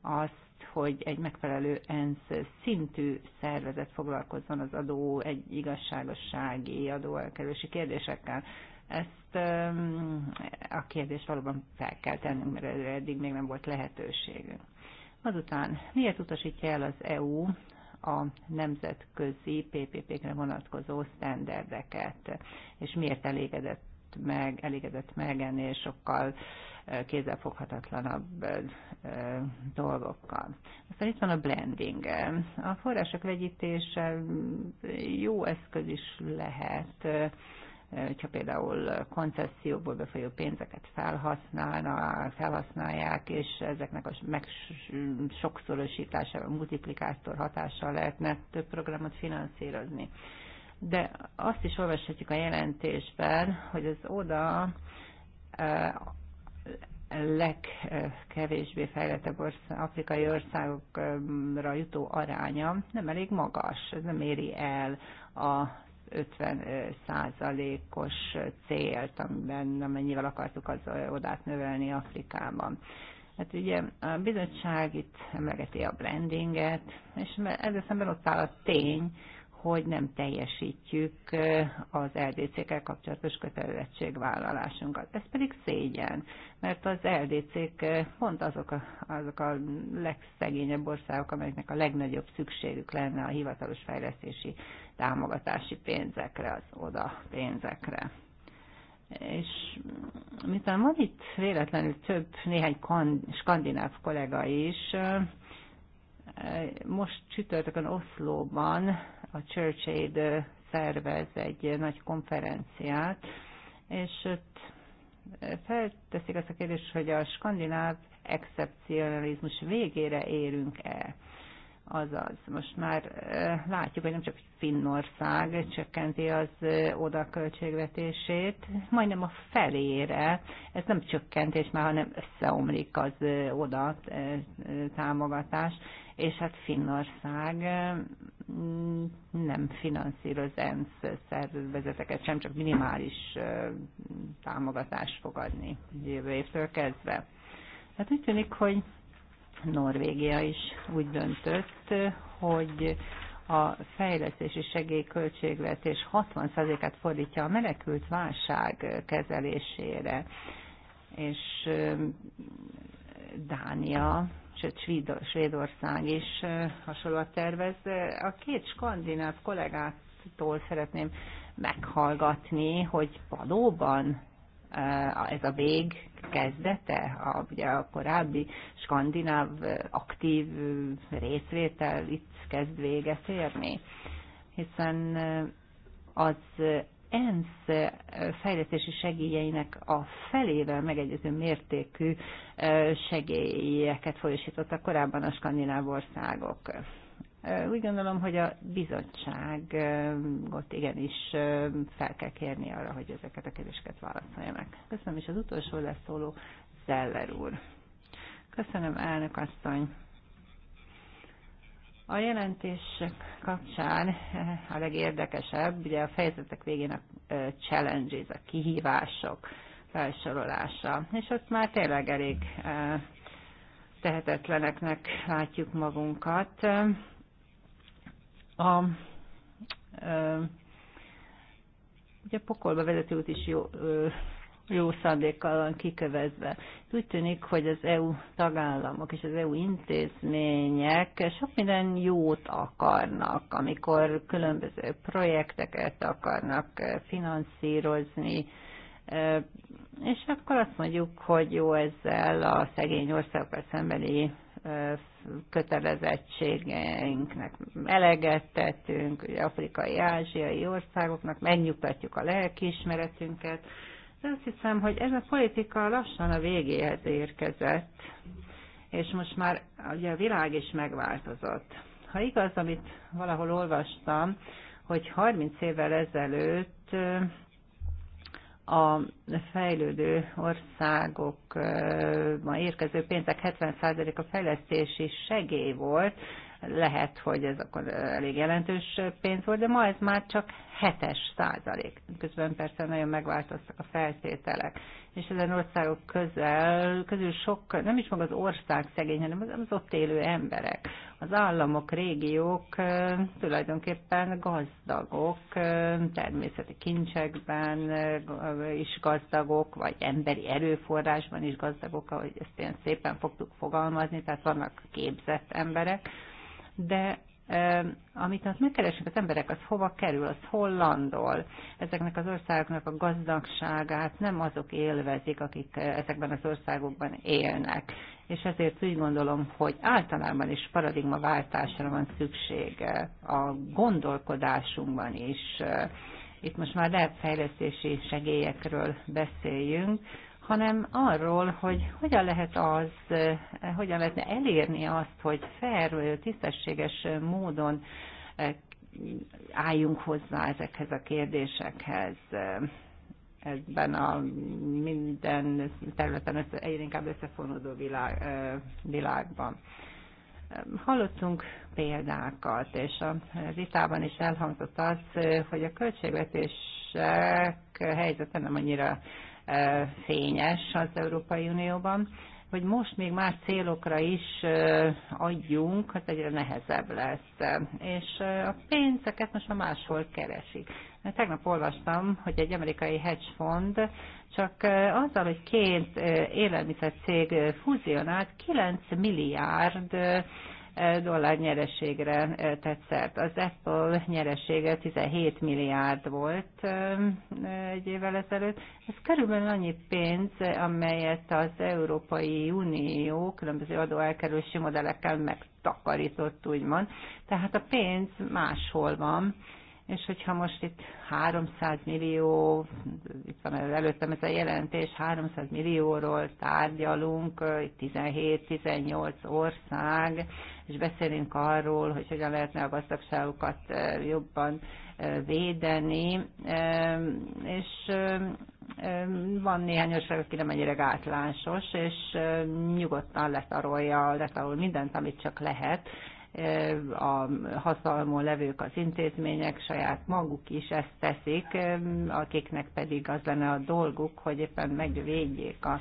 azt, hogy egy megfelelő ENSZ szintű szervezet foglalkozzon az adó egy igazságossági adóelkerülési kérdésekkel. Ezt a kérdést valóban fel kell tennünk, mert erre eddig még nem volt lehetőségünk. Azután miért utasítja el az EU a nemzetközi PPP-kre vonatkozó sztenderdeket, és miért elégedett meg, elégedett meg ennél sokkal kézzelfoghatatlanabb dolgokkal. Aztán itt van a blending. A források vegyítése jó eszköz is lehet, hogyha például koncesszióból befolyó pénzeket felhasználnak, felhasználják, és ezeknek a meg sokszorosításával, multiplikátor hatással lehetne több programot finanszírozni de azt is olvashatjuk a jelentésben, hogy az oda legkevésbé fejlettebb ország, afrikai országokra jutó aránya nem elég magas, ez nem éri el a 50 százalékos célt, amiben amennyivel akartuk az odát növelni Afrikában. Hát ugye a bizottság itt emlegeti a brandinget, és ezzel szemben ott áll a tény, hogy nem teljesítjük az LDC-kkel kapcsolatos kötelezettségvállalásunkat. Ez pedig szégyen, mert az LDC-k pont azok a, azok a legszegényebb országok, amelyeknek a legnagyobb szükségük lenne a hivatalos fejlesztési támogatási pénzekre, az oda pénzekre. És miután van itt véletlenül több, néhány kan, skandináv kollega is, most csütörtökön Oszlóban a Church Aid szervez egy nagy konferenciát, és ott felteszik azt a kérdést, hogy a skandináv excepcionalizmus végére érünk-e. Azaz, most már látjuk, hogy nem csak Finnország csökkenti az oda költségvetését, majdnem a felére, ez nem csökkentés már, hanem összeomlik az oda támogatás és hát Finnország mm, nem finanszíroz ENSZ szervezeteket, sem csak minimális támogatást fogadni jövő évtől kezdve. Hát úgy tűnik, hogy Norvégia is úgy döntött, hogy a fejlesztési segélyköltségvetés 60%-át fordítja a menekült válság kezelésére. És Dánia sőt Svéd, Svédország is hasonlóan tervez. A két skandináv kollégától szeretném meghallgatni, hogy valóban ez a vég kezdete, a, ugye a korábbi skandináv aktív részvétel itt kezd véget érni, hiszen az ENSZ eh, fejlesztési segélyeinek a felével megegyező mértékű eh, segélyeket folyosítottak korábban a skandináv országok. Eh, úgy gondolom, hogy a bizottságot igenis fel kell kérni arra, hogy ezeket a kérdéseket meg. Köszönöm, és az utolsó leszóló Zeller úr. Köszönöm, elnök asszony. A jelentések kapcsán eh, a legérdekesebb, ugye a fejezetek végén a eh, challenges, a kihívások felsorolása, és ott már tényleg elég eh, tehetetleneknek látjuk magunkat. A, ugye a pokolba vezető út is jó, jó szándékkal van kikövezve. Úgy tűnik, hogy az EU tagállamok és az EU intézmények sok minden jót akarnak, amikor különböző projekteket akarnak eh, finanszírozni, eh, és akkor azt mondjuk, hogy jó ezzel a szegény országokkal szembeni eh, kötelezettségeinknek eleget tettünk, ugye afrikai, ázsiai országoknak, megnyugtatjuk a lelkiismeretünket, de azt hiszem, hogy ez a politika lassan a végéhez érkezett, és most már ugye a világ is megváltozott. Ha igaz, amit valahol olvastam, hogy 30 évvel ezelőtt a fejlődő országok ma érkező pénzek 70%-a fejlesztési segély volt, lehet, hogy ez akkor elég jelentős pénz volt, de ma ez már csak 7 százalék. Közben persze nagyon megváltoztak a feltételek. És ezen országok közel, közül sok, nem is maga az ország szegény, hanem az, az ott élő emberek. Az államok, régiók tulajdonképpen gazdagok, természeti kincsekben is gazdagok, vagy emberi erőforrásban is gazdagok, ahogy ezt ilyen szépen fogtuk fogalmazni, tehát vannak képzett emberek, de eh, amit azt megkeresnek az emberek, az hova kerül, az hollandol. Ezeknek az országoknak a gazdagságát nem azok élvezik, akik eh, ezekben az országokban élnek. És ezért úgy gondolom, hogy általában is paradigmaváltásra van szükség a gondolkodásunkban is. Itt most már lehet fejlesztési segélyekről beszéljünk, hanem arról, hogy hogyan lehet az, eh, hogyan lehetne elérni azt, hogy fair, tisztességes módon eh, álljunk hozzá ezekhez a kérdésekhez eh, ebben a minden területen össze, egyre inkább összefonódó világ, világban. Hallottunk példákat, és a vitában is elhangzott az, hogy a költségvetések helyzete nem annyira fényes az Európai Unióban, hogy most még más célokra is adjunk, hát egyre nehezebb lesz. És a pénzeket most már máshol keresik. Tegnap olvastam, hogy egy amerikai hedge fund csak azzal, hogy két élelmiszercég fúzionált, 9 milliárd dollár nyereségre tett szert. Az Apple nyeressége 17 milliárd volt egy évvel ezelőtt. Ez körülbelül annyi pénz, amelyet az Európai Unió különböző adóelkerülési modellekkel megtakarított, úgymond. Tehát a pénz máshol van és hogyha most itt 300 millió, itt van előttem ez a jelentés, 300 millióról tárgyalunk, 17-18 ország, és beszélünk arról, hogy hogyan lehetne a gazdagságokat jobban védeni, és van néhány ország, aki nem ennyire gátlásos, és nyugodtan letarolja, letarol mindent, amit csak lehet, a hatalmon levők az intézmények saját maguk is ezt teszik, akiknek pedig az lenne a dolguk, hogy éppen megvédjék a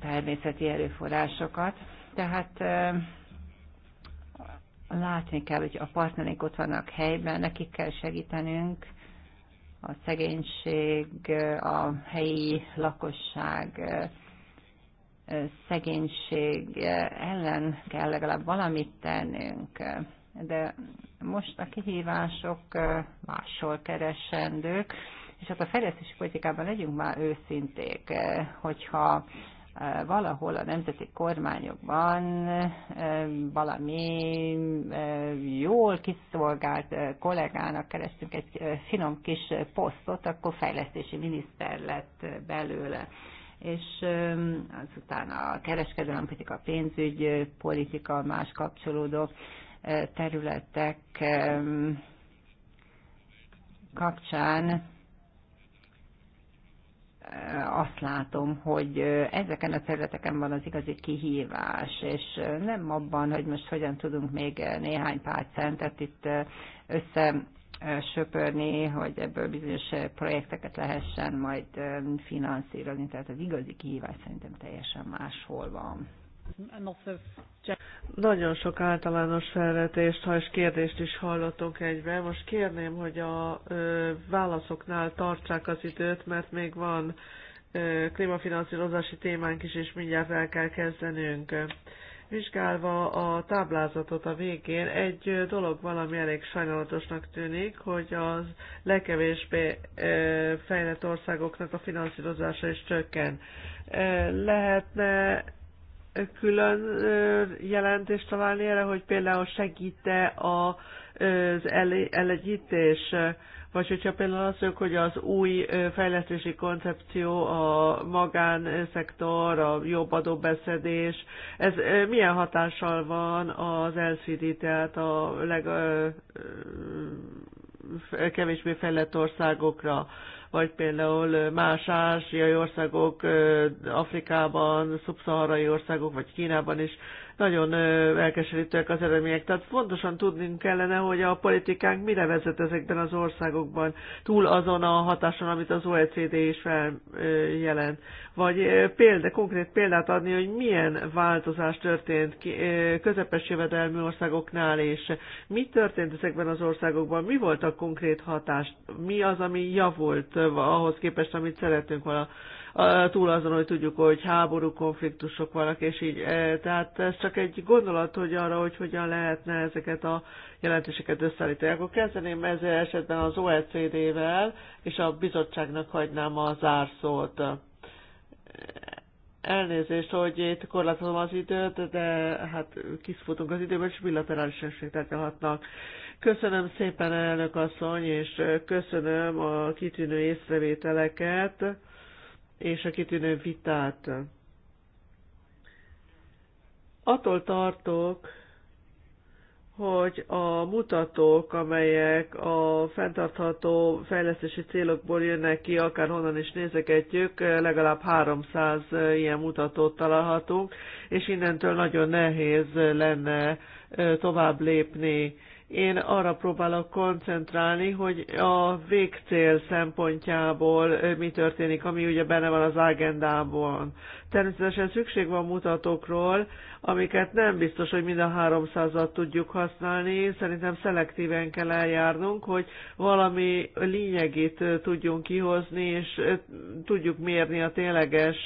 természeti erőforrásokat. Tehát látni kell, hogy a partnerek ott vannak helyben, nekik kell segítenünk, a szegénység, a helyi lakosság szegénység ellen kell legalább valamit tennünk. De most a kihívások máshol keresendők, és hát a fejlesztési politikában legyünk már őszinték, hogyha valahol a nemzeti kormányokban valami jól kiszolgált kollégának kerestünk egy finom kis posztot, akkor fejlesztési miniszter lett belőle és azután a kereskedelem politika, pénzügy politika, más kapcsolódó területek kapcsán azt látom, hogy ezeken a területeken van az igazi kihívás, és nem abban, hogy most hogyan tudunk még néhány pár centet itt össze söpörni, hogy ebből bizonyos projekteket lehessen majd finanszírozni. Tehát az igazi kihívás szerintem teljesen máshol van. Nagyon sok általános felvetést ha és kérdést is hallottunk egybe. Most kérném, hogy a ö, válaszoknál tartsák az időt, mert még van ö, klímafinanszírozási témánk is, és mindjárt el kell kezdenünk. Vizsgálva a táblázatot a végén, egy dolog valami elég sajnálatosnak tűnik, hogy az legkevésbé fejlett országoknak a finanszírozása is csökken. Lehetne külön jelentést találni erre, hogy például segíte a az elegyítés, vagy hogyha például azt mondjuk, hogy az új fejlesztési koncepció, a magánszektor, a jobb adóbeszedés, ez milyen hatással van az LCD, tehát a leg, kevésbé fejlett országokra, vagy például más ázsiai országok, Afrikában, szubszaharai országok, vagy Kínában is nagyon elkeserítőek az eredmények. Tehát fontosan tudnunk kellene, hogy a politikánk mire vezet ezekben az országokban, túl azon a hatáson, amit az OECD is feljelent. Vagy példa, konkrét példát adni, hogy milyen változás történt közepes jövedelmű országoknál, és mi történt ezekben az országokban, mi volt a konkrét hatás, mi az, ami javult ahhoz képest, amit szeretünk volna túl azon, hogy tudjuk, hogy háború, konfliktusok vannak, és így. E, tehát ez csak egy gondolat, hogy arra, hogy hogyan lehetne ezeket a jelentéseket összeállítani. Akkor kezdeném ezzel esetben az OECD-vel, és a bizottságnak hagynám a zárszót. Elnézést, hogy itt korlátozom az időt, de hát kiszfutunk az időből, és bilaterális tárgyalhatnak. Köszönöm szépen, elnök asszony, és köszönöm a kitűnő észrevételeket és a kitűnő vitát. Attól tartok, hogy a mutatók, amelyek a fenntartható fejlesztési célokból jönnek ki, akár honnan is nézegetjük, legalább 300 ilyen mutatót találhatunk, és innentől nagyon nehéz lenne tovább lépni. Én arra próbálok koncentrálni, hogy a végcél szempontjából mi történik, ami ugye benne van az agendában. Természetesen szükség van mutatókról, amiket nem biztos, hogy mind a háromszázat tudjuk használni. Szerintem szelektíven kell eljárnunk, hogy valami lényegét tudjunk kihozni, és tudjuk mérni a tényleges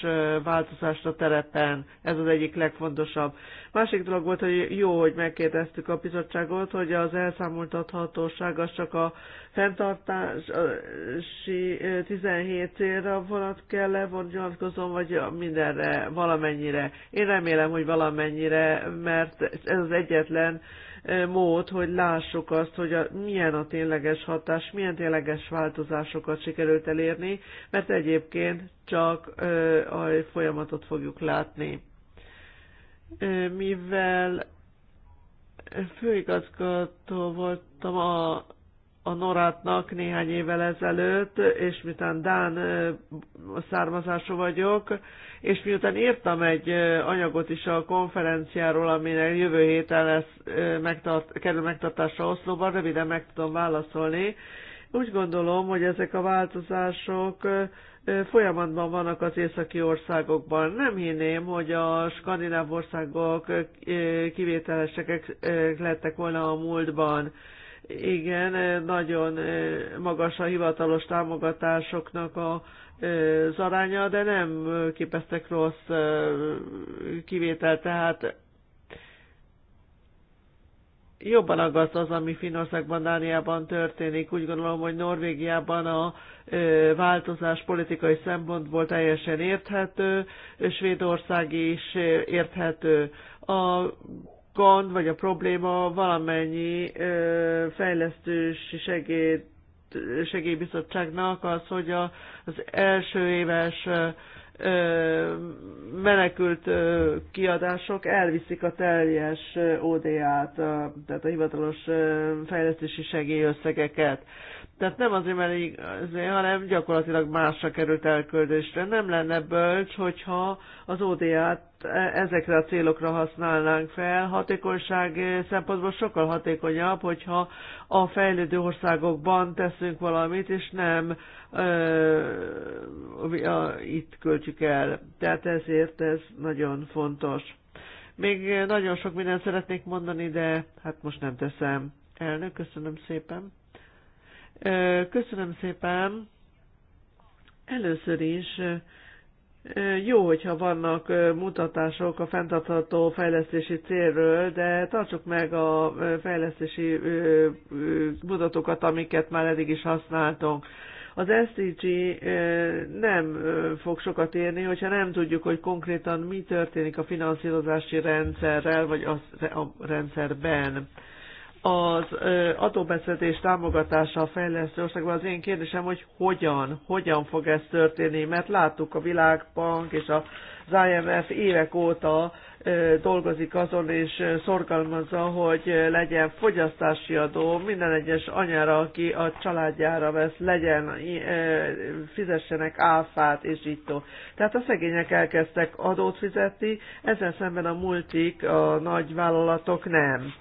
változást a terepen. Ez az egyik legfontosabb. Másik dolog volt, hogy jó, hogy megkérdeztük a bizottságot, hogy az elszámoltathatóság az csak a fenntartási 17 célra vonat kell levonatkozom, vagy mindenre, valamennyire. Én remélem, hogy valamennyire, mert ez az egyetlen mód, hogy lássuk azt, hogy a, milyen a tényleges hatás, milyen tényleges változásokat sikerült elérni, mert egyébként csak ö, a folyamatot fogjuk látni. Ö, mivel főigazgató voltam a a Norátnak néhány évvel ezelőtt, és miután Dán származású vagyok, és miután írtam egy anyagot is a konferenciáról, aminek jövő héten lesz, megtart, kerül megtartásra Oszlóban, röviden meg tudom válaszolni. Úgy gondolom, hogy ezek a változások folyamatban vannak az északi országokban. Nem hinném, hogy a skandináv országok kivételesek lettek volna a múltban igen, nagyon magas a hivatalos támogatásoknak a az aránya, de nem képeztek rossz kivételt, tehát jobban aggaszt az, ami Finországban, Dániában történik. Úgy gondolom, hogy Norvégiában a változás politikai szempontból teljesen érthető, Svédország is érthető. A gond vagy a probléma valamennyi ö, fejlesztési segéd, segélybizottságnak az, hogy a, az első éves ö, menekült kiadások elviszik a teljes ODA-t, tehát a hivatalos fejlesztési segélyösszegeket. Tehát nem azért, mert így, azért, hanem gyakorlatilag másra került elköldésre. Nem lenne bölcs, hogyha az ODA-t ezekre a célokra használnánk fel. Hatékonyság szempontból sokkal hatékonyabb, hogyha a fejlődő országokban teszünk valamit, és nem ö, a, itt költjük el. Tehát ezért ez nagyon fontos. Még nagyon sok mindent szeretnék mondani, de hát most nem teszem. Elnök, köszönöm szépen. Köszönöm szépen. Először is jó, hogyha vannak mutatások a fenntartható fejlesztési célről, de tartsuk meg a fejlesztési mutatókat, amiket már eddig is használtunk. Az SDG nem fog sokat érni, hogyha nem tudjuk, hogy konkrétan mi történik a finanszírozási rendszerrel, vagy a rendszerben az adóbeszedés támogatása a fejlesztő országban. Az én kérdésem, hogy hogyan, hogyan fog ez történni, mert láttuk a Világbank és az IMF évek óta dolgozik azon és szorgalmazza, hogy legyen fogyasztási adó minden egyes anyára, aki a családjára vesz, legyen, fizessenek áfát és így tó. Tehát a szegények elkezdtek adót fizetni, ezzel szemben a multik, a nagy vállalatok nem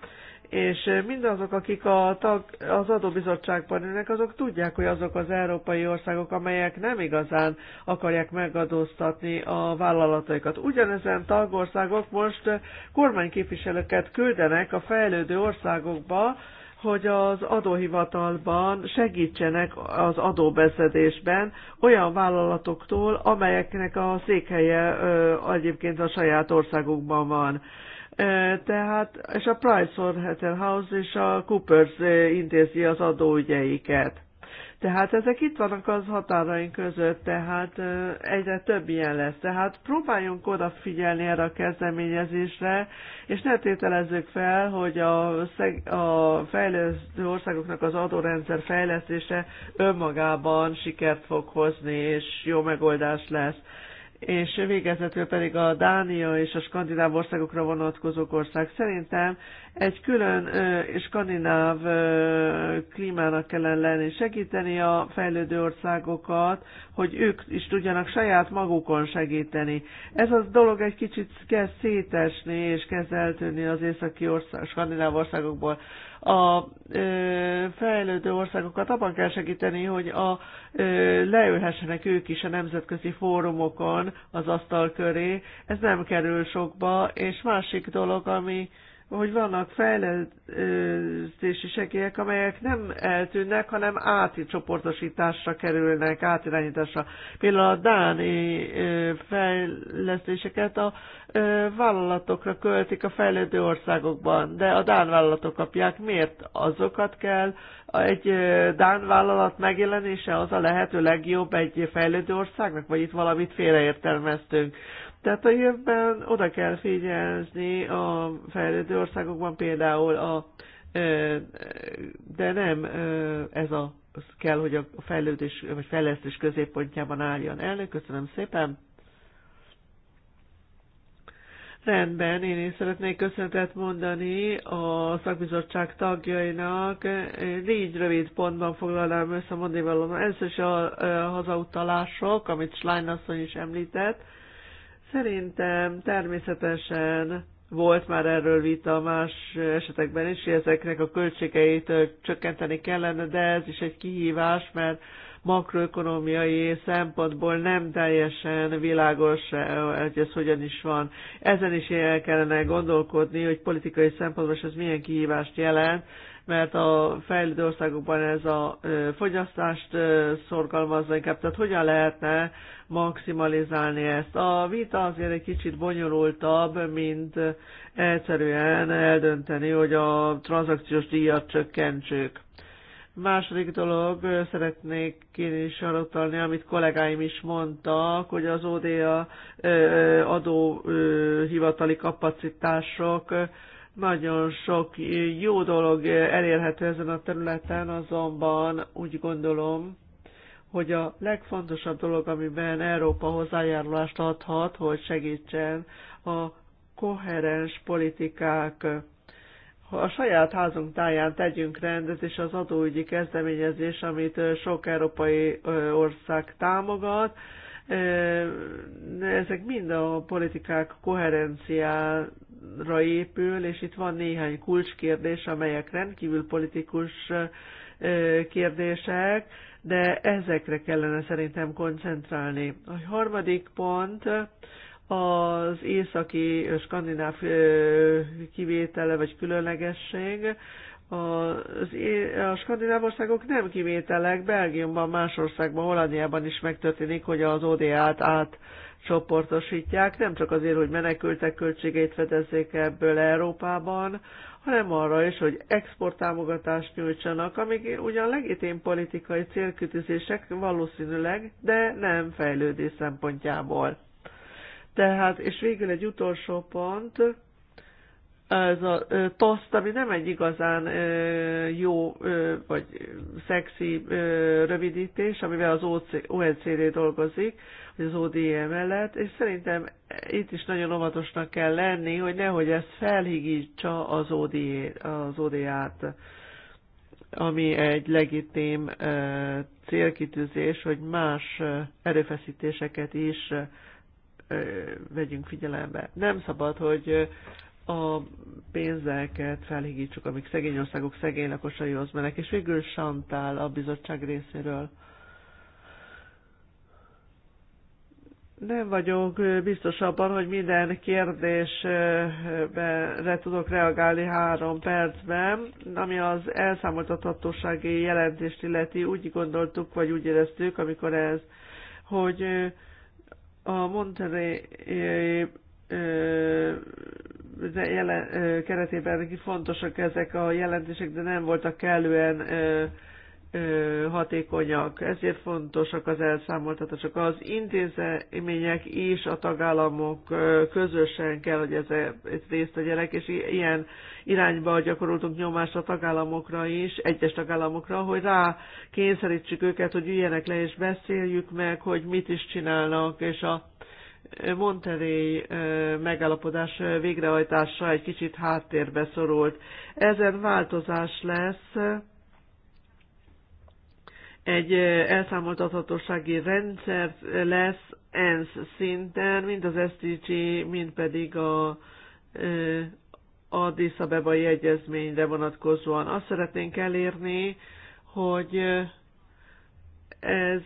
és mindazok, akik a tag, az adóbizottságban ülnek, azok tudják, hogy azok az európai országok, amelyek nem igazán akarják megadóztatni a vállalataikat. Ugyanezen tagországok most kormányképviselőket küldenek a fejlődő országokba, hogy az adóhivatalban segítsenek az adóbeszedésben olyan vállalatoktól, amelyeknek a székhelye ö, egyébként a saját országukban van tehát, és a Price House és a Coopers intézi az adóügyeiket. Tehát ezek itt vannak az határaink között, tehát egyre több ilyen lesz. Tehát próbáljunk odafigyelni erre a kezdeményezésre, és ne tételezzük fel, hogy a, szeg, a fejlesztő országoknak az adórendszer fejlesztése önmagában sikert fog hozni, és jó megoldás lesz és végezetül pedig a Dánia és a skandináv országokra vonatkozó ország. Szerintem egy külön skandináv klímának kellene lenni, segíteni a fejlődő országokat, hogy ők is tudjanak saját magukon segíteni. Ez az dolog egy kicsit kezd szétesni, és kezd eltűnni az északi ország, skandináv országokból a ö, fejlődő országokat abban kell segíteni, hogy a, ö, leülhessenek ők is a nemzetközi fórumokon az asztal köré. Ez nem kerül sokba, és másik dolog, ami ö, hogy vannak fejlesztési segélyek, amelyek nem eltűnnek, hanem átcsoportosításra kerülnek, átirányításra. Például a dáni fejlesztéseket a vállalatokra költik a fejlődő országokban, de a dán vállalatok kapják. Miért azokat kell? Egy dán vállalat megjelenése az a lehető legjobb egy fejlődő országnak, vagy itt valamit félreértelmeztünk. Tehát a jövőben oda kell figyelni a fejlődő országokban például a, de nem ez a az kell, hogy a fejlődés vagy fejlesztés középpontjában álljon elő. Köszönöm szépen! Rendben, én is szeretnék köszönetet mondani a szakbizottság tagjainak. Négy rövid pontban foglalnám össze mondani valóban. Először is a, a hazautalások, amit Schlein asszony is említett. Szerintem természetesen volt már erről vita más esetekben is, hogy ezeknek a költségeit csökkenteni kellene, de ez is egy kihívás, mert makroökonomiai szempontból nem teljesen világos, eh, hogy ez hogyan is van. Ezen is el kellene gondolkodni, hogy politikai szempontból ez milyen kihívást jelent, mert a fejlődő országokban ez a fogyasztást szorgalmazza inkább. Tehát hogyan lehetne maximalizálni ezt? A vita azért egy kicsit bonyolultabb, mint egyszerűen eldönteni, hogy a tranzakciós díjat csökkentsük. Második dolog, szeretnék én is arra utalni, amit kollégáim is mondtak, hogy az ODA adóhivatali kapacitások nagyon sok jó dolog elérhető ezen a területen, azonban úgy gondolom, hogy a legfontosabb dolog, amiben Európa hozzájárulást adhat, hogy segítsen a koherens politikák. Ha a saját házunk táján tegyünk rendet, és az adóügyi kezdeményezés, amit sok európai ország támogat, ezek mind a politikák koherenciára épül, és itt van néhány kulcskérdés, amelyek rendkívül politikus kérdések, de ezekre kellene szerintem koncentrálni. A harmadik pont az északi skandináv kivétele vagy különlegesség, az, a skandináv országok nem kivételek, Belgiumban, más országban, Hollandiában is megtörténik, hogy az ODA-t átcsoportosítják, nem csak azért, hogy menekültek költségeit fedezzék ebből Európában, hanem arra is, hogy exporttámogatást nyújtsanak, amik ugyan legitim politikai célkütőzések valószínűleg, de nem fejlődés szempontjából. Tehát, és végül egy utolsó pont, ez a toszt, ami nem egy igazán jó vagy szexi rövidítés, amivel az OECD dolgozik, vagy az ODE mellett, és szerintem itt is nagyon óvatosnak kell lenni, hogy nehogy ezt felhigítsa az, ODE, az ODA-t, ami egy legitim célkitűzés, hogy más erőfeszítéseket is vegyünk figyelembe. Nem szabad, hogy a pénzeket felhigítsuk, amik szegény országok szegény lakosaihoz mennek, és végül Santál a bizottság részéről. Nem vagyok biztos abban, hogy minden kérdésre tudok reagálni három percben. Ami az elszámoltathatósági jelentést illeti, úgy gondoltuk, vagy úgy éreztük, amikor ez, hogy a Monterey E- jelen, keretében fontosak ezek a jelentések, de nem voltak kellően hatékonyak. Ezért fontosak az elszámoltatások. Az intézmények és a tagállamok közösen kell, hogy ez részt gyerek, és ilyen irányba gyakoroltunk nyomást a tagállamokra is, egyes tagállamokra, hogy rá kényszerítsük őket, hogy üljenek le és beszéljük meg, hogy mit is csinálnak, és a Monterey megállapodás végrehajtása egy kicsit háttérbe szorult. Ezen változás lesz egy elszámoltathatósági rendszer lesz ENSZ szinten, mind az SDG, mind pedig a Addis Abebai Egyezményre vonatkozóan. Azt szeretnénk elérni, hogy ez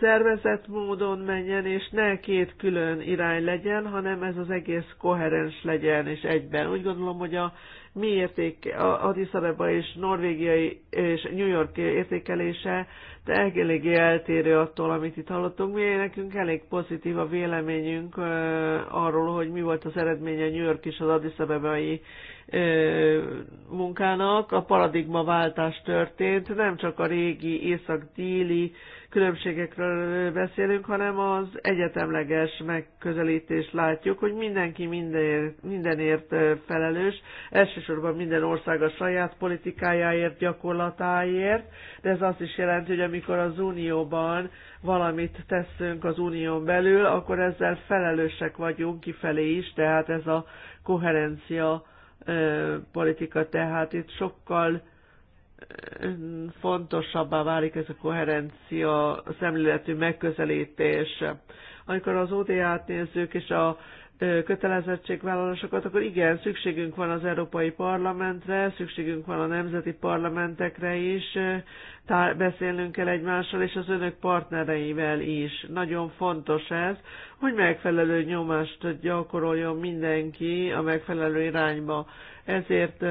szervezett módon menjen, és ne két külön irány legyen, hanem ez az egész koherens legyen, és egyben. Úgy gondolom, hogy a mi érték, Addis Abeba és norvégiai és New York értékelése, de eléggé eltérő attól, amit itt hallottunk. Mi nekünk elég pozitív a véleményünk arról, hogy mi volt az eredménye New York és az Addis Abebai munkának. A váltás történt, nem csak a régi észak díli különbségekről beszélünk, hanem az egyetemleges megközelítést látjuk, hogy mindenki mindenért, mindenért felelős, elsősorban minden ország a saját politikájáért, gyakorlatáért, de ez azt is jelenti, hogy amikor az Unióban valamit teszünk az Unión belül, akkor ezzel felelősek vagyunk kifelé is, tehát ez a koherencia politika, tehát itt sokkal fontosabbá válik ez a koherencia a szemléletű megközelítés. Amikor az ODA-t nézzük, és a kötelezettségvállalásokat, akkor igen, szükségünk van az Európai Parlamentre, szükségünk van a nemzeti parlamentekre is, beszélnünk kell egymással és az önök partnereivel is. Nagyon fontos ez, hogy megfelelő nyomást gyakoroljon mindenki a megfelelő irányba. Ezért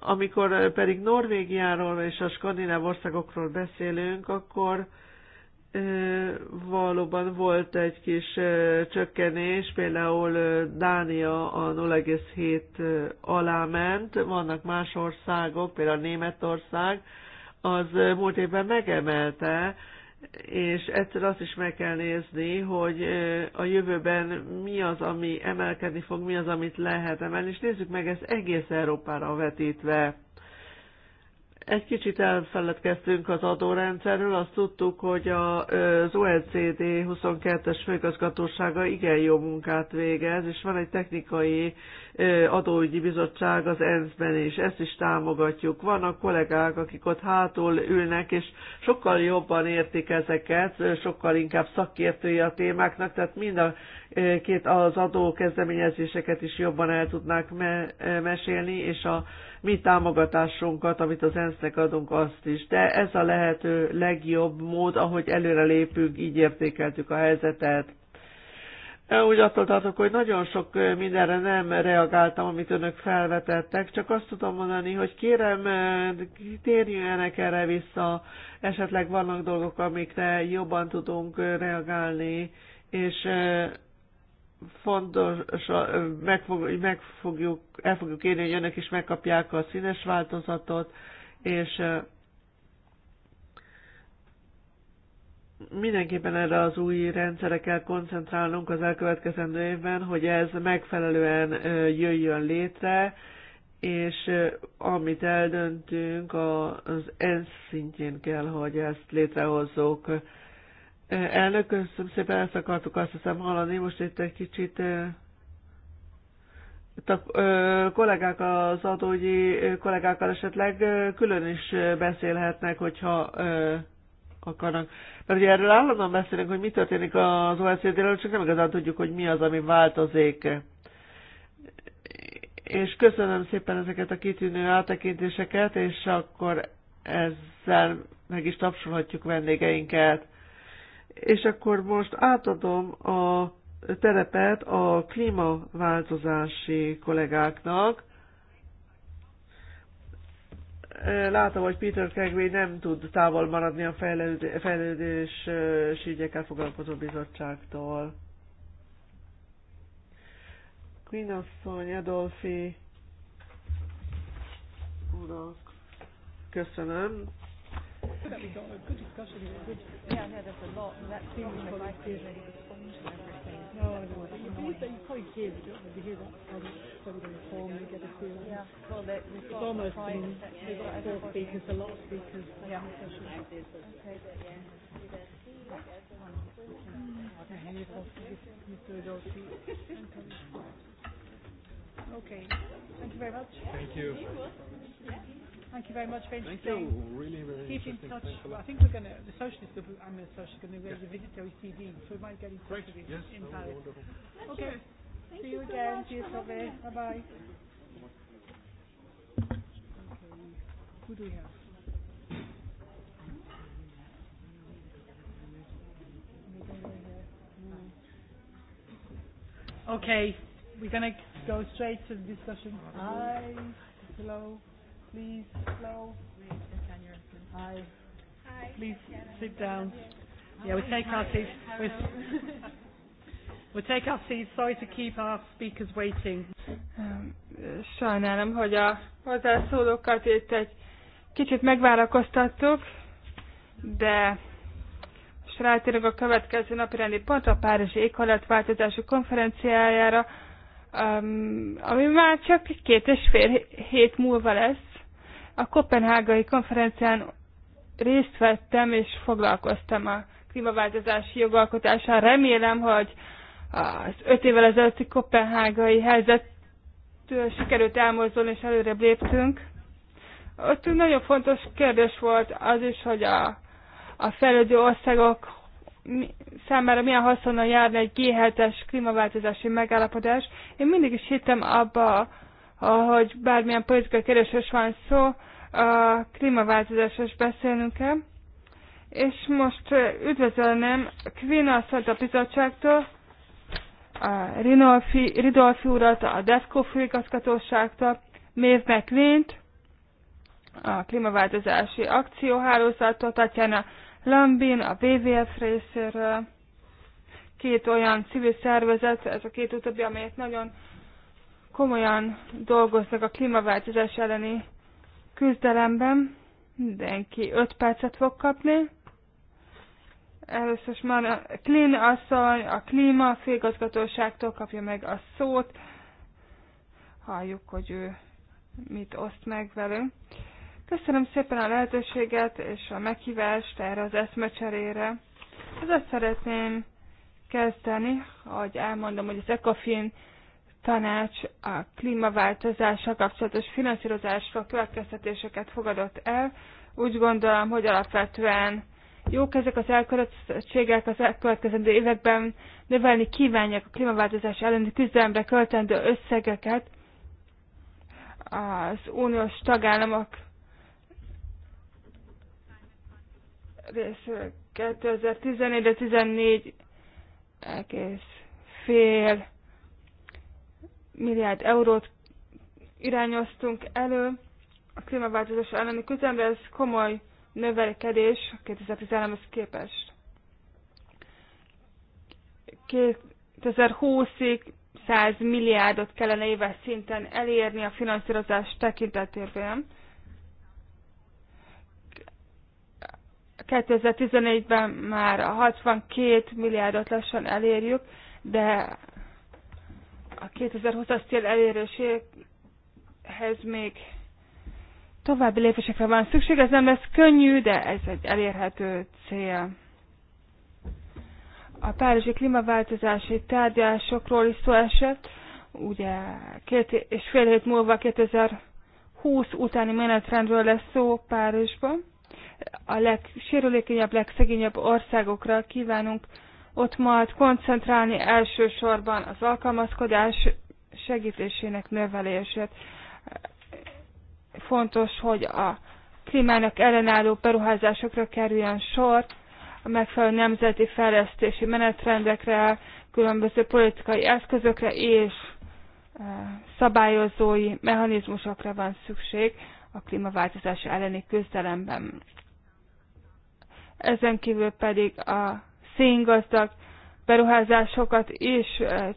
amikor eh, pedig Norvégiáról és a skandináv országokról beszélünk, akkor eh, valóban volt egy kis eh, csökkenés, például Dánia a 0,7 alá ment, vannak más országok, például Németország, az múlt évben megemelte és egyszer azt is meg kell nézni, hogy a jövőben mi az, ami emelkedni fog, mi az, amit lehet emelni, és nézzük meg ezt egész Európára vetítve. Egy kicsit elfeledkeztünk az adórendszerről, azt tudtuk, hogy az OECD 22-es főigazgatósága igen jó munkát végez, és van egy technikai adóügyi bizottság az ENSZ-ben is, ezt is támogatjuk. Vannak kollégák, akik ott hátul ülnek, és sokkal jobban értik ezeket, sokkal inkább szakértői a témáknak, tehát mind a két az adó kezdeményezéseket is jobban el tudnák me- mesélni, és a mi támogatásunkat, amit az ENSZ-nek adunk, azt is. De ez a lehető legjobb mód, ahogy előre lépünk, így értékeltük a helyzetet. Úgy attól tartok, hogy nagyon sok mindenre nem reagáltam, amit önök felvetettek, csak azt tudom mondani, hogy kérem, térjenek erre vissza, esetleg vannak dolgok, amikre jobban tudunk reagálni, és fontos, meg, fog, meg fogjuk, el fogjuk érni, hogy önök is megkapják a színes változatot, és Mindenképpen erre az új rendszerre kell koncentrálnunk az elkövetkezendő évben, hogy ez megfelelően jöjjön létre, és amit eldöntünk, az ENSZ szintjén kell, hogy ezt létrehozzuk. Elnök, köszönöm szépen, ezt akartuk azt hiszem hallani, most itt egy kicsit itt a kollégák, az adógyi kollégákkal esetleg külön is beszélhetnek, hogyha akarnak. Mert ugye erről állandóan beszélünk, hogy mi történik az OECD-ről, csak nem igazán tudjuk, hogy mi az, ami változik, És köszönöm szépen ezeket a kitűnő áttekintéseket, és akkor ezzel meg is tapsolhatjuk vendégeinket. És akkor most átadom a terepet a klímaváltozási kollégáknak látom, hogy Peter Kegway nem tud távol maradni a fejlődés ügyekkel foglalkozó bizottságtól. Queen asszony, Adolfi, urak, köszönöm could have been a good discussion. A good yeah, no, there's a lot. That seems like I feel ready to everything. No, you, you probably hear it, don't you? You hear that kind somebody on the phone, you get a feeling. Yeah, well, they, we've got it's almost, I mean, we've got four speakers, a lot of speakers. Yeah. Okay. Yeah. Okay. Thank you very much. Thank you. Thank you very much for Thank you. Really, really Keep in touch. I think we're going to, the socialist group, I'm a socialist, going to raise yeah. a visit to OECD, so we might get in touch with you yes, in Paris. Wonderful. Okay. Thank See you, you so again. Much. Cheers, Sophie. Bye-bye. Okay. Who do we have? Hmm. Okay, we're going to go straight to the discussion. Hi, hello. Please, slow. Hi. Hi. Please sit down. Yeah, we take our seats. We'll, we'll take our seats. Sorry to keep our speakers waiting. Um, sajnálom, hogy a hozzászólókat itt egy kicsit megvárakoztattuk, de most rátérünk a következő napi rendi pontra, a Párizsi éghajlatváltozási konferenciájára, um, ami már csak két és fél hét múlva lesz, a Kopenhágai konferencián részt vettem és foglalkoztam a klímaváltozási jogalkotással. Remélem, hogy az öt évvel ezelőtti kopenhágai helyzettől sikerült elmozdulni és előre léptünk. Ott nagyon fontos kérdés volt az is, hogy a, a fejlődő országok számára milyen haszonnal járna egy G7-es klímaváltozási megállapodás. Én mindig is hittem abba, hogy bármilyen politikai kérdésről van szó, a klímaváltozásról is beszélnünk kell. És most üdvözölném Kvina asszont a bizottságtól, a Rinolfi, Ridolfi urat, a DEFCO főigazgatóságtól, Mév McLean-t, a klímaváltozási akcióhálózattól, Tatjana Lambin, a WWF részéről, két olyan civil szervezet, ez a két utóbbi, amelyet nagyon komolyan dolgoznak a klímaváltozás elleni küzdelemben. Mindenki 5 percet fog kapni. Először is már Clean asszony, a klíma félgazgatóságtól kapja meg a szót. Halljuk, hogy ő mit oszt meg velünk. Köszönöm szépen a lehetőséget és a meghívást erre az eszmecserére. Ezt szeretném kezdeni, hogy elmondom, hogy az ECOFIN tanács a klímaváltozással kapcsolatos finanszírozásra következtetéseket fogadott el. Úgy gondolom, hogy alapvetően jók ezek az elkövetettségek az elkövetkezendő években növelni kívánják a klímaváltozás elleni küzdelemre költendő összegeket az uniós tagállamok részéről 2014-14 egész fél milliárd eurót irányoztunk elő a klímaváltozás elleni küzdelemre, ez komoly növelkedés 2013 hoz képest. 2020-ig 100 milliárdot kellene éves szinten elérni a finanszírozás tekintetében. 2014-ben már 62 milliárdot lassan elérjük, de a 2020-as cél eléréséhez még további lépésekre van szükség. Ez nem lesz könnyű, de ez egy elérhető cél. A párizsi klímaváltozási tárgyalásokról is szó esett. Ugye két és fél hét múlva 2020 utáni menetrendről lesz szó Párizsban. A legsérülékenyebb, legszegényebb országokra kívánunk ott majd koncentrálni elsősorban az alkalmazkodás segítésének növelését. Fontos, hogy a klímának ellenálló beruházásokra kerüljön sor, a megfelelő nemzeti fejlesztési menetrendekre, különböző politikai eszközökre és eh, szabályozói mechanizmusokra van szükség a klímaváltozás elleni küzdelemben. Ezen kívül pedig a széngazdag beruházásokat is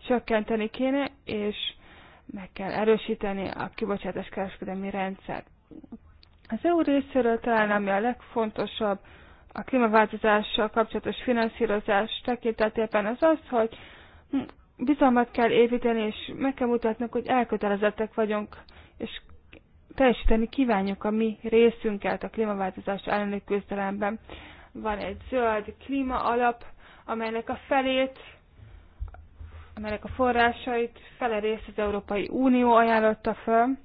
csökkenteni kéne, és meg kell erősíteni a kibocsátás kereskedelmi rendszert. Az EU részéről talán ami a legfontosabb a klímaváltozással kapcsolatos finanszírozás tekintetében az az, hogy bizalmat kell építeni, és meg kell mutatnunk, hogy elkötelezettek vagyunk, és teljesíteni kívánjuk a mi részünket a klímaváltozás elleni küzdelemben van egy zöld klíma alap, amelynek a felét, amelynek a forrásait fele részt az Európai Unió ajánlotta föl.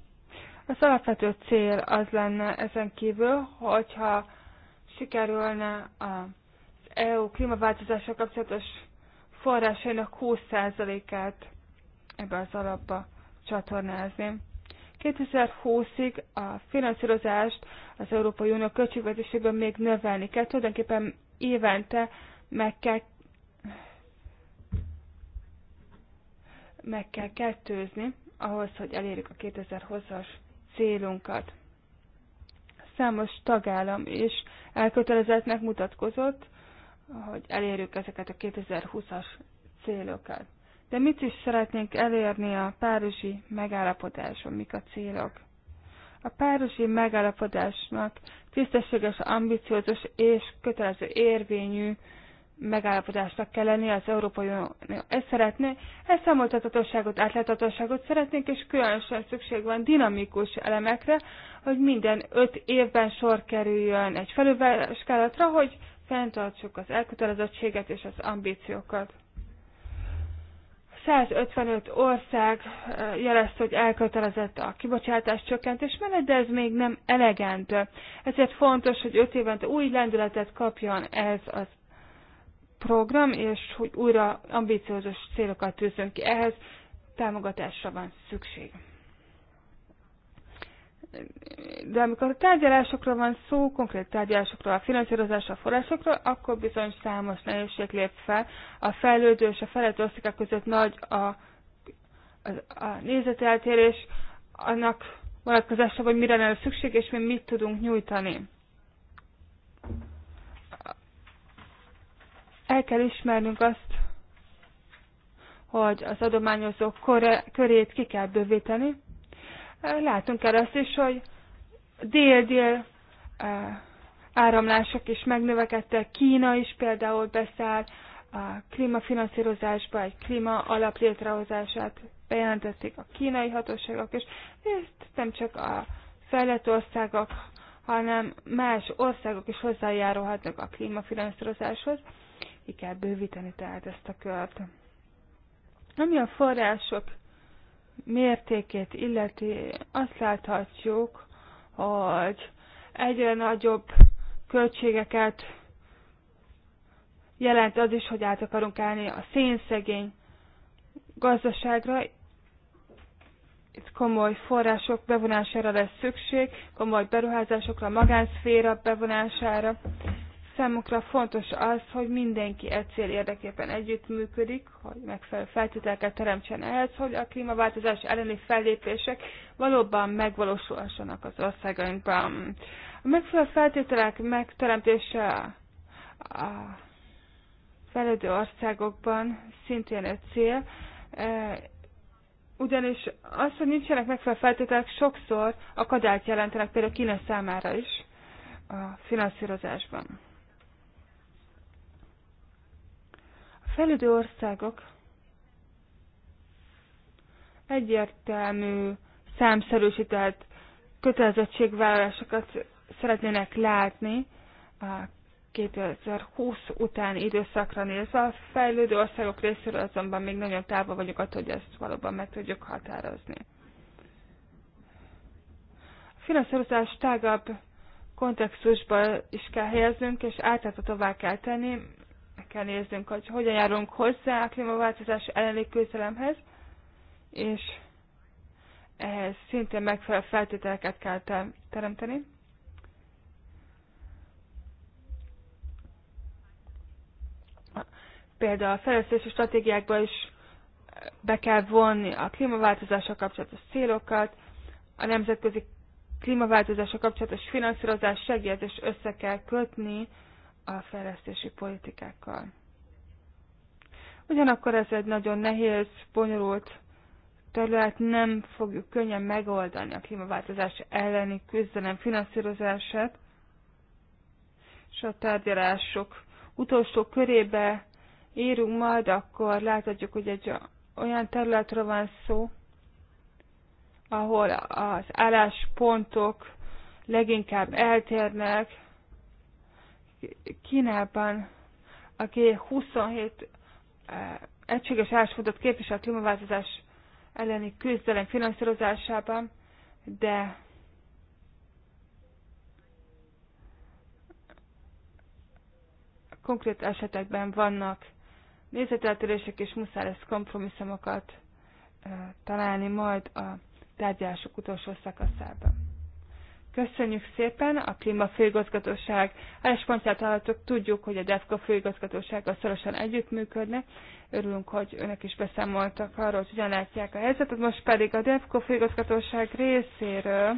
Az alapvető cél az lenne ezen kívül, hogyha sikerülne az EU klímaváltozással kapcsolatos forrásainak 20%-át ebbe az alapba csatornázni. 2020-ig a finanszírozást az Európai Unió költségvetésében még növelni kell. Tulajdonképpen évente meg kell meg kell kettőzni ahhoz, hogy elérjük a 2020-as célunkat. Számos tagállam is elkötelezettnek mutatkozott, hogy elérjük ezeket a 2020-as célokat. De mit is szeretnénk elérni a párizsi megállapodáson, mik a célok? A párizsi megállapodásnak tisztességes, ambiciózus és kötelező érvényű megállapodásnak kell lenni az Európai Unió. Ezt szeretné, számoltatatosságot, átláthatóságot szeretnénk, és különösen szükség van dinamikus elemekre, hogy minden öt évben sor kerüljön egy felülvizsgálatra, hogy fenntartsuk az elkötelezettséget és az ambíciókat. 155 ország eh, jelezte, hogy elkötelezett a kibocsátás csökkentés mellett, de ez még nem elegendő. Ezért fontos, hogy 5 évente új lendületet kapjon ez az program, és hogy újra ambiciózus célokat tűzünk ki. Ehhez támogatásra van szükség de amikor a tárgyalásokról van szó, konkrét tárgyalásokról, a finanszírozásra, a forrásokra, akkor bizony számos nehézség lép fel. A fejlődő és a fejlett országok között nagy a, a, a nézeteltérés, annak vonatkozása, hogy mire lenne szükség, és mi mit tudunk nyújtani. El kell ismernünk azt, hogy az adományozók körét ki kell bővíteni, látunk el azt is, hogy dél-dél áramlások is megnövekedtek, Kína is például beszáll, a klímafinanszírozásba egy klíma alap létrehozását bejelentették a kínai hatóságok, és ezt nem csak a fejlett országok, hanem más országok is hozzájárulhatnak a klímafinanszírozáshoz. Ki kell bővíteni tehát ezt a kört. Ami a források mértékét illeti, azt láthatjuk, hogy egyre nagyobb költségeket jelent az is, hogy át akarunk állni a szénszegény gazdaságra. Itt komoly források bevonására lesz szükség, komoly beruházásokra, magánszféra bevonására Számukra fontos az, hogy mindenki egy cél érdekében együttműködik, hogy megfelelő feltételeket teremtsen ehhez, hogy a klímaváltozás elleni fellépések valóban megvalósulhassanak az országainkban. A megfelelő feltételek megteremtése a fejlődő országokban szintén egy cél, e, ugyanis az, hogy nincsenek megfelelő feltételek, sokszor akadályt jelentenek például Kína számára is a finanszírozásban. fejlődő országok egyértelmű, számszerűsített kötelezettségvállalásokat szeretnének látni a 2020 utáni időszakra nézve. A fejlődő országok részéről azonban még nagyon távol vagyok attól, hogy ezt valóban meg tudjuk határozni. A finanszírozás tágabb kontextusba is kell helyeznünk, és tovább kell tenni, meg kell néznünk, hogy hogyan járunk hozzá a klímaváltozás elleni küzdelemhez, és ehhez szintén megfelelő feltételeket kell teremteni. Például a fejlesztési stratégiákba is be kell vonni a klímaváltozással kapcsolatos célokat, a nemzetközi klímaváltozással kapcsolatos finanszírozás segélyezés össze kell kötni a fejlesztési politikákkal. Ugyanakkor ez egy nagyon nehéz, bonyolult terület, nem fogjuk könnyen megoldani a klímaváltozás elleni küzdelem finanszírozását, és a tárgyalások utolsó körébe írunk majd, akkor láthatjuk, hogy egy olyan területre van szó, ahol az álláspontok leginkább eltérnek, Kínában a G27 eh, egységes álláspontot képvisel a klímaváltozás elleni küzdelem finanszírozásában, de konkrét esetekben vannak nézeteltérések, és muszáj lesz kompromisszumokat eh, találni majd a tárgyalások utolsó szakaszában. Köszönjük szépen a Klima Főigazgatóság álláspontját hallottuk. Tudjuk, hogy a DEFKA főigazgatósággal szorosan együttműködne. Örülünk, hogy önök is beszámoltak arról, hogy ugyan látják a helyzetet. Most pedig a DEFKA főigazgatóság részéről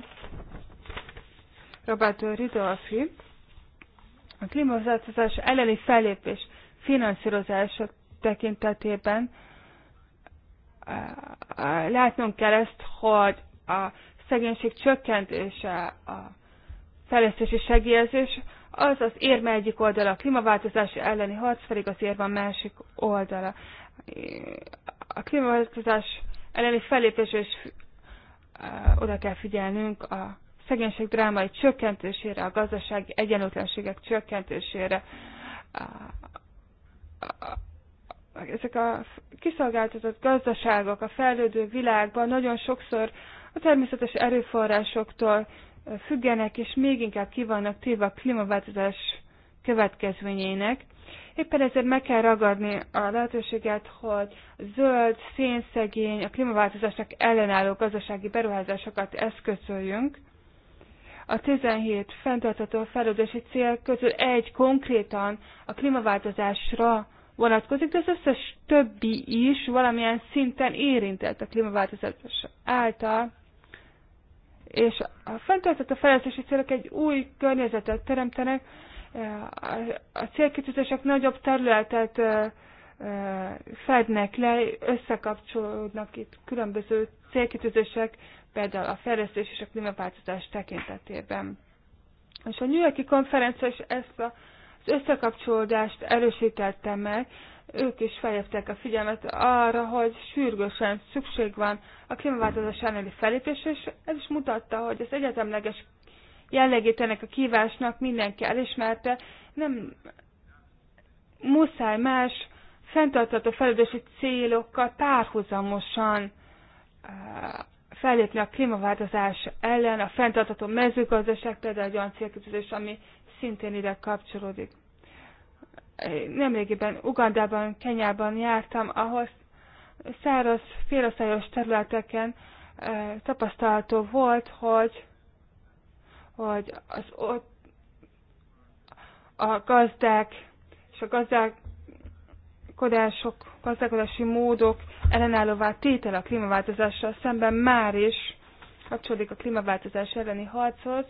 Roberto Ridolfi a klímaváltozás elleni fellépés finanszírozása tekintetében eh, látnunk kell ezt, hogy a szegénység csökkentése, a fejlesztési segélyezés, az az érme egyik oldala, a klímaváltozás elleni harc pedig az érme a másik oldala. A klímaváltozás elleni fellépés is eh, oda kell figyelnünk a szegénység drámai csökkentésére, a gazdasági egyenlőtlenségek csökkentésére. Ezek a kiszolgáltatott gazdaságok a fejlődő világban nagyon sokszor a természetes erőforrásoktól függenek, és még inkább kivannak téve a klímaváltozás következményeinek. Éppen ezért meg kell ragadni a lehetőséget, hogy zöld, szénszegény, a klímaváltozásnak ellenálló gazdasági beruházásokat eszközöljünk. A 17 fenntartható fejlődési cél közül egy konkrétan a klímaváltozásra vonatkozik, de az összes többi is valamilyen szinten érintett a klímaváltozás által és a fenntartott a fejlesztési célok egy új környezetet teremtenek, a célkitűzések nagyobb területet fednek le, összekapcsolódnak itt különböző célkitűzések, például a fejlesztés és a klímaváltozás tekintetében. És a New Yorki konferencia is ezt az összekapcsolódást erősítette meg, ők is felhívták a figyelmet arra, hogy sürgősen szükség van a klímaváltozás elleni fellépésre, és ez is mutatta, hogy az egyetemleges jellegét ennek a kívásnak mindenki elismerte, nem muszáj más fenntartható fejlődési célokkal párhuzamosan eh, fellépni a klímaváltozás ellen, a fenntartható mezőgazdaság például egy olyan célkitűzés, ami szintén ide kapcsolódik nemrégiben Ugandában, Kenyában jártam, ahol száraz, félosztályos területeken eh, tapasztalható volt, hogy, hogy az ott a gazdák és a gazdálkodások, gazdálkodási módok ellenállóvá tétel a klímaváltozással szemben már is kapcsolódik a klímaváltozás elleni harchoz,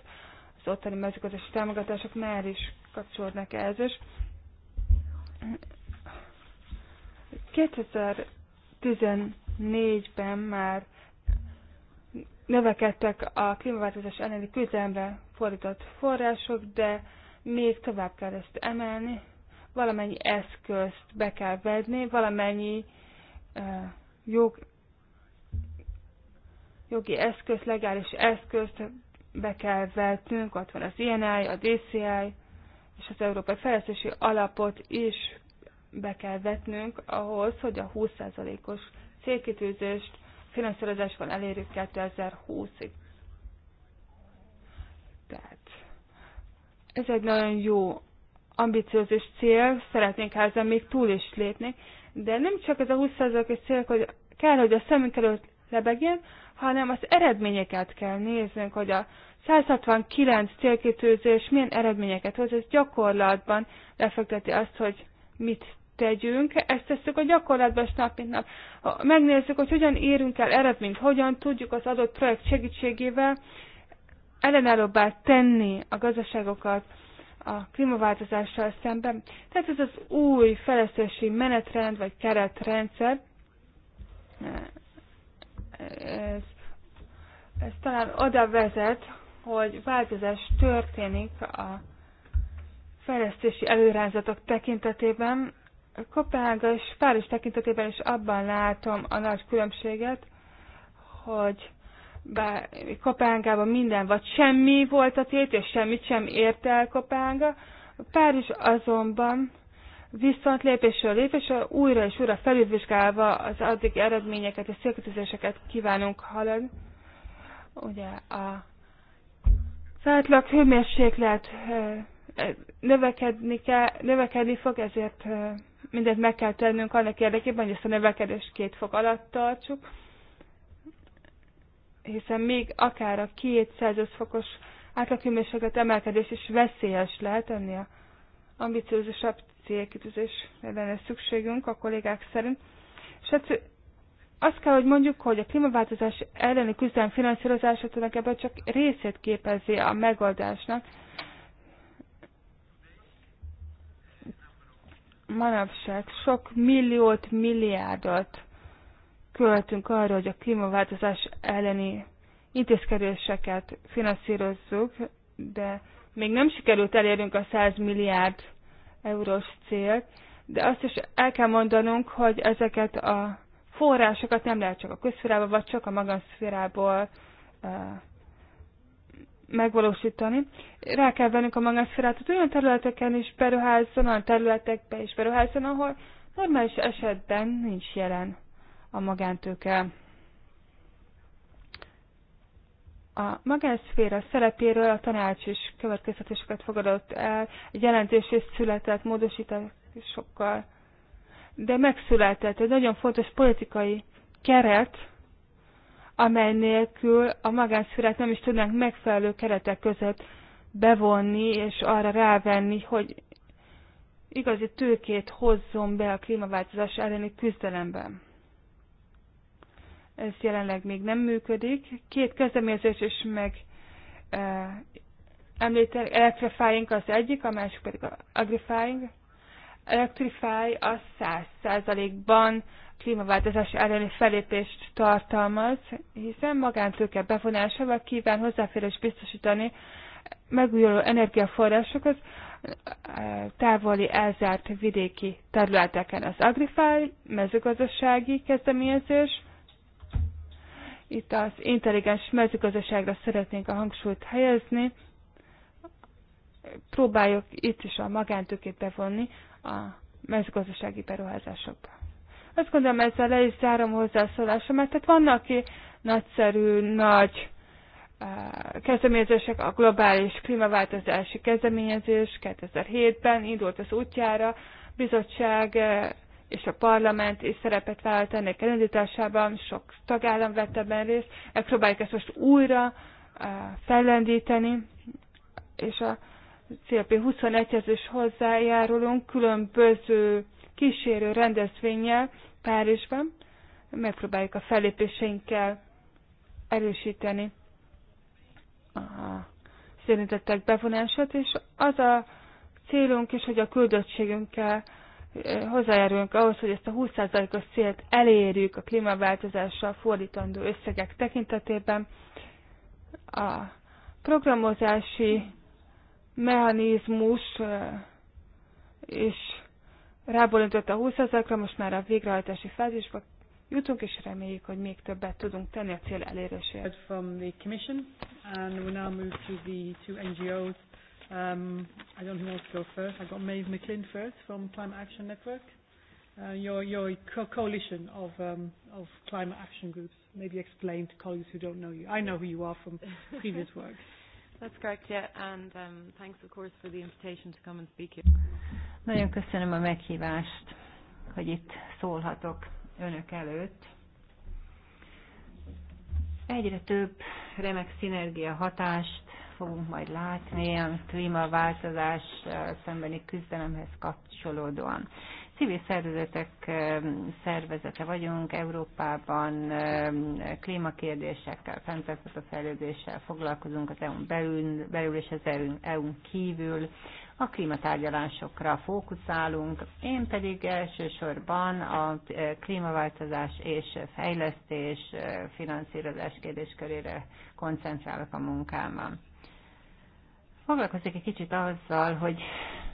az ottani mezőgazdasági támogatások már is kapcsolódnak ehhez, és 2014-ben már növekedtek a klímaváltozás elleni küzdelemre fordított források, de még tovább kell ezt emelni, valamennyi eszközt be kell vedni, valamennyi uh, jog, jogi eszköz, legális eszközt be kell vetnünk, ott van az INI, a DCI, és az Európai Fejlesztési Alapot is be kell vetnünk ahhoz, hogy a 20%-os célkitűzést finanszírozásban elérjük 2020-ig. Tehát ez egy nagyon jó, ambiciózus cél, szeretnénk ezen még túl is lépni, de nem csak ez a 20%-os cél, hogy kell, hogy a szemünk előtt lebegjen, hanem az eredményeket kell néznünk, hogy a 169 célkitűzés milyen eredményeket hoz, ez gyakorlatban lefekteti azt, hogy mit tegyünk, ezt tesszük a gyakorlatban és nap mint nap. Ha megnézzük, hogy hogyan érünk el eredményt, hogyan tudjuk az adott projekt segítségével ellenállóbbá tenni a gazdaságokat a klímaváltozással szemben. Tehát ez az új fejlesztési menetrend vagy keretrendszer, ez, ez talán oda vezet, hogy változás történik a fejlesztési előrázatok tekintetében. Kopenhága és Párizs tekintetében is abban látom a nagy különbséget, hogy bár Kopenhágában minden vagy semmi volt a tét, és semmit sem ért el Kopenhága, Párizs azonban viszont lépésről lépésről újra és újra felülvizsgálva az addig eredményeket és célkötözéseket kívánunk haladni. Ugye a átlag hőmérséklet növekedni, kell, növekedni fog, ezért mindent meg kell tennünk annak érdekében, hogy ezt a növekedést két fok alatt tartsuk, hiszen még akár a 200 fokos átlaghőmérséklet emelkedés is veszélyes lehet ennél a ambiciózusabb célkitűzés lenne szükségünk a kollégák szerint. És hát azt kell, hogy mondjuk, hogy a klímaváltozás elleni küzdelem finanszírozása tulajdonképpen csak részét képezi a megoldásnak. Manapság sok milliót, milliárdot költünk arra, hogy a klímaváltozás elleni intézkedéseket finanszírozzuk, de még nem sikerült elérnünk a 100 milliárd eurós célt, de azt is el kell mondanunk, hogy ezeket a forrásokat nem lehet csak a közszférából, vagy csak a magánszférából megvalósítani. Rá kell vennünk a magánszférát, hogy olyan területeken is beruházzon, olyan területekbe is beruházzon, ahol normális esetben nincs jelen a magántőke. A magánszféra szerepéről a tanács is következtetéseket fogadott el, egy jelentés és született módosításokkal de megszületett egy nagyon fontos politikai keret, amely nélkül a magánszférát nem is tudnánk megfelelő keretek között bevonni és arra rávenni, hogy igazi tőkét hozzon be a klímaváltozás elleni küzdelemben. Ez jelenleg még nem működik. Két kezdeményezés is meg e, Electrifying az egyik, a másik pedig a Agrifying, Electrify a 100%-ban klímaváltozás elleni felépést tartalmaz, hiszen magántőke bevonásával kíván hozzáférés biztosítani megújuló energiaforrásokat eh, távoli elzárt vidéki területeken. Az Agrify mezőgazdasági kezdeményezés, itt az intelligens mezőgazdaságra szeretnénk a hangsúlyt helyezni, próbáljuk itt is a magántőkét bevonni a mezőgazdasági beruházásokba. Azt gondolom, ezzel le is zárom mert Tehát vannak ki nagyszerű, nagy eh, kezdeményezések, a globális klímaváltozási kezdeményezés 2007-ben indult az útjára, bizottság eh, és a parlament is szerepet vállalt ennek elindításában, sok tagállam vett ebben részt, megpróbáljuk ezt most újra eh, fellendíteni, és a CLP21-hez is hozzájárulunk különböző kísérő rendezvényel Párizsban. Megpróbáljuk a fellépéseinkkel erősíteni a szerintetek bevonását, és az a célunk is, hogy a küldöttségünkkel hozzájárulunk ahhoz, hogy ezt a 20%-os célt elérjük a klímaváltozással fordítandó összegek tekintetében. A programozási mechanizmus és rábólintott a 20%-ra, most már a végrehajtási fázisba jutunk, és reméljük, hogy még többet tudunk tenni a cél eléréséért. From the Commission, and we now move to the two NGOs. Um, I don't know who wants to go first. I've got Maeve McLean first from Climate Action Network. Uh, your your co coalition of um, of climate action groups. Maybe explain to colleagues who don't know you. I know who you are from previous work. That's correct, yeah, and um, thanks of course for the invitation to come and speak here. Nagyon köszönöm a meghívást, hogy itt szólhatok önök előtt. Egyre több remek szinergia hatást fogunk majd látni a klímaváltozás szembeni küzdelemhez kapcsolódóan civil szervezetek szervezete vagyunk Európában, klímakérdésekkel, fenntartható fejlődéssel foglalkozunk az EU-n belül, belül és az EU-n e kívül. A klímatárgyalásokra fókuszálunk, én pedig elsősorban a e, klímaváltozás és fejlesztés e, finanszírozás kérdéskörére koncentrálok a munkámban foglalkozik egy kicsit azzal, hogy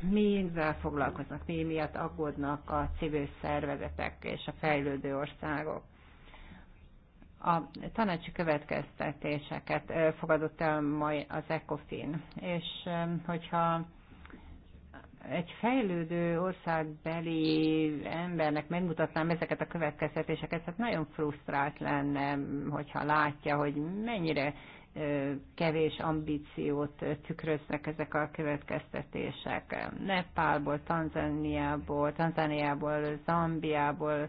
mivel foglalkoznak, mi miatt aggódnak a civil szervezetek és a fejlődő országok. A tanácsi következtetéseket fogadott el majd az ECOFIN, és hogyha egy fejlődő országbeli embernek megmutatnám ezeket a következtetéseket, hát nagyon frusztrált lenne, hogyha látja, hogy mennyire kevés ambíciót tükröznek ezek a következtetések. Nepálból, Tanzániából, Tanzániából, Zambiából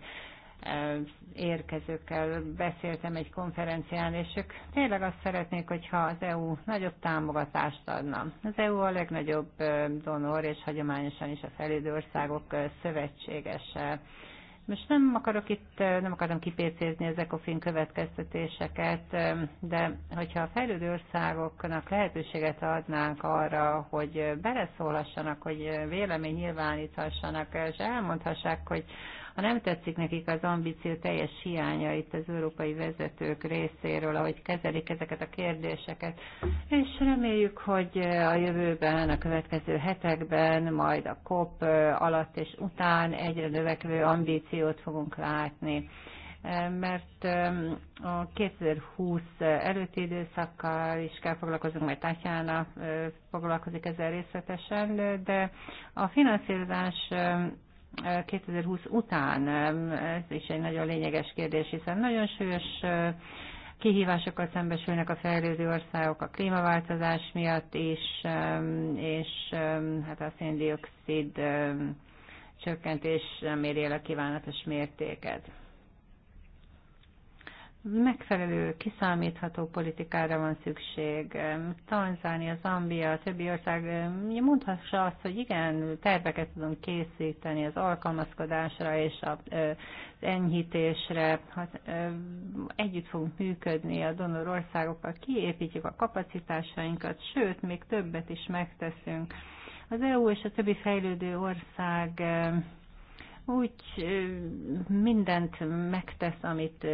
érkezőkkel beszéltem egy konferencián, és ők tényleg azt szeretnék, hogyha az EU nagyobb támogatást adna. Az EU a legnagyobb donor, és hagyományosan is a felüldő országok szövetségese most nem akarok itt, nem akarom kipécézni a fin következtetéseket, de hogyha a fejlődő országoknak lehetőséget adnánk arra, hogy beleszólhassanak, hogy vélemény nyilváníthassanak, és elmondhassák, hogy ha nem tetszik nekik az ambíció teljes hiánya itt az európai vezetők részéről, ahogy kezelik ezeket a kérdéseket, és reméljük, hogy a jövőben, a következő hetekben, majd a COP alatt és után egyre növekvő ambíciót fogunk látni mert a 2020 előtti időszakkal is kell foglalkozunk, mert Tatjana foglalkozik ezzel részletesen, de a finanszírozás 2020 után? Ez is egy nagyon lényeges kérdés, hiszen nagyon súlyos kihívásokkal szembesülnek a fejlődő országok a klímaváltozás miatt is, és hát a széndiokszid csökkentés nem éri el a kívánatos mértéket megfelelő, kiszámítható politikára van szükség. Tanzánia, Zambia, a többi ország mondhassa azt, hogy igen, terveket tudunk készíteni az alkalmazkodásra és az enyhítésre, hát, együtt fogunk működni a donor országokkal, kiépítjük a kapacitásainkat, sőt, még többet is megteszünk. Az EU és a többi fejlődő ország úgy mindent megtesz, amit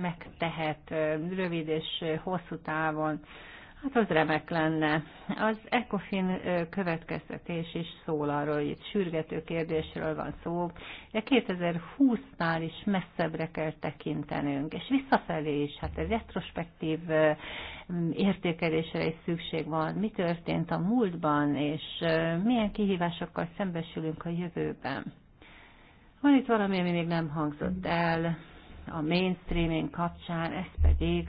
megtehet rövid és hosszú távon. Hát az remek lenne. Az ECOFIN következtetés is szól arról, hogy itt sürgető kérdésről van szó, de 2020-nál is messzebbre kell tekintenünk, és visszafelé is, hát egy retrospektív értékelésre is szükség van, mi történt a múltban, és milyen kihívásokkal szembesülünk a jövőben. Van itt valami, ami még nem hangzott el a mainstreaming kapcsán, ez pedig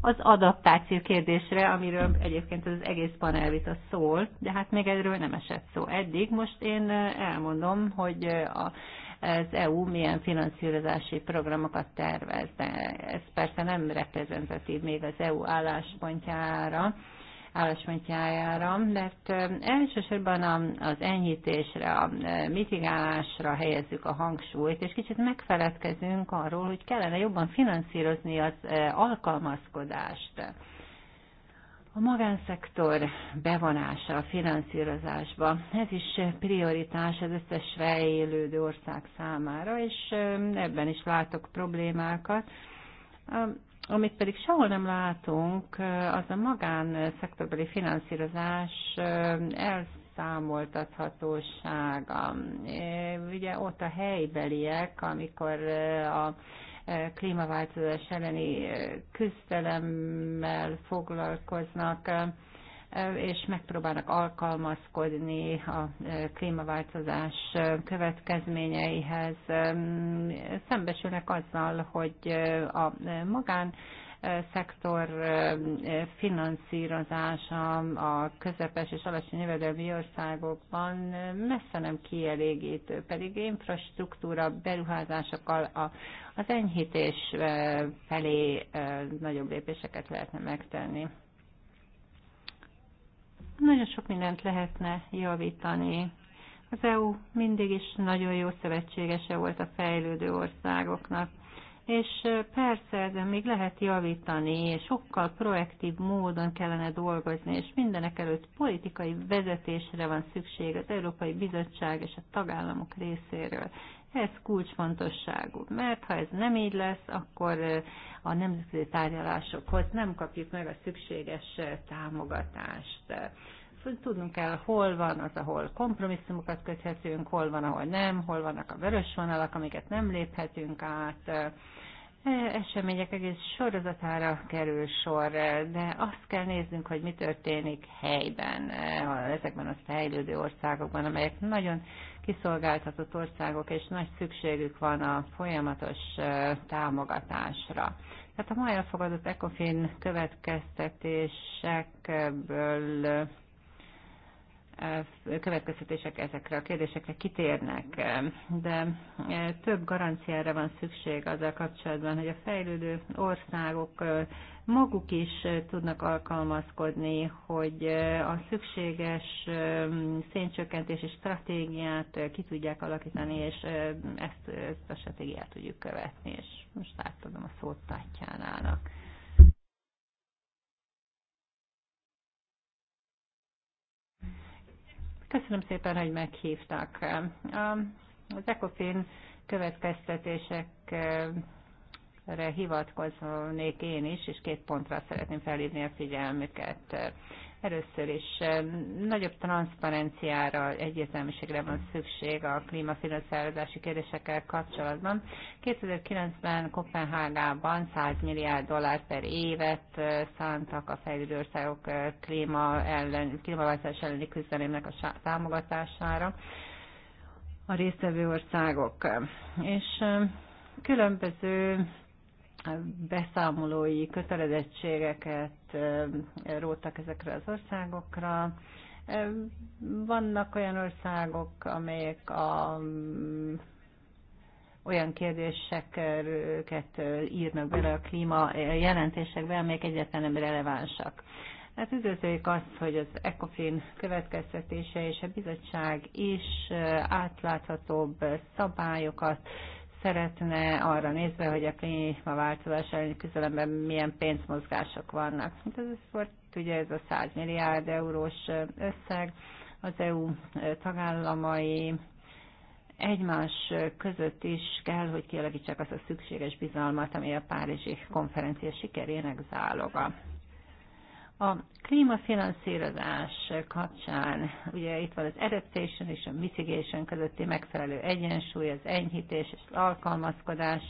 az adaptáció kérdésre, amiről egyébként az egész panelvita szól, de hát még erről nem esett szó eddig. Most én elmondom, hogy a, az EU milyen finanszírozási programokat tervez, de ez persze nem reprezentatív még az EU álláspontjára, álláspontjájára, mert elsősorban az enyhítésre, a mitigálásra helyezzük a hangsúlyt, és kicsit megfeledkezünk arról, hogy kellene jobban finanszírozni az alkalmazkodást. A magánszektor bevonása a finanszírozásba, ez is prioritás az összes fejlődő ország számára, és ebben is látok problémákat. Amit pedig sehol nem látunk, az a magánszektorbeli finanszírozás elszámoltathatósága. Ugye ott a helybeliek, amikor a klímaváltozás elleni küzdelemmel foglalkoznak, és megpróbálnak alkalmazkodni a e, klímaváltozás e, következményeihez. E, szembesülnek azzal, hogy a magán szektor finanszírozása a közepes és alacsony jövedelmi országokban messze nem kielégítő, pedig infrastruktúra beruházásokkal a, az enyhítés felé nagyobb lépéseket lehetne megtenni nagyon sok mindent lehetne javítani. Az EU mindig is nagyon jó szövetségese volt a fejlődő országoknak. És persze ezen még lehet javítani, és sokkal proaktív módon kellene dolgozni, és mindenek előtt politikai vezetésre van szükség az Európai Bizottság és a tagállamok részéről. Ez kulcsfontosságú, mert ha ez nem így lesz, akkor a nemzetközi tárgyalásokhoz nem kapjuk meg a szükséges támogatást szóval tudnunk kell, hol van az, ahol kompromisszumokat köthetünk, hol van, ahol nem, hol vannak a vörös vonalak, amiket nem léphetünk át. E, események egész sorozatára kerül sor, de azt kell néznünk, hogy mi történik helyben, ezekben a fejlődő országokban, amelyek nagyon kiszolgáltatott országok, és nagy szükségük van a folyamatos támogatásra. Tehát a mai elfogadott ECOFIN következtetésekből következtetések ezekre a kérdésekre kitérnek, de e, több garanciára van szükség azzal kapcsolatban, hogy a fejlődő országok e, maguk is tudnak alkalmazkodni, hogy e, a szükséges széncsökkentési stratégiát ki tudják alakítani, és ezt, ezt a stratégiát tudjuk követni, és most átadom a szót Tátyánának. Köszönöm szépen, hogy meghívtak. Az ECOFIN következtetésekre hivatkoznék én is, és két pontra szeretném felhívni a figyelmüket. Először is nagyobb transzparenciára, egyértelműségre van szükség a klímafinanszírozási kérdésekkel kapcsolatban. 2009-ben Kopenhágában 100 milliárd dollár per évet szántak a fejlődő országok klíma ellen, klímaváltozás elleni küzdelemnek a támogatására a résztvevő országok. És különböző beszámolói kötelezettségeket róttak ezekre az országokra. Vannak olyan országok, amelyek a olyan kérdéseket írnak bele a klíma jelentésekbe, amelyek egyáltalán nem relevánsak. Hát üdvözöljük azt, hogy az ECOFIN következtetése és a bizottság is átláthatóbb szabályokat szeretne arra nézve, hogy a változás elleni küzdelemben milyen pénzmozgások vannak. Hát ez volt ugye ez a 100 milliárd eurós összeg, az EU tagállamai egymás között is kell, hogy kialakítsák azt a szükséges bizalmat, ami a Párizsi konferencia sikerének záloga. A klímafinanszírozás kapcsán, ugye itt van az adaptation és a mitigation közötti megfelelő egyensúly, az enyhítés és az alkalmazkodás,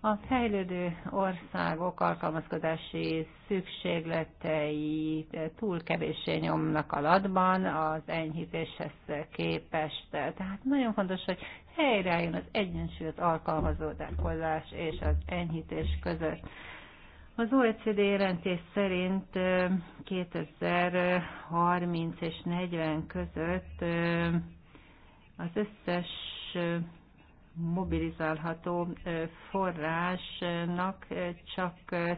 a fejlődő országok alkalmazkodási szükségletei túl kevéssé nyomnak ladban az enyhítéshez képest. Tehát nagyon fontos, hogy helyreálljon az egyensúly az alkalmazódás és az enyhítés között. Az OECD jelentés szerint 2030 és 40 között az összes mobilizálható forrásnak csak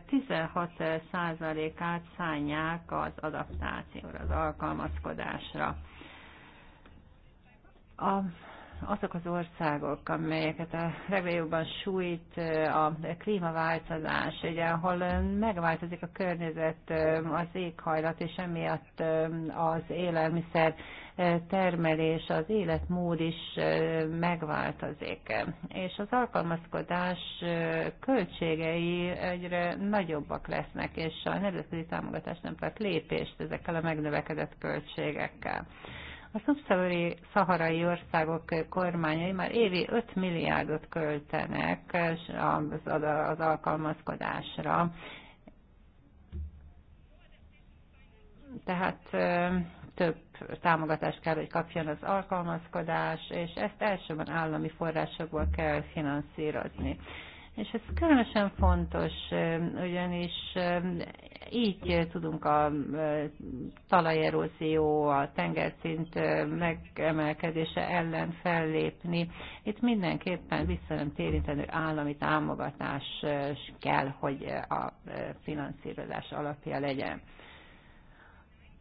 16%-át szánják az adaptációra, az alkalmazkodásra. A azok az országok, amelyeket a legjobban sújt a klímaváltozás, ugye, ahol megváltozik a környezet, az éghajlat, és emiatt az élelmiszer termelés, az életmód is megváltozik. És az alkalmazkodás költségei egyre nagyobbak lesznek, és a nemzetközi támogatás nem tart lépést ezekkel a megnövekedett költségekkel. A szubszaharai szaharai országok kormányai már évi 5 milliárdot költenek az, az alkalmazkodásra. Tehát több támogatást kell, hogy kapjon az alkalmazkodás, és ezt elsőben állami forrásokból kell finanszírozni. És ez különösen fontos, ugyanis így tudunk a talajerózió, a tengerszint megemelkedése ellen fellépni. Itt mindenképpen visszanem térítenő állami támogatás kell, hogy a finanszírozás alapja legyen.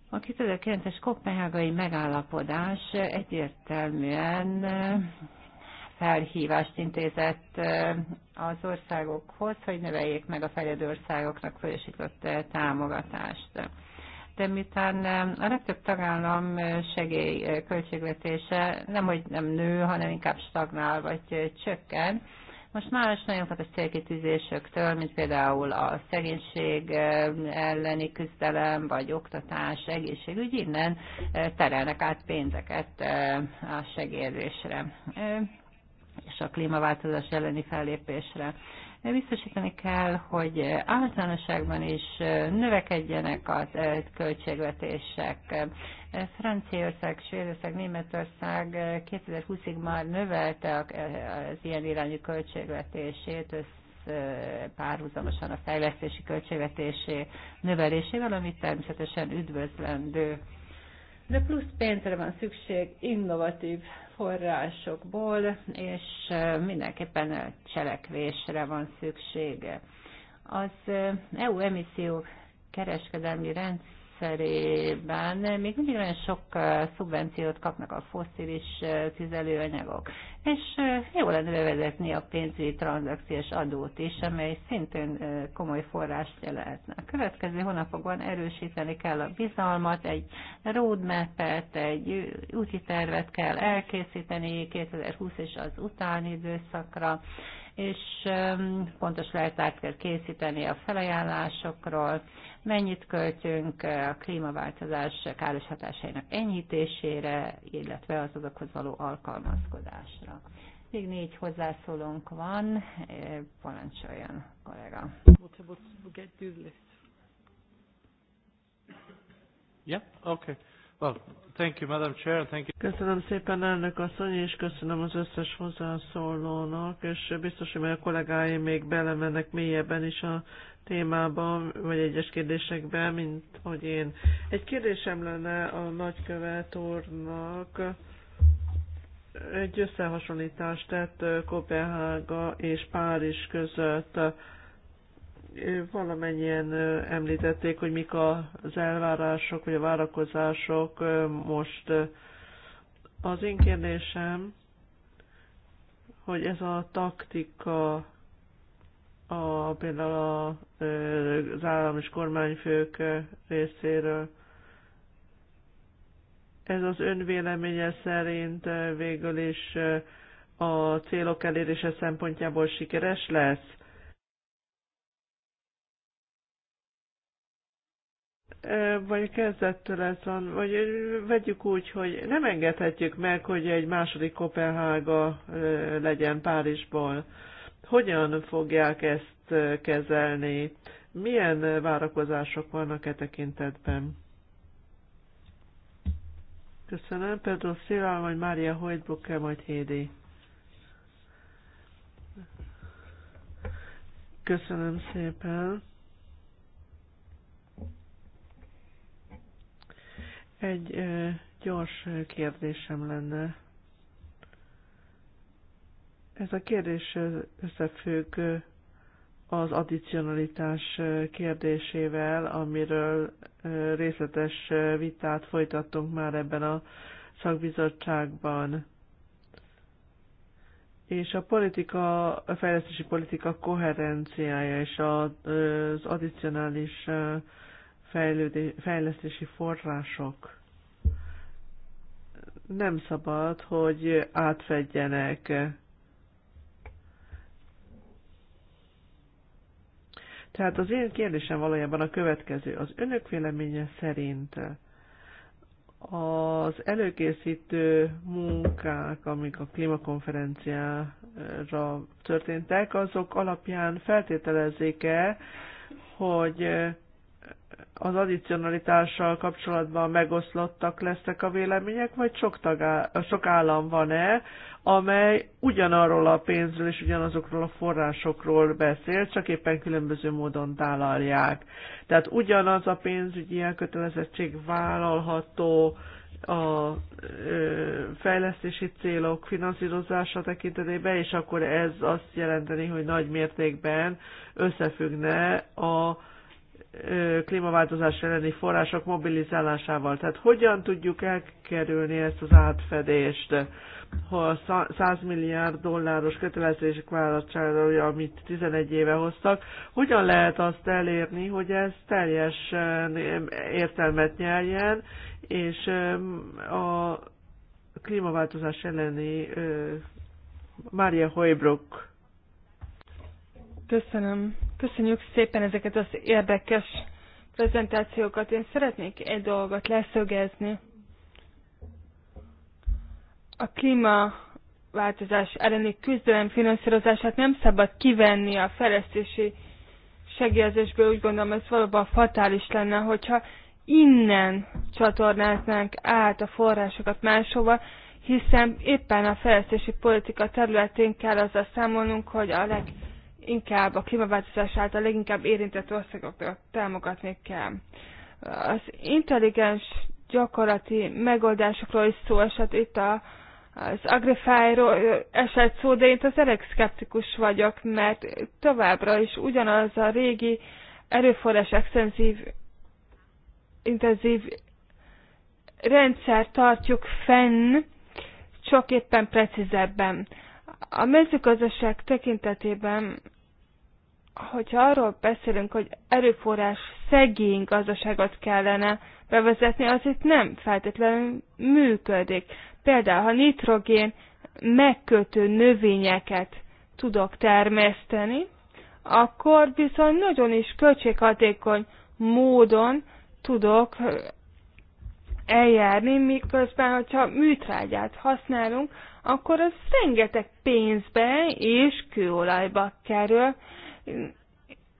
A 2009-es kopenhágai megállapodás egyértelműen felhívást intézett az országokhoz, hogy növeljék meg a fejlődő országoknak folyosított támogatást de miután a legtöbb tagállam segély költségvetése nem, hogy nem nő, hanem inkább stagnál vagy csökken, most már is nagyon fontos célkitűzésöktől, mint például a szegénység elleni küzdelem, vagy oktatás, egészségügy, innen terelnek át pénzeket a segélyezésre és a klímaváltozás elleni fellépésre. Biztosítani kell, hogy általánosságban is növekedjenek az költségvetések. Franciaország, Svédország, Németország 2020-ig már növelte az ilyen irányú költségvetését párhuzamosan a fejlesztési költségvetésé növelésével, ami természetesen üdvözlendő de plusz pénzre van szükség innovatív forrásokból, és mindenképpen cselekvésre van szüksége. Az EU emisszió kereskedelmi rendszer rendszerében még mindig nagyon sok szubvenciót kapnak a foszilis tüzelőanyagok, és jó lenne bevezetni a pénzügyi tranzakciós adót is, amely szintén komoly forrást jelentne. A következő hónapokban erősíteni kell a bizalmat, egy roadmap-et, egy úti tervet kell elkészíteni 2020 és az utáni időszakra, és pontos leltárt kell készíteni a felajánlásokról, mennyit költünk a klímaváltozás káros hatásainak enyhítésére, illetve az azokhoz való alkalmazkodásra. Még négy hozzászólónk van, parancsoljon kollega. Yeah, okay. Well, thank you, Madam Chair, thank you. Köszönöm szépen, elnök asszony, és köszönöm az összes hozzászólónak, és biztos, hogy a kollégáim még belemennek mélyebben is a témában, vagy egyes kérdésekben, mint hogy én. Egy kérdésem lenne a nagykövetornak egy összehasonlítást tett Kopenhága és Párizs között. Valamennyien említették, hogy mik az elvárások vagy a várakozások most. Az én kérdésem, hogy ez a taktika a, például a, az állam és kormányfők részéről. Ez az önvéleménye szerint végül is a célok elérése szempontjából sikeres lesz? vagy kezdettől ez van, vagy vegyük úgy, hogy nem engedhetjük meg, hogy egy második Kopenhága legyen Párizsból hogyan fogják ezt kezelni? Milyen várakozások vannak e tekintetben? Köszönöm. Pedro Szilá, vagy Mária Hojtbukke, vagy Hédi. Köszönöm szépen. Egy gyors kérdésem lenne. Ez a kérdés összefügg az addicionalitás kérdésével, amiről részletes vitát folytattunk már ebben a szakbizottságban. És a politika, a fejlesztési politika koherenciája és az addicionális fejlesztési források nem szabad, hogy átfedjenek Tehát az én kérdésem valójában a következő. Az önök véleménye szerint az előkészítő munkák, amik a klímakonferenciára történtek, azok alapján feltételezzék-e, hogy az addicionalitással kapcsolatban megoszlottak lesznek a vélemények, vagy sok, tagá, sok állam van-e, amely ugyanarról a pénzről és ugyanazokról a forrásokról beszél, csak éppen különböző módon tálalják. Tehát ugyanaz a pénzügyi elkötelezettség vállalható a ö, fejlesztési célok finanszírozása tekintetében, és akkor ez azt jelenteni, hogy nagy mértékben összefüggne a klímaváltozás elleni források mobilizálásával. Tehát hogyan tudjuk elkerülni ezt az átfedést, ha 100 milliárd dolláros kötelezések választására, amit 11 éve hoztak, hogyan lehet azt elérni, hogy ez teljes értelmet nyerjen, és a klímaváltozás elleni Mária Hojbruck. Köszönöm Köszönjük szépen ezeket az érdekes prezentációkat. Én szeretnék egy dolgot leszögezni. A klímaváltozás elleni küzdelem finanszírozását nem szabad kivenni a fejlesztési segélyezésből. Úgy gondolom, ez valóban fatális lenne, hogyha innen csatornáznánk át a forrásokat máshova, hiszen éppen a fejlesztési politika területén kell azzal számolnunk, hogy a leg inkább a klímaváltozás által leginkább érintett országokat támogatni kell. Az intelligens gyakorlati megoldásokról is szó esett itt a, az agrify esett szó, de én az elég szkeptikus vagyok, mert továbbra is ugyanaz a régi erőforrás extenzív, intenzív rendszer tartjuk fenn, csak éppen precízebben. A mezőgazdaság tekintetében, hogyha arról beszélünk, hogy erőforrás szegény gazdaságot kellene bevezetni, az itt nem feltétlenül működik. Például, ha nitrogén megkötő növényeket tudok termeszteni, akkor viszont nagyon is költséghatékony módon tudok eh, eljárni, miközben, hogyha műtrágyát használunk, akkor az rengeteg pénzbe és kőolajba kerül.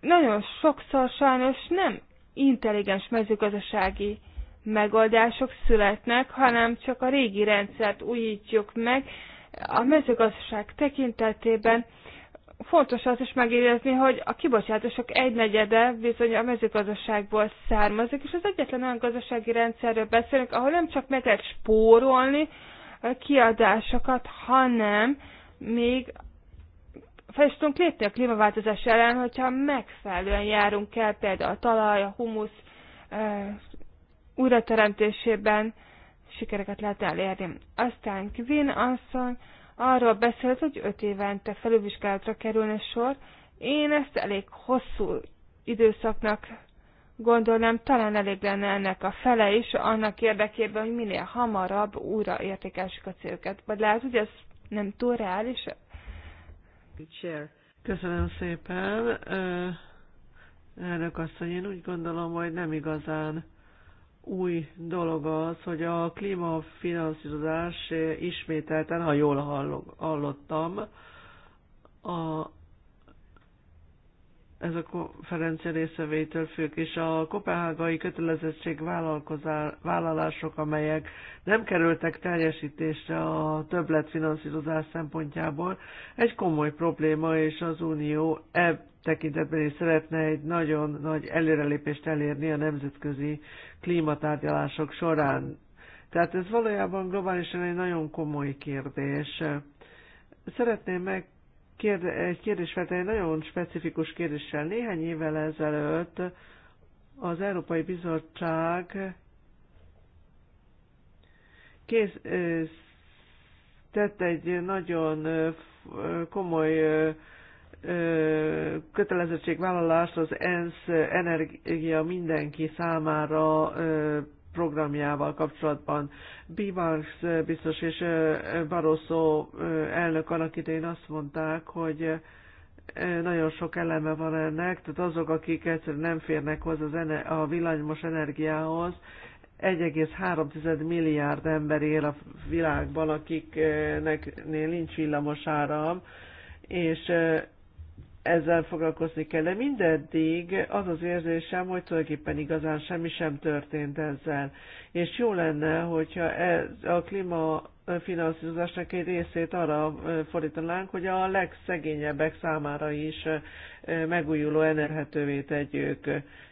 Nagyon sokszor sajnos nem intelligens mezőgazdasági megoldások születnek, hanem csak a régi rendszert újítjuk meg. A mezőgazdaság tekintetében fontos az, is megérezni, hogy a kibocsátások egynegyede bizony a mezőgazdaságból származik, és az egyetlen olyan gazdasági rendszerről beszélünk, ahol nem csak meg lehet spórolni, kiadásokat, hanem még fel is tudunk lépni a klímaváltozás ellen, hogyha megfelelően járunk el például a talaj, a humusz újrateremtésében sikereket lehet elérni. Aztán Kvin asszony arról beszélt, hogy öt évente felülvizsgálatra kerülne sor. Én ezt elég hosszú időszaknak gondolnám talán elég lenne ennek a fele is, annak érdekében, hogy minél hamarabb újra értékelsük a célokat. Vagy lehet, hogy ez nem túl reális? Köszönöm szépen. Elnök asszony, én úgy gondolom, hogy nem igazán új dolog az, hogy a klímafinanszírozás ismételten, ha jól hallottam, a ez a konferencia részevétől függ, és a kopenhágai kötelezettség vállalások, amelyek nem kerültek teljesítésre a többletfinanszírozás szempontjából, egy komoly probléma, és az Unió ebb tekintetben is szeretne egy nagyon nagy előrelépést elérni a nemzetközi klímatárgyalások során. Tehát ez valójában globálisan egy nagyon komoly kérdés. Szeretném meg kérdés felt, egy nagyon specifikus kérdéssel. Néhány évvel ezelőtt az Európai Bizottság kész, tett egy nagyon komoly kötelezettségvállalást az ENSZ energia mindenki számára programjával kapcsolatban. Bivalks eh, biztos és eh, Barroso eh, elnök annak idején azt mondták, hogy nagyon sok eleme van ennek, tehát azok, akik egyszerűen nem férnek hozzá az ener- a villanymos energiához, 1,3 milliárd ember él a világban, akiknek nincs villamos áram, és ezzel foglalkozni kell, de mindeddig az az érzésem, hogy tulajdonképpen igazán semmi sem történt ezzel. És jó lenne, hogyha ez a klíma finanszírozásnak egy részét arra fordítanánk, hogy a legszegényebbek számára is megújuló energetővé tegyük.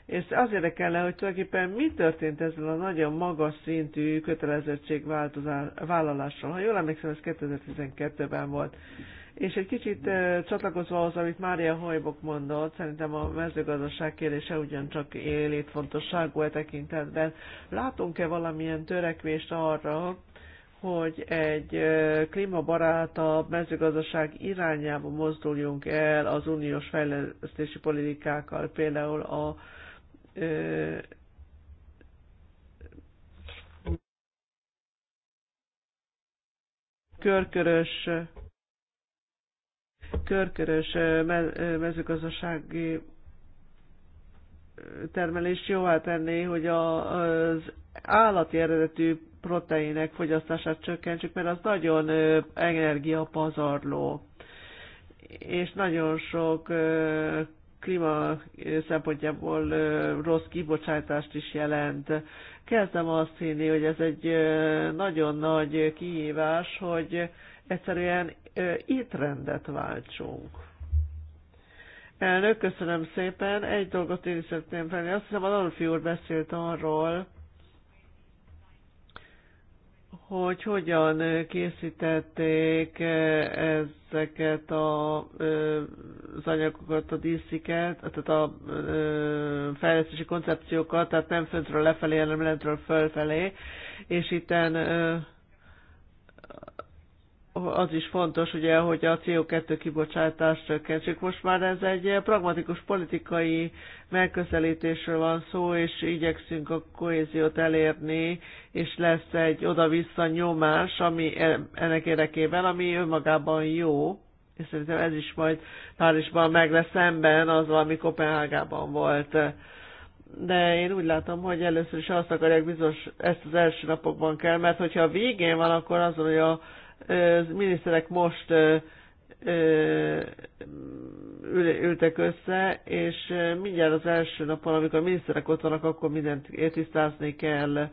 És az érdekelne, hogy tulajdonképpen mi történt ezzel a nagyon magas szintű kötelezettségvállalással. Ha jól emlékszem, ez 2012-ben volt. És egy kicsit eh, csatlakozva ahhoz, amit Mária Hajbok mondott, szerintem a mezőgazdaság kérdése ugyancsak létfontosságú e tekintetben. Látunk-e valamilyen törekvést arra, hogy egy eh, klímabarátabb mezőgazdaság irányába mozduljunk el az uniós fejlesztési politikákkal, például a ö, eh, körkörös körkörös mezőgazdasági termelés jóvá tenné, hogy az állati eredetű proteinek fogyasztását csökkentsük, mert az nagyon energiapazarló, és nagyon sok klíma szempontjából rossz kibocsátást is jelent. Kezdem azt hinni, hogy ez egy nagyon nagy kihívás, hogy egyszerűen étrendet váltsunk. Elnök, köszönöm szépen. Egy dolgot én is szeretném felni. Azt hiszem, Adolfi úr beszélt arról, hogy hogyan készítették ezeket a, az anyagokat, a dísziket, tehát a fejlesztési koncepciókat, tehát nem föntről lefelé, hanem lentről fölfelé, és itten az is fontos, ugye, hogy a CO2 kibocsátást csökkentsük. Most már ez egy pragmatikus politikai megközelítésről van szó, és igyekszünk a kohéziót elérni, és lesz egy oda-vissza nyomás, ami e, ennek érdekében, ami önmagában jó, és szerintem ez is majd Párizsban meg lesz szemben az, ami Kopenhágában volt de én úgy látom, hogy először is azt akarják bizonyos, ezt az első napokban kell, mert hogyha a végén van, akkor az, hogy a miniszterek most ültek össze, és mindjárt az első napon, amikor a miniszterek ott vannak, akkor mindent tisztázni kell.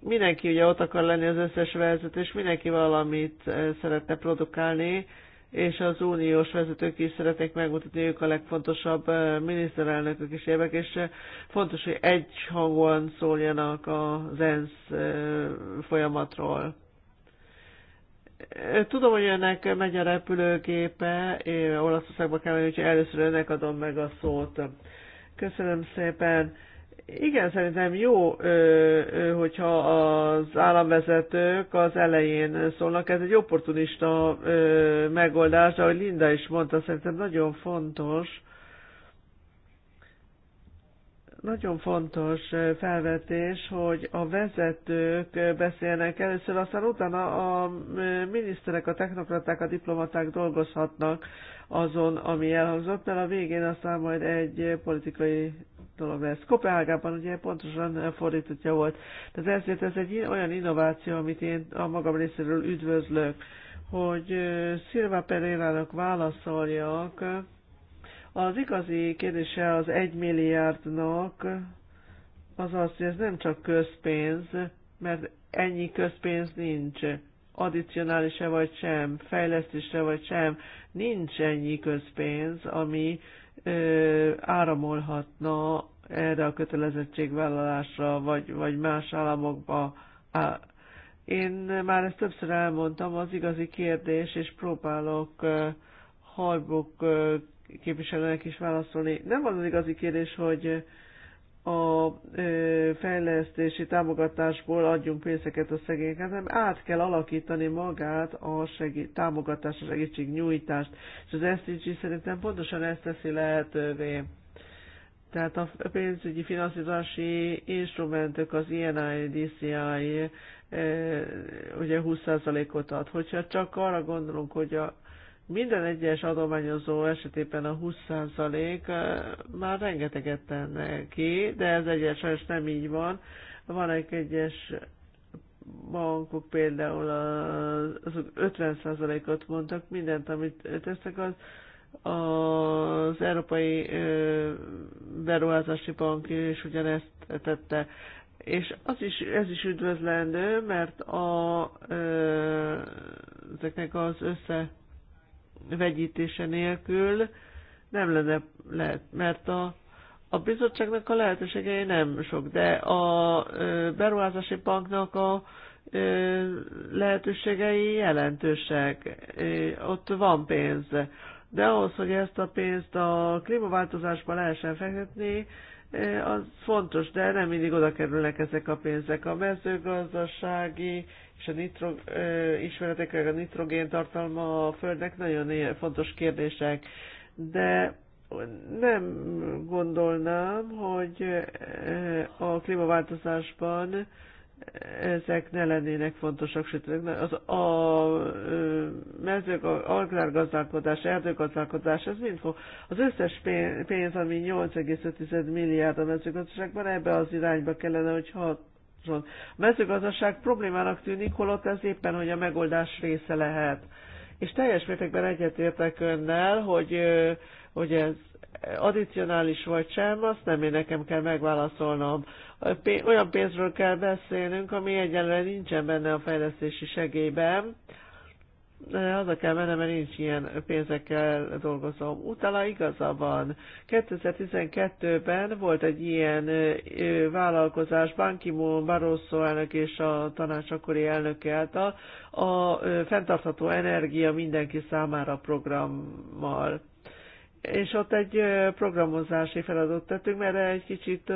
Mindenki ugye ott akar lenni az összes vezetés, mindenki valamit szeretne produkálni, és az uniós vezetők is szeretnék megmutatni, ők a legfontosabb eh, miniszterelnökök is évek, és eh, fontos, hogy hangon szóljanak az ENSZ eh, folyamatról. Tudom, hogy önnek megy a repülőgépe, Olaszországba kell menni, úgyhogy először önnek adom meg a szót. Köszönöm szépen. Igen, szerintem jó, hogyha az államvezetők az elején szólnak. Ez egy opportunista megoldás, de ahogy Linda is mondta, szerintem nagyon fontos, nagyon fontos felvetés, hogy a vezetők beszélnek először, aztán utána a miniszterek, a technokraták, a diplomaták dolgozhatnak azon, ami elhangzott, mert a végén aztán majd egy politikai dolog lesz. Kopenhágában ugye pontosan fordítottja volt. Tehát ezért ez egy olyan innováció, amit én a magam részéről üdvözlök, hogy Szilva Perélának válaszoljak. Az igazi kérdése az egy milliárdnak az az, hogy ez nem csak közpénz, mert ennyi közpénz nincs addicionális-e vagy sem, fejlesztésre vagy sem, nincs ennyi közpénz, ami ö, áramolhatna erre a kötelezettségvállalásra, vagy, vagy más államokba. Á, én már ezt többször elmondtam, az igazi kérdés, és próbálok ö, hajbok képviselőnek is válaszolni. Nem az az igazi kérdés, hogy a fejlesztési támogatásból adjunk pénzeket a szegényeket, hanem át kell alakítani magát a segít, támogatás, a segítségnyújtást, és az SDG szerintem pontosan ezt teszi lehetővé. Tehát a pénzügyi finanszírozási instrumentok, az INI, e DCI ugye 20%-ot ad. Hogyha csak arra gondolunk, hogy a minden egyes adományozó esetében a 20% már rengeteget tenne ki, de ez egyes sajnos nem így van. Van egy egyes bankok például azok 50%-ot mondtak, mindent, amit tesznek, az az Európai Beruházási Bank is ugyanezt tette. És az is, ez is üdvözlendő, mert a, ö, ezeknek az össze vegyítése nélkül nem lenne lehet, mert a, a bizottságnak a lehetőségei nem sok, de a beruházási banknak a lehetőségei jelentősek. Ott van pénz. De ahhoz, hogy ezt a pénzt a klímaváltozásba lehessen fektetni, az fontos, de nem mindig oda kerülnek ezek a pénzek. A mezőgazdasági és a nitro, ö, ismeretekre a nitrogén tartalma a Földnek nagyon fontos kérdések, de nem gondolnám, hogy a klímaváltozásban ezek ne lennének fontosak, sőt, az, a mezők, agrárgazdálkodás, erdőgazdálkodás, ez mind fog. Az összes pénz, ami 8,5 milliárd a mezőgazdaságban, ebbe az irányba kellene, hogy a mezőgazdaság problémának tűnik, holott ez éppen, hogy a megoldás része lehet. És teljes mértékben egyetértek önnel, hogy, hogy ez addicionális vagy sem, azt nem én nekem kell megválaszolnom. Olyan pénzről kell beszélnünk, ami egyenlően nincsen benne a fejlesztési segélyben, a kell mennem, mert nincs ilyen pénzekkel dolgozom. Utána igaza van. 2012-ben volt egy ilyen vállalkozás, Ban Ki-moon, Barroso elnök és a tanács akkori elnöke által a fenntartható energia mindenki számára programmal. És ott egy programozási feladatot tettünk, mert egy kicsit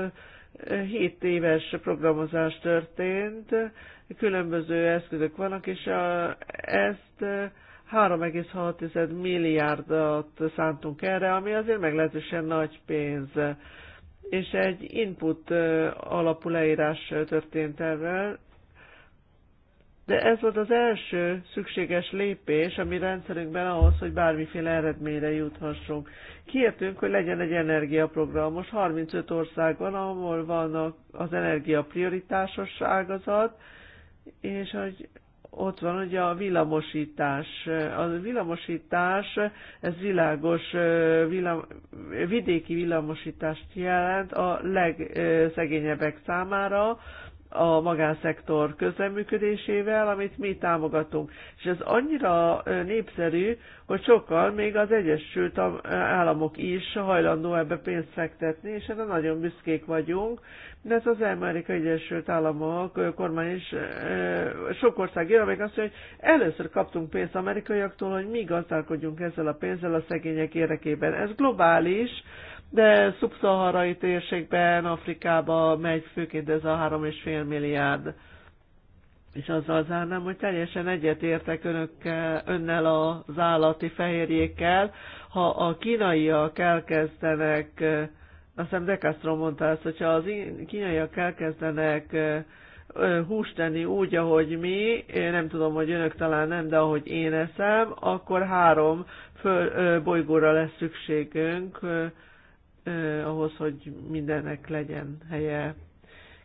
7 éves programozás történt, különböző eszközök vannak, és a, ezt 3,6 milliárdot szántunk erre, ami azért meglehetősen nagy pénz. És egy input alapú leírás történt erről, de ez volt az első szükséges lépés, ami rendszerünkben ahhoz, hogy bármiféle eredményre juthassunk. Kértünk, hogy legyen egy energiaprogram. Most 35 ország van, ahol van az energia prioritásos ágazat, és hogy ott van ugye a villamosítás. A villamosítás, ez világos villam, vidéki villamosítást jelent a legszegényebbek számára, a magánszektor közleműködésével, amit mi támogatunk. És ez annyira népszerű, hogy sokan, még az Egyesült Államok is hajlandó ebbe pénzt fektetni, és erre nagyon büszkék vagyunk, de ez az Amerikai Egyesült Államok kormány is sok ország jön, amelyik azt mondja, hogy először kaptunk pénzt amerikaiaktól, hogy mi gazdálkodjunk ezzel a pénzzel a szegények érdekében. Ez globális, de szubszaharai térségben, Afrikába megy főként ez a 3,5 milliárd. És azzal zárnám, hogy teljesen egyetértek önökkel, önnel az állati fehérjékkel. Ha a kínaiak elkezdenek, azt hiszem De Castro mondta ezt, hogyha az kínaiak elkezdenek húst tenni úgy, ahogy mi, én nem tudom, hogy önök talán nem, de ahogy én eszem, akkor három föl, bolygóra lesz szükségünk, eh, ahhoz, hogy mindennek legyen helye.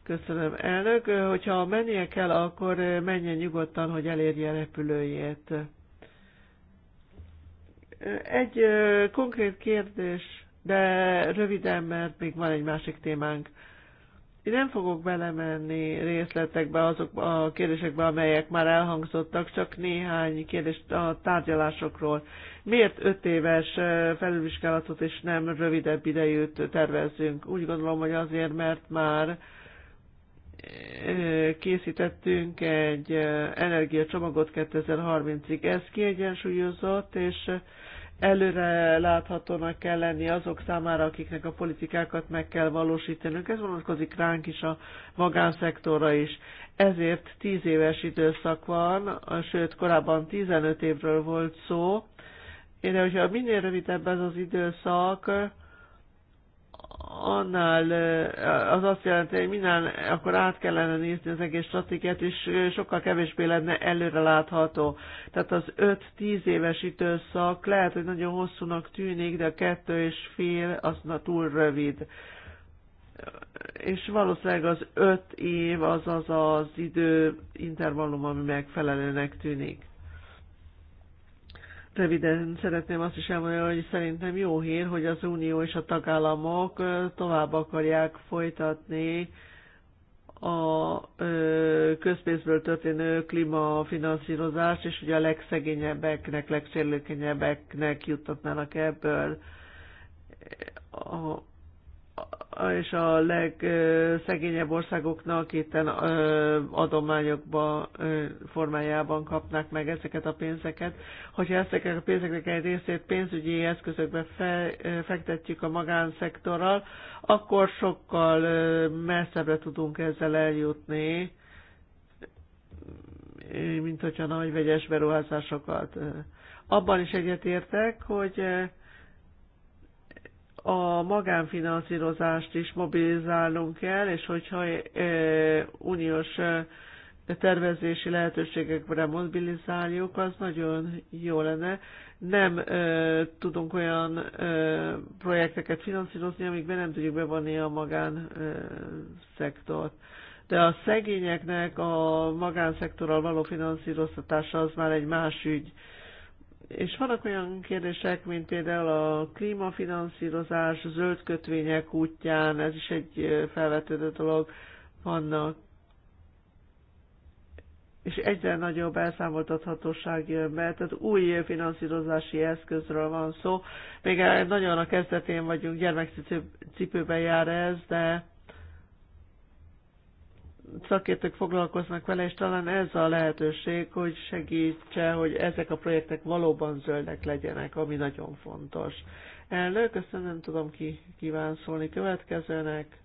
Köszönöm, elnök. Hogyha mennie kell, akkor menjen nyugodtan, hogy elérje repülőjét. Egy konkrét kérdés, de röviden, mert még van egy másik témánk. Én nem fogok belemenni részletekbe azok a kérdésekbe, amelyek már elhangzottak, csak néhány kérdést a tárgyalásokról. Miért öt éves felülvizsgálatot és nem rövidebb idejűt tervezzünk? Úgy gondolom, hogy azért, mert már készítettünk egy energiacsomagot 2030-ig. Ez kiegyensúlyozott, és előre láthatónak kell lenni azok számára, akiknek a politikákat meg kell valósítanunk. Ez vonatkozik ránk is a magánszektorra is. Ezért 10 éves időszak van, sőt korábban 15 évről volt szó, de hogyha minél rövidebb ez az időszak, annál eh, az azt jelenti, hogy minden akkor át kellene nézni az egész stratégiát, és eh, sokkal kevésbé lenne előre látható. Tehát az 5-10 éves időszak lehet, hogy nagyon hosszúnak tűnik, de a kettő és fél az na, túl rövid. És valószínűleg az 5 év az az az idő intervallum, ami megfelelőnek tűnik. Röviden szeretném azt is elmondani, hogy szerintem jó hír, hogy az Unió és a tagállamok tovább akarják folytatni a közpénzből történő klímafinanszírozást, és ugye a legszegényebbeknek, legsérülékenyebbeknek juttatnának ebből. A és a legszegényebb országoknak itten adományokba formájában kapnák meg ezeket a pénzeket. Hogyha ezeket a pénzeknek egy részét pénzügyi eszközökbe fe, fektetjük a magánszektorral, akkor sokkal messzebbre tudunk ezzel eljutni, mint hogyha nagy vegyes beruházásokat. Abban is egyetértek, hogy a magánfinanszírozást is mobilizálnunk kell, és hogyha uniós tervezési lehetőségekre mobilizáljuk, az nagyon jó lenne. Nem e, tudunk olyan e, projekteket finanszírozni, amikben nem tudjuk bevonni a magánszektort. De a szegényeknek a magánszektorral való finanszíroztatása az már egy más ügy. És vannak olyan kérdések, mint például a klímafinanszírozás, zöld kötvények útján, ez is egy felvetődő dolog, vannak és egyre nagyobb elszámoltathatóság jön be, tehát új finanszírozási eszközről van szó. Még nagyon a kezdetén vagyunk, gyermekcipőben jár ez, de szakértők foglalkoznak vele, és talán ez a lehetőség, hogy segítse, hogy ezek a projektek valóban zöldek legyenek, ami nagyon fontos. Elnök, köszönöm, nem tudom ki kíván szólni következőnek.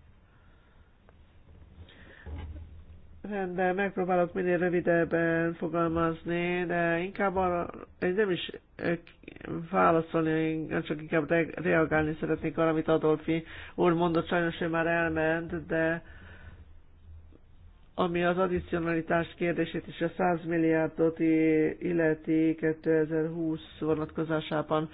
Rendben, megpróbálok minél rövidebben fogalmazni, de inkább arra, nem is válaszolni, csak inkább reagálni szeretnék arra, amit Adolfi úr mondott, sajnos ő már elment, de ami az addicionalitás kérdését is a 100 milliárdot illeti 2020 vonatkozásában.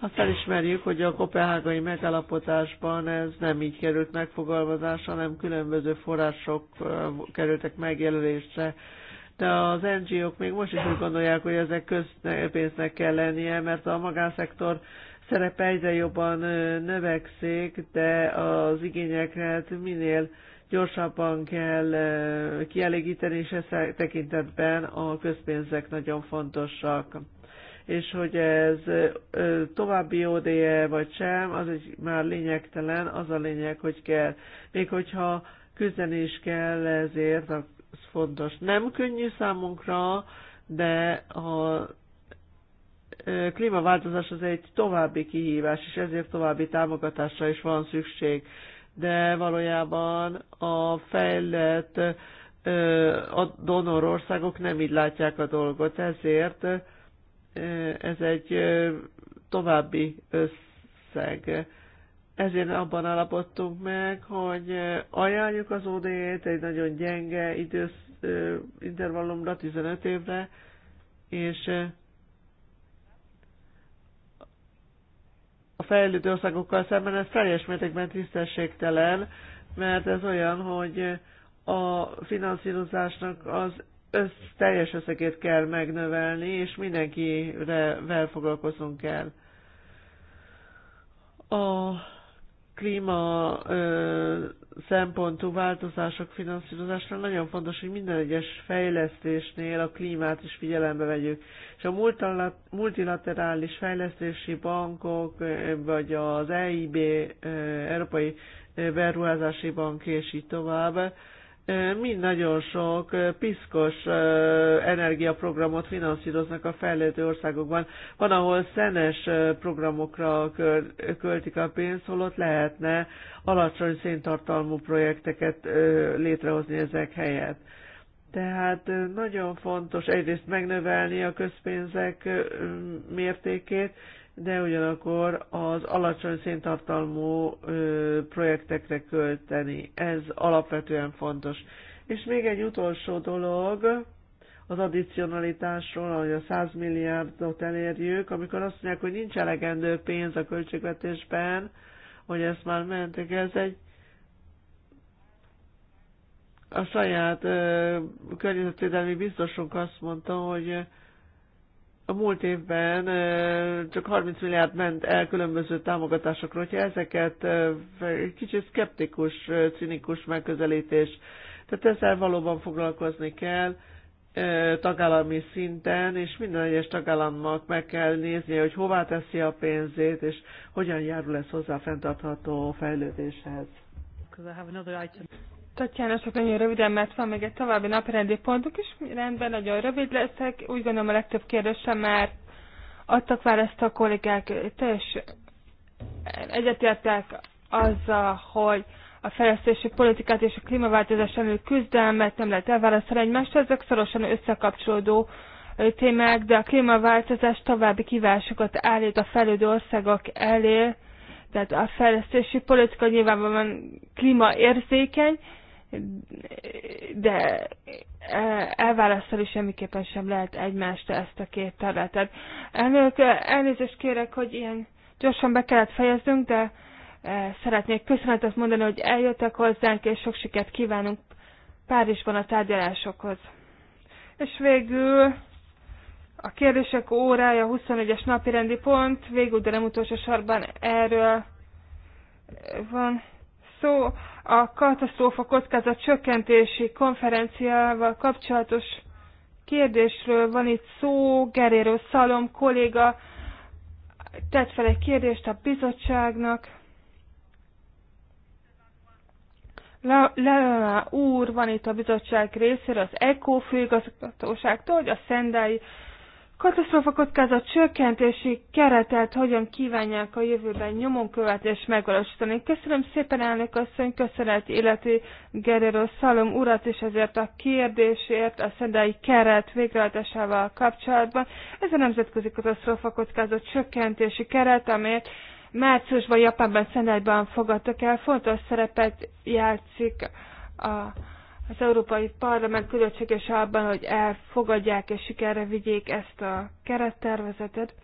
Azt elismerjük, hogy a kopenhágai megállapotásban ez nem így került megfogalmazás, hanem különböző források kerültek megjelölésre. De az NGO-k még most is úgy gondolják, hogy ezek közpénznek kell lennie, mert a magánszektor szerepe egyre jobban növekszik, de az igényeket minél gyorsabban kell kielégíteni, és ezt tekintetben a közpénzek nagyon fontosak. És hogy ez további ODE vagy sem, az egy már lényegtelen, az a lényeg, hogy kell. Még hogyha küzdeni is kell ezért, az fontos. Nem könnyű számunkra, de a klímaváltozás az egy további kihívás, és ezért további támogatásra is van szükség de valójában a fejlett a donorországok nem így látják a dolgot, ezért ez egy további összeg. Ezért abban állapodtunk meg, hogy ajánljuk az ODE-t egy nagyon gyenge idősz, intervallumra, 15 évre, és fejlődő országokkal szemben ez teljes mértékben tisztességtelen, mert ez olyan, hogy a finanszírozásnak az össz, teljes összegét kell megnövelni, és mindenkire vel foglalkozunk kell. A klíma ö, szempontú változások finanszírozásnál nagyon fontos, hogy minden egyes fejlesztésnél a klímát is figyelembe vegyük. És a multilaterális fejlesztési bankok, vagy az EIB, Európai Beruházási Bank és így tovább, mind nagyon sok piszkos energiaprogramot finanszíroznak a fejlődő országokban. Van, ahol szenes programokra költik a pénzt, holott lehetne alacsony széntartalmú projekteket létrehozni ezek helyett. Tehát nagyon fontos egyrészt megnövelni a közpénzek mértékét, de ugyanakkor az alacsony széntartalmú projektekre költeni. Ez alapvetően fontos. És még egy utolsó dolog, az addicionalitásról, hogy a 100 milliárdot elérjük, amikor azt mondják, hogy nincs elegendő pénz a költségvetésben, hogy ezt már mentek, ez egy a saját ö, környezetvédelmi biztosunk azt mondta, hogy a múlt évben csak 30 milliárd ment el különböző támogatásokra, hogyha ezeket kicsit szkeptikus, cinikus megközelítés. Tehát ezzel valóban foglalkozni kell tagállami szinten, és minden egyes tagállamnak meg kell néznie, hogy hová teszi a pénzét, és hogyan járul ez hozzá a fenntartható fejlődéshez. Tatjana, csak nagyon röviden, mert van még egy további naprendi pontok is. Rendben, nagyon rövid leszek. Úgy gondolom a legtöbb kérdésre már adtak választ a kollégák. Teljes egyetértek azzal, hogy a fejlesztési politikát és a klímaváltozás elő küzdelmet nem lehet elválasztani egymást, ezek szorosan összekapcsolódó témák, de a klímaváltozás további kívásokat állít a fejlődő országok elé, tehát a fejlesztési politika nyilvánvalóan klímaérzékeny, de e, elválasztani semmiképpen sem lehet egymást ezt a két területet. Elnök, elnézést kérek, hogy ilyen gyorsan be kellett fejeznünk, de e, szeretnék köszönetet mondani, hogy eljöttek hozzánk, és sok sikert kívánunk Párizsban a tárgyalásokhoz. És végül a kérdések órája 21-es napi rendi pont, végül, de nem utolsó sorban erről van szó a katasztrófa kockázat csökkentési konferenciával kapcsolatos kérdésről. Van itt szó, Geréro Szalom kolléga tett fel egy kérdést a bizottságnak. Lelana úr van itt a bizottság részéről, az ECO főigazgatóságtól, hogy a szendai katasztrófa kockázat csökkentési keretet hogyan kívánják a jövőben nyomon követni és megvalósítani. Köszönöm szépen elnök asszony, köszönet életi Gerero Szalom urat és ezért a kérdésért a szendai keret végrehajtásával kapcsolatban. Ez a nemzetközi katasztrófa kockázat csökkentési keret, amelyet márciusban Japánban Szendályban fogadtak el, fontos szerepet játszik a az Európai Parlament különbséges abban, hogy elfogadják és sikerre vigyék ezt a kerettervezetet.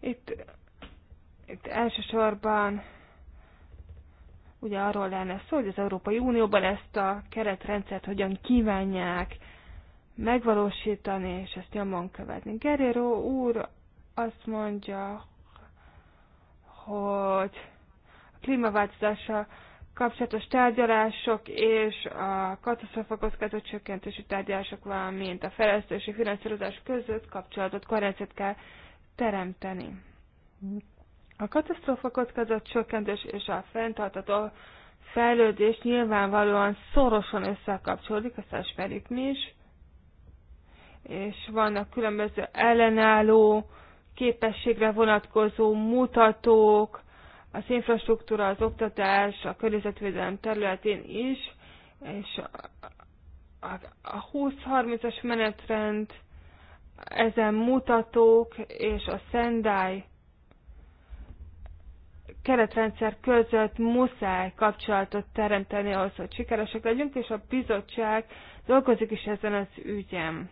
Itt, itt elsősorban ugye arról lenne szó, hogy az Európai Unióban ezt a keretrendszert hogyan kívánják megvalósítani, és ezt nyomon követni. Gerero úr azt mondja, hogy a klímaváltozással kapcsolatos tárgyalások és a katasztrofa kockázat csökkentési tárgyalások, valamint a fejlesztési finanszírozás között kapcsolatot, koherenciát kell teremteni. A katasztrofa kockázat csökkentés és a fenntartató fejlődés nyilvánvalóan szorosan összekapcsolódik, ezt ismerjük mi is, és vannak különböző ellenálló képességre vonatkozó mutatók, az infrastruktúra, az oktatás, a környezetvédelem területén is, és a, a 20-30-as menetrend, ezen mutatók és a Sendai keretrendszer között muszáj kapcsolatot teremteni ahhoz, hogy sikeresek legyünk, és a bizottság dolgozik is ezen az ügyem.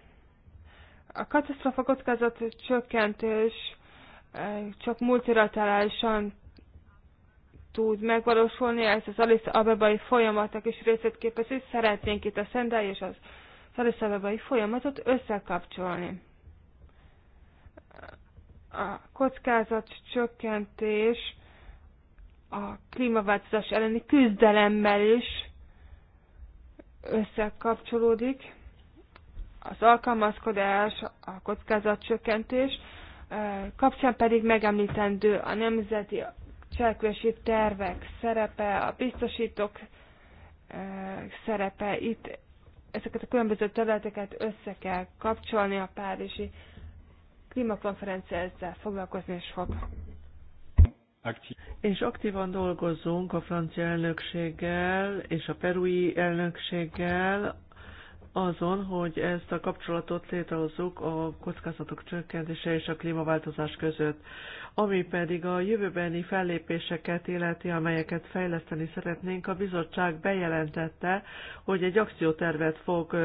A katasztrofa kockázat csökkentés eh, csak multilaterálisan tud megvalósulni, ez az Alisz Abebai folyamatnak is részét képezi, szeretnénk itt a Szendai és az Alisz Abebai folyamatot összekapcsolni. A kockázat csökkentés a klímaváltozás elleni küzdelemmel is összekapcsolódik. Az alkalmazkodás, a kockázatcsökkentés, eh, kapcsán pedig megemlítendő a nemzeti cselekvési tervek szerepe, a biztosítók eh, szerepe itt, ezeket a különböző területeket össze kell kapcsolni a Párizsi klímakonferencia ezzel foglalkozni is fog. Aktív. És aktívan dolgozunk a francia elnökséggel és a perui elnökséggel azon, hogy ezt a kapcsolatot létrehozzuk a kockázatok csökkentése és a klímaváltozás között, ami pedig a jövőbeni fellépéseket illeti, amelyeket fejleszteni szeretnénk. A bizottság bejelentette, hogy egy akciótervet fog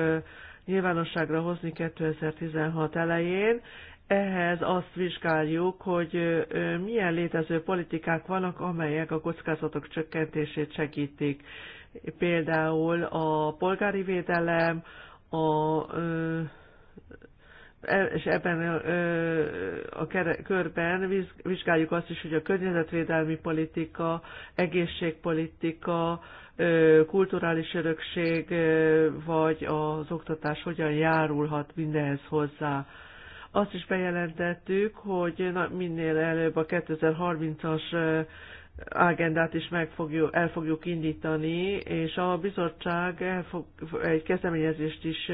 nyilvánosságra hozni 2016 elején, ehhez azt vizsgáljuk, hogy milyen létező politikák vannak, amelyek a kockázatok csökkentését segítik például a polgári védelem, a, e, és ebben a körben vizsgáljuk azt is, hogy a környezetvédelmi politika, egészségpolitika, kulturális örökség vagy az oktatás hogyan járulhat mindenhez hozzá. Azt is bejelentettük, hogy minél előbb a 2030-as agendát is meg fogjuk, el fogjuk indítani, és a bizottság el fog egy kezdeményezést is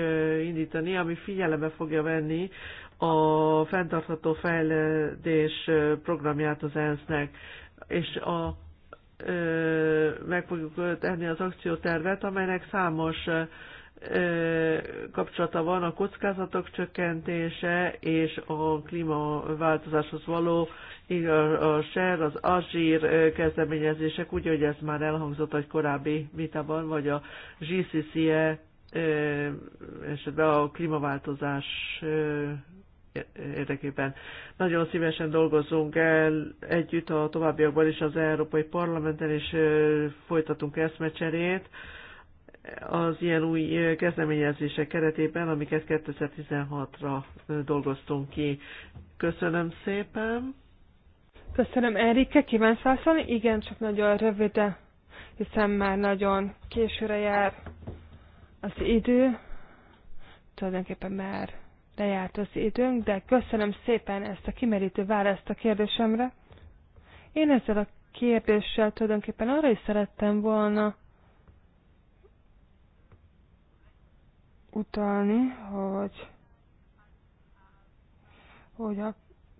indítani, ami figyelembe fogja venni a fenntartható fejlődés programját az ENSZ-nek, és a, meg fogjuk tenni az akciótervet, amelynek számos kapcsolata van a kockázatok csökkentése és a klímaváltozáshoz való a, a SER, az Azir kezdeményezések, úgy, hogy ez már elhangzott egy korábbi vitában, vagy a GCC-e esetben a klímaváltozás érdekében. Nagyon szívesen dolgozunk el együtt a továbbiakban is az Európai Parlamenten, és folytatunk eszmecserét az ilyen új kezdeményezések keretében, amiket 2016-ra dolgoztunk ki. Köszönöm szépen! Köszönöm, Enrique, kívánsz válaszolni? Igen, csak nagyon rövide, hiszen már nagyon későre jár az idő. Tulajdonképpen már lejárt az időnk, de köszönöm szépen ezt a kimerítő választ a kérdésemre. Én ezzel a kérdéssel tulajdonképpen arra is szerettem volna utalni, hogy, hogy a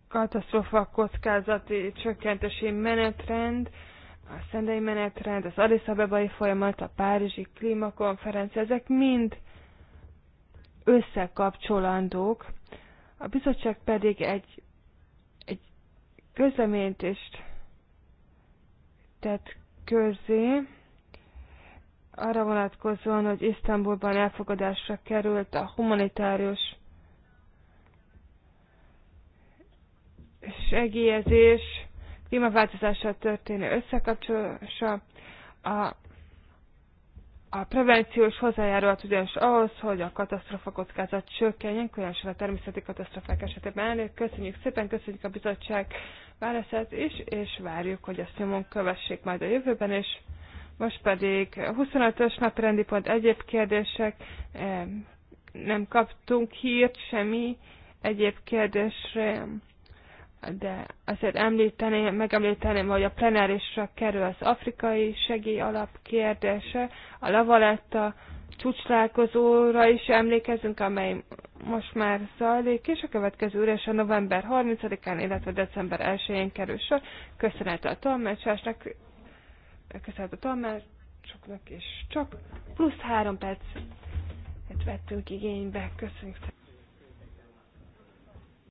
katasztrófa kockázati csökkentési menetrend, a szendei menetrend, az Addis folyamat, a Párizsi klímakonferencia, ezek mind összekapcsolandók. A bizottság pedig egy, egy közleményt is tett közé, arra vonatkozóan, hogy Isztambulban elfogadásra került a humanitárius segélyezés, klímaváltozással történő összekapcsolása, a, a prevenciós hozzájárulhat ugyanis ahhoz, hogy a katasztrofa kockázat csökkenjen, különösen a természeti katasztrofák esetében elnök. Köszönjük szépen, köszönjük a bizottság válaszát is, és várjuk, hogy ezt nyomon kövessék majd a jövőben, és most pedig 25-ös naprendi pont egyéb kérdések, nem kaptunk hírt, semmi egyéb kérdésre de azért említeném, megemlíteném, hogy a plenárisra kerül az afrikai segély alap kérdése, a Lavaletta csúcslálkozóra is emlékezünk, amely most már zajlik, és a következő a november 30-án, illetve december 1-én kerül sor. Köszönet a tolmácsásnak, köszönet a tolmácsoknak, és csak plusz három perc vettünk igénybe. Köszönjük szépen.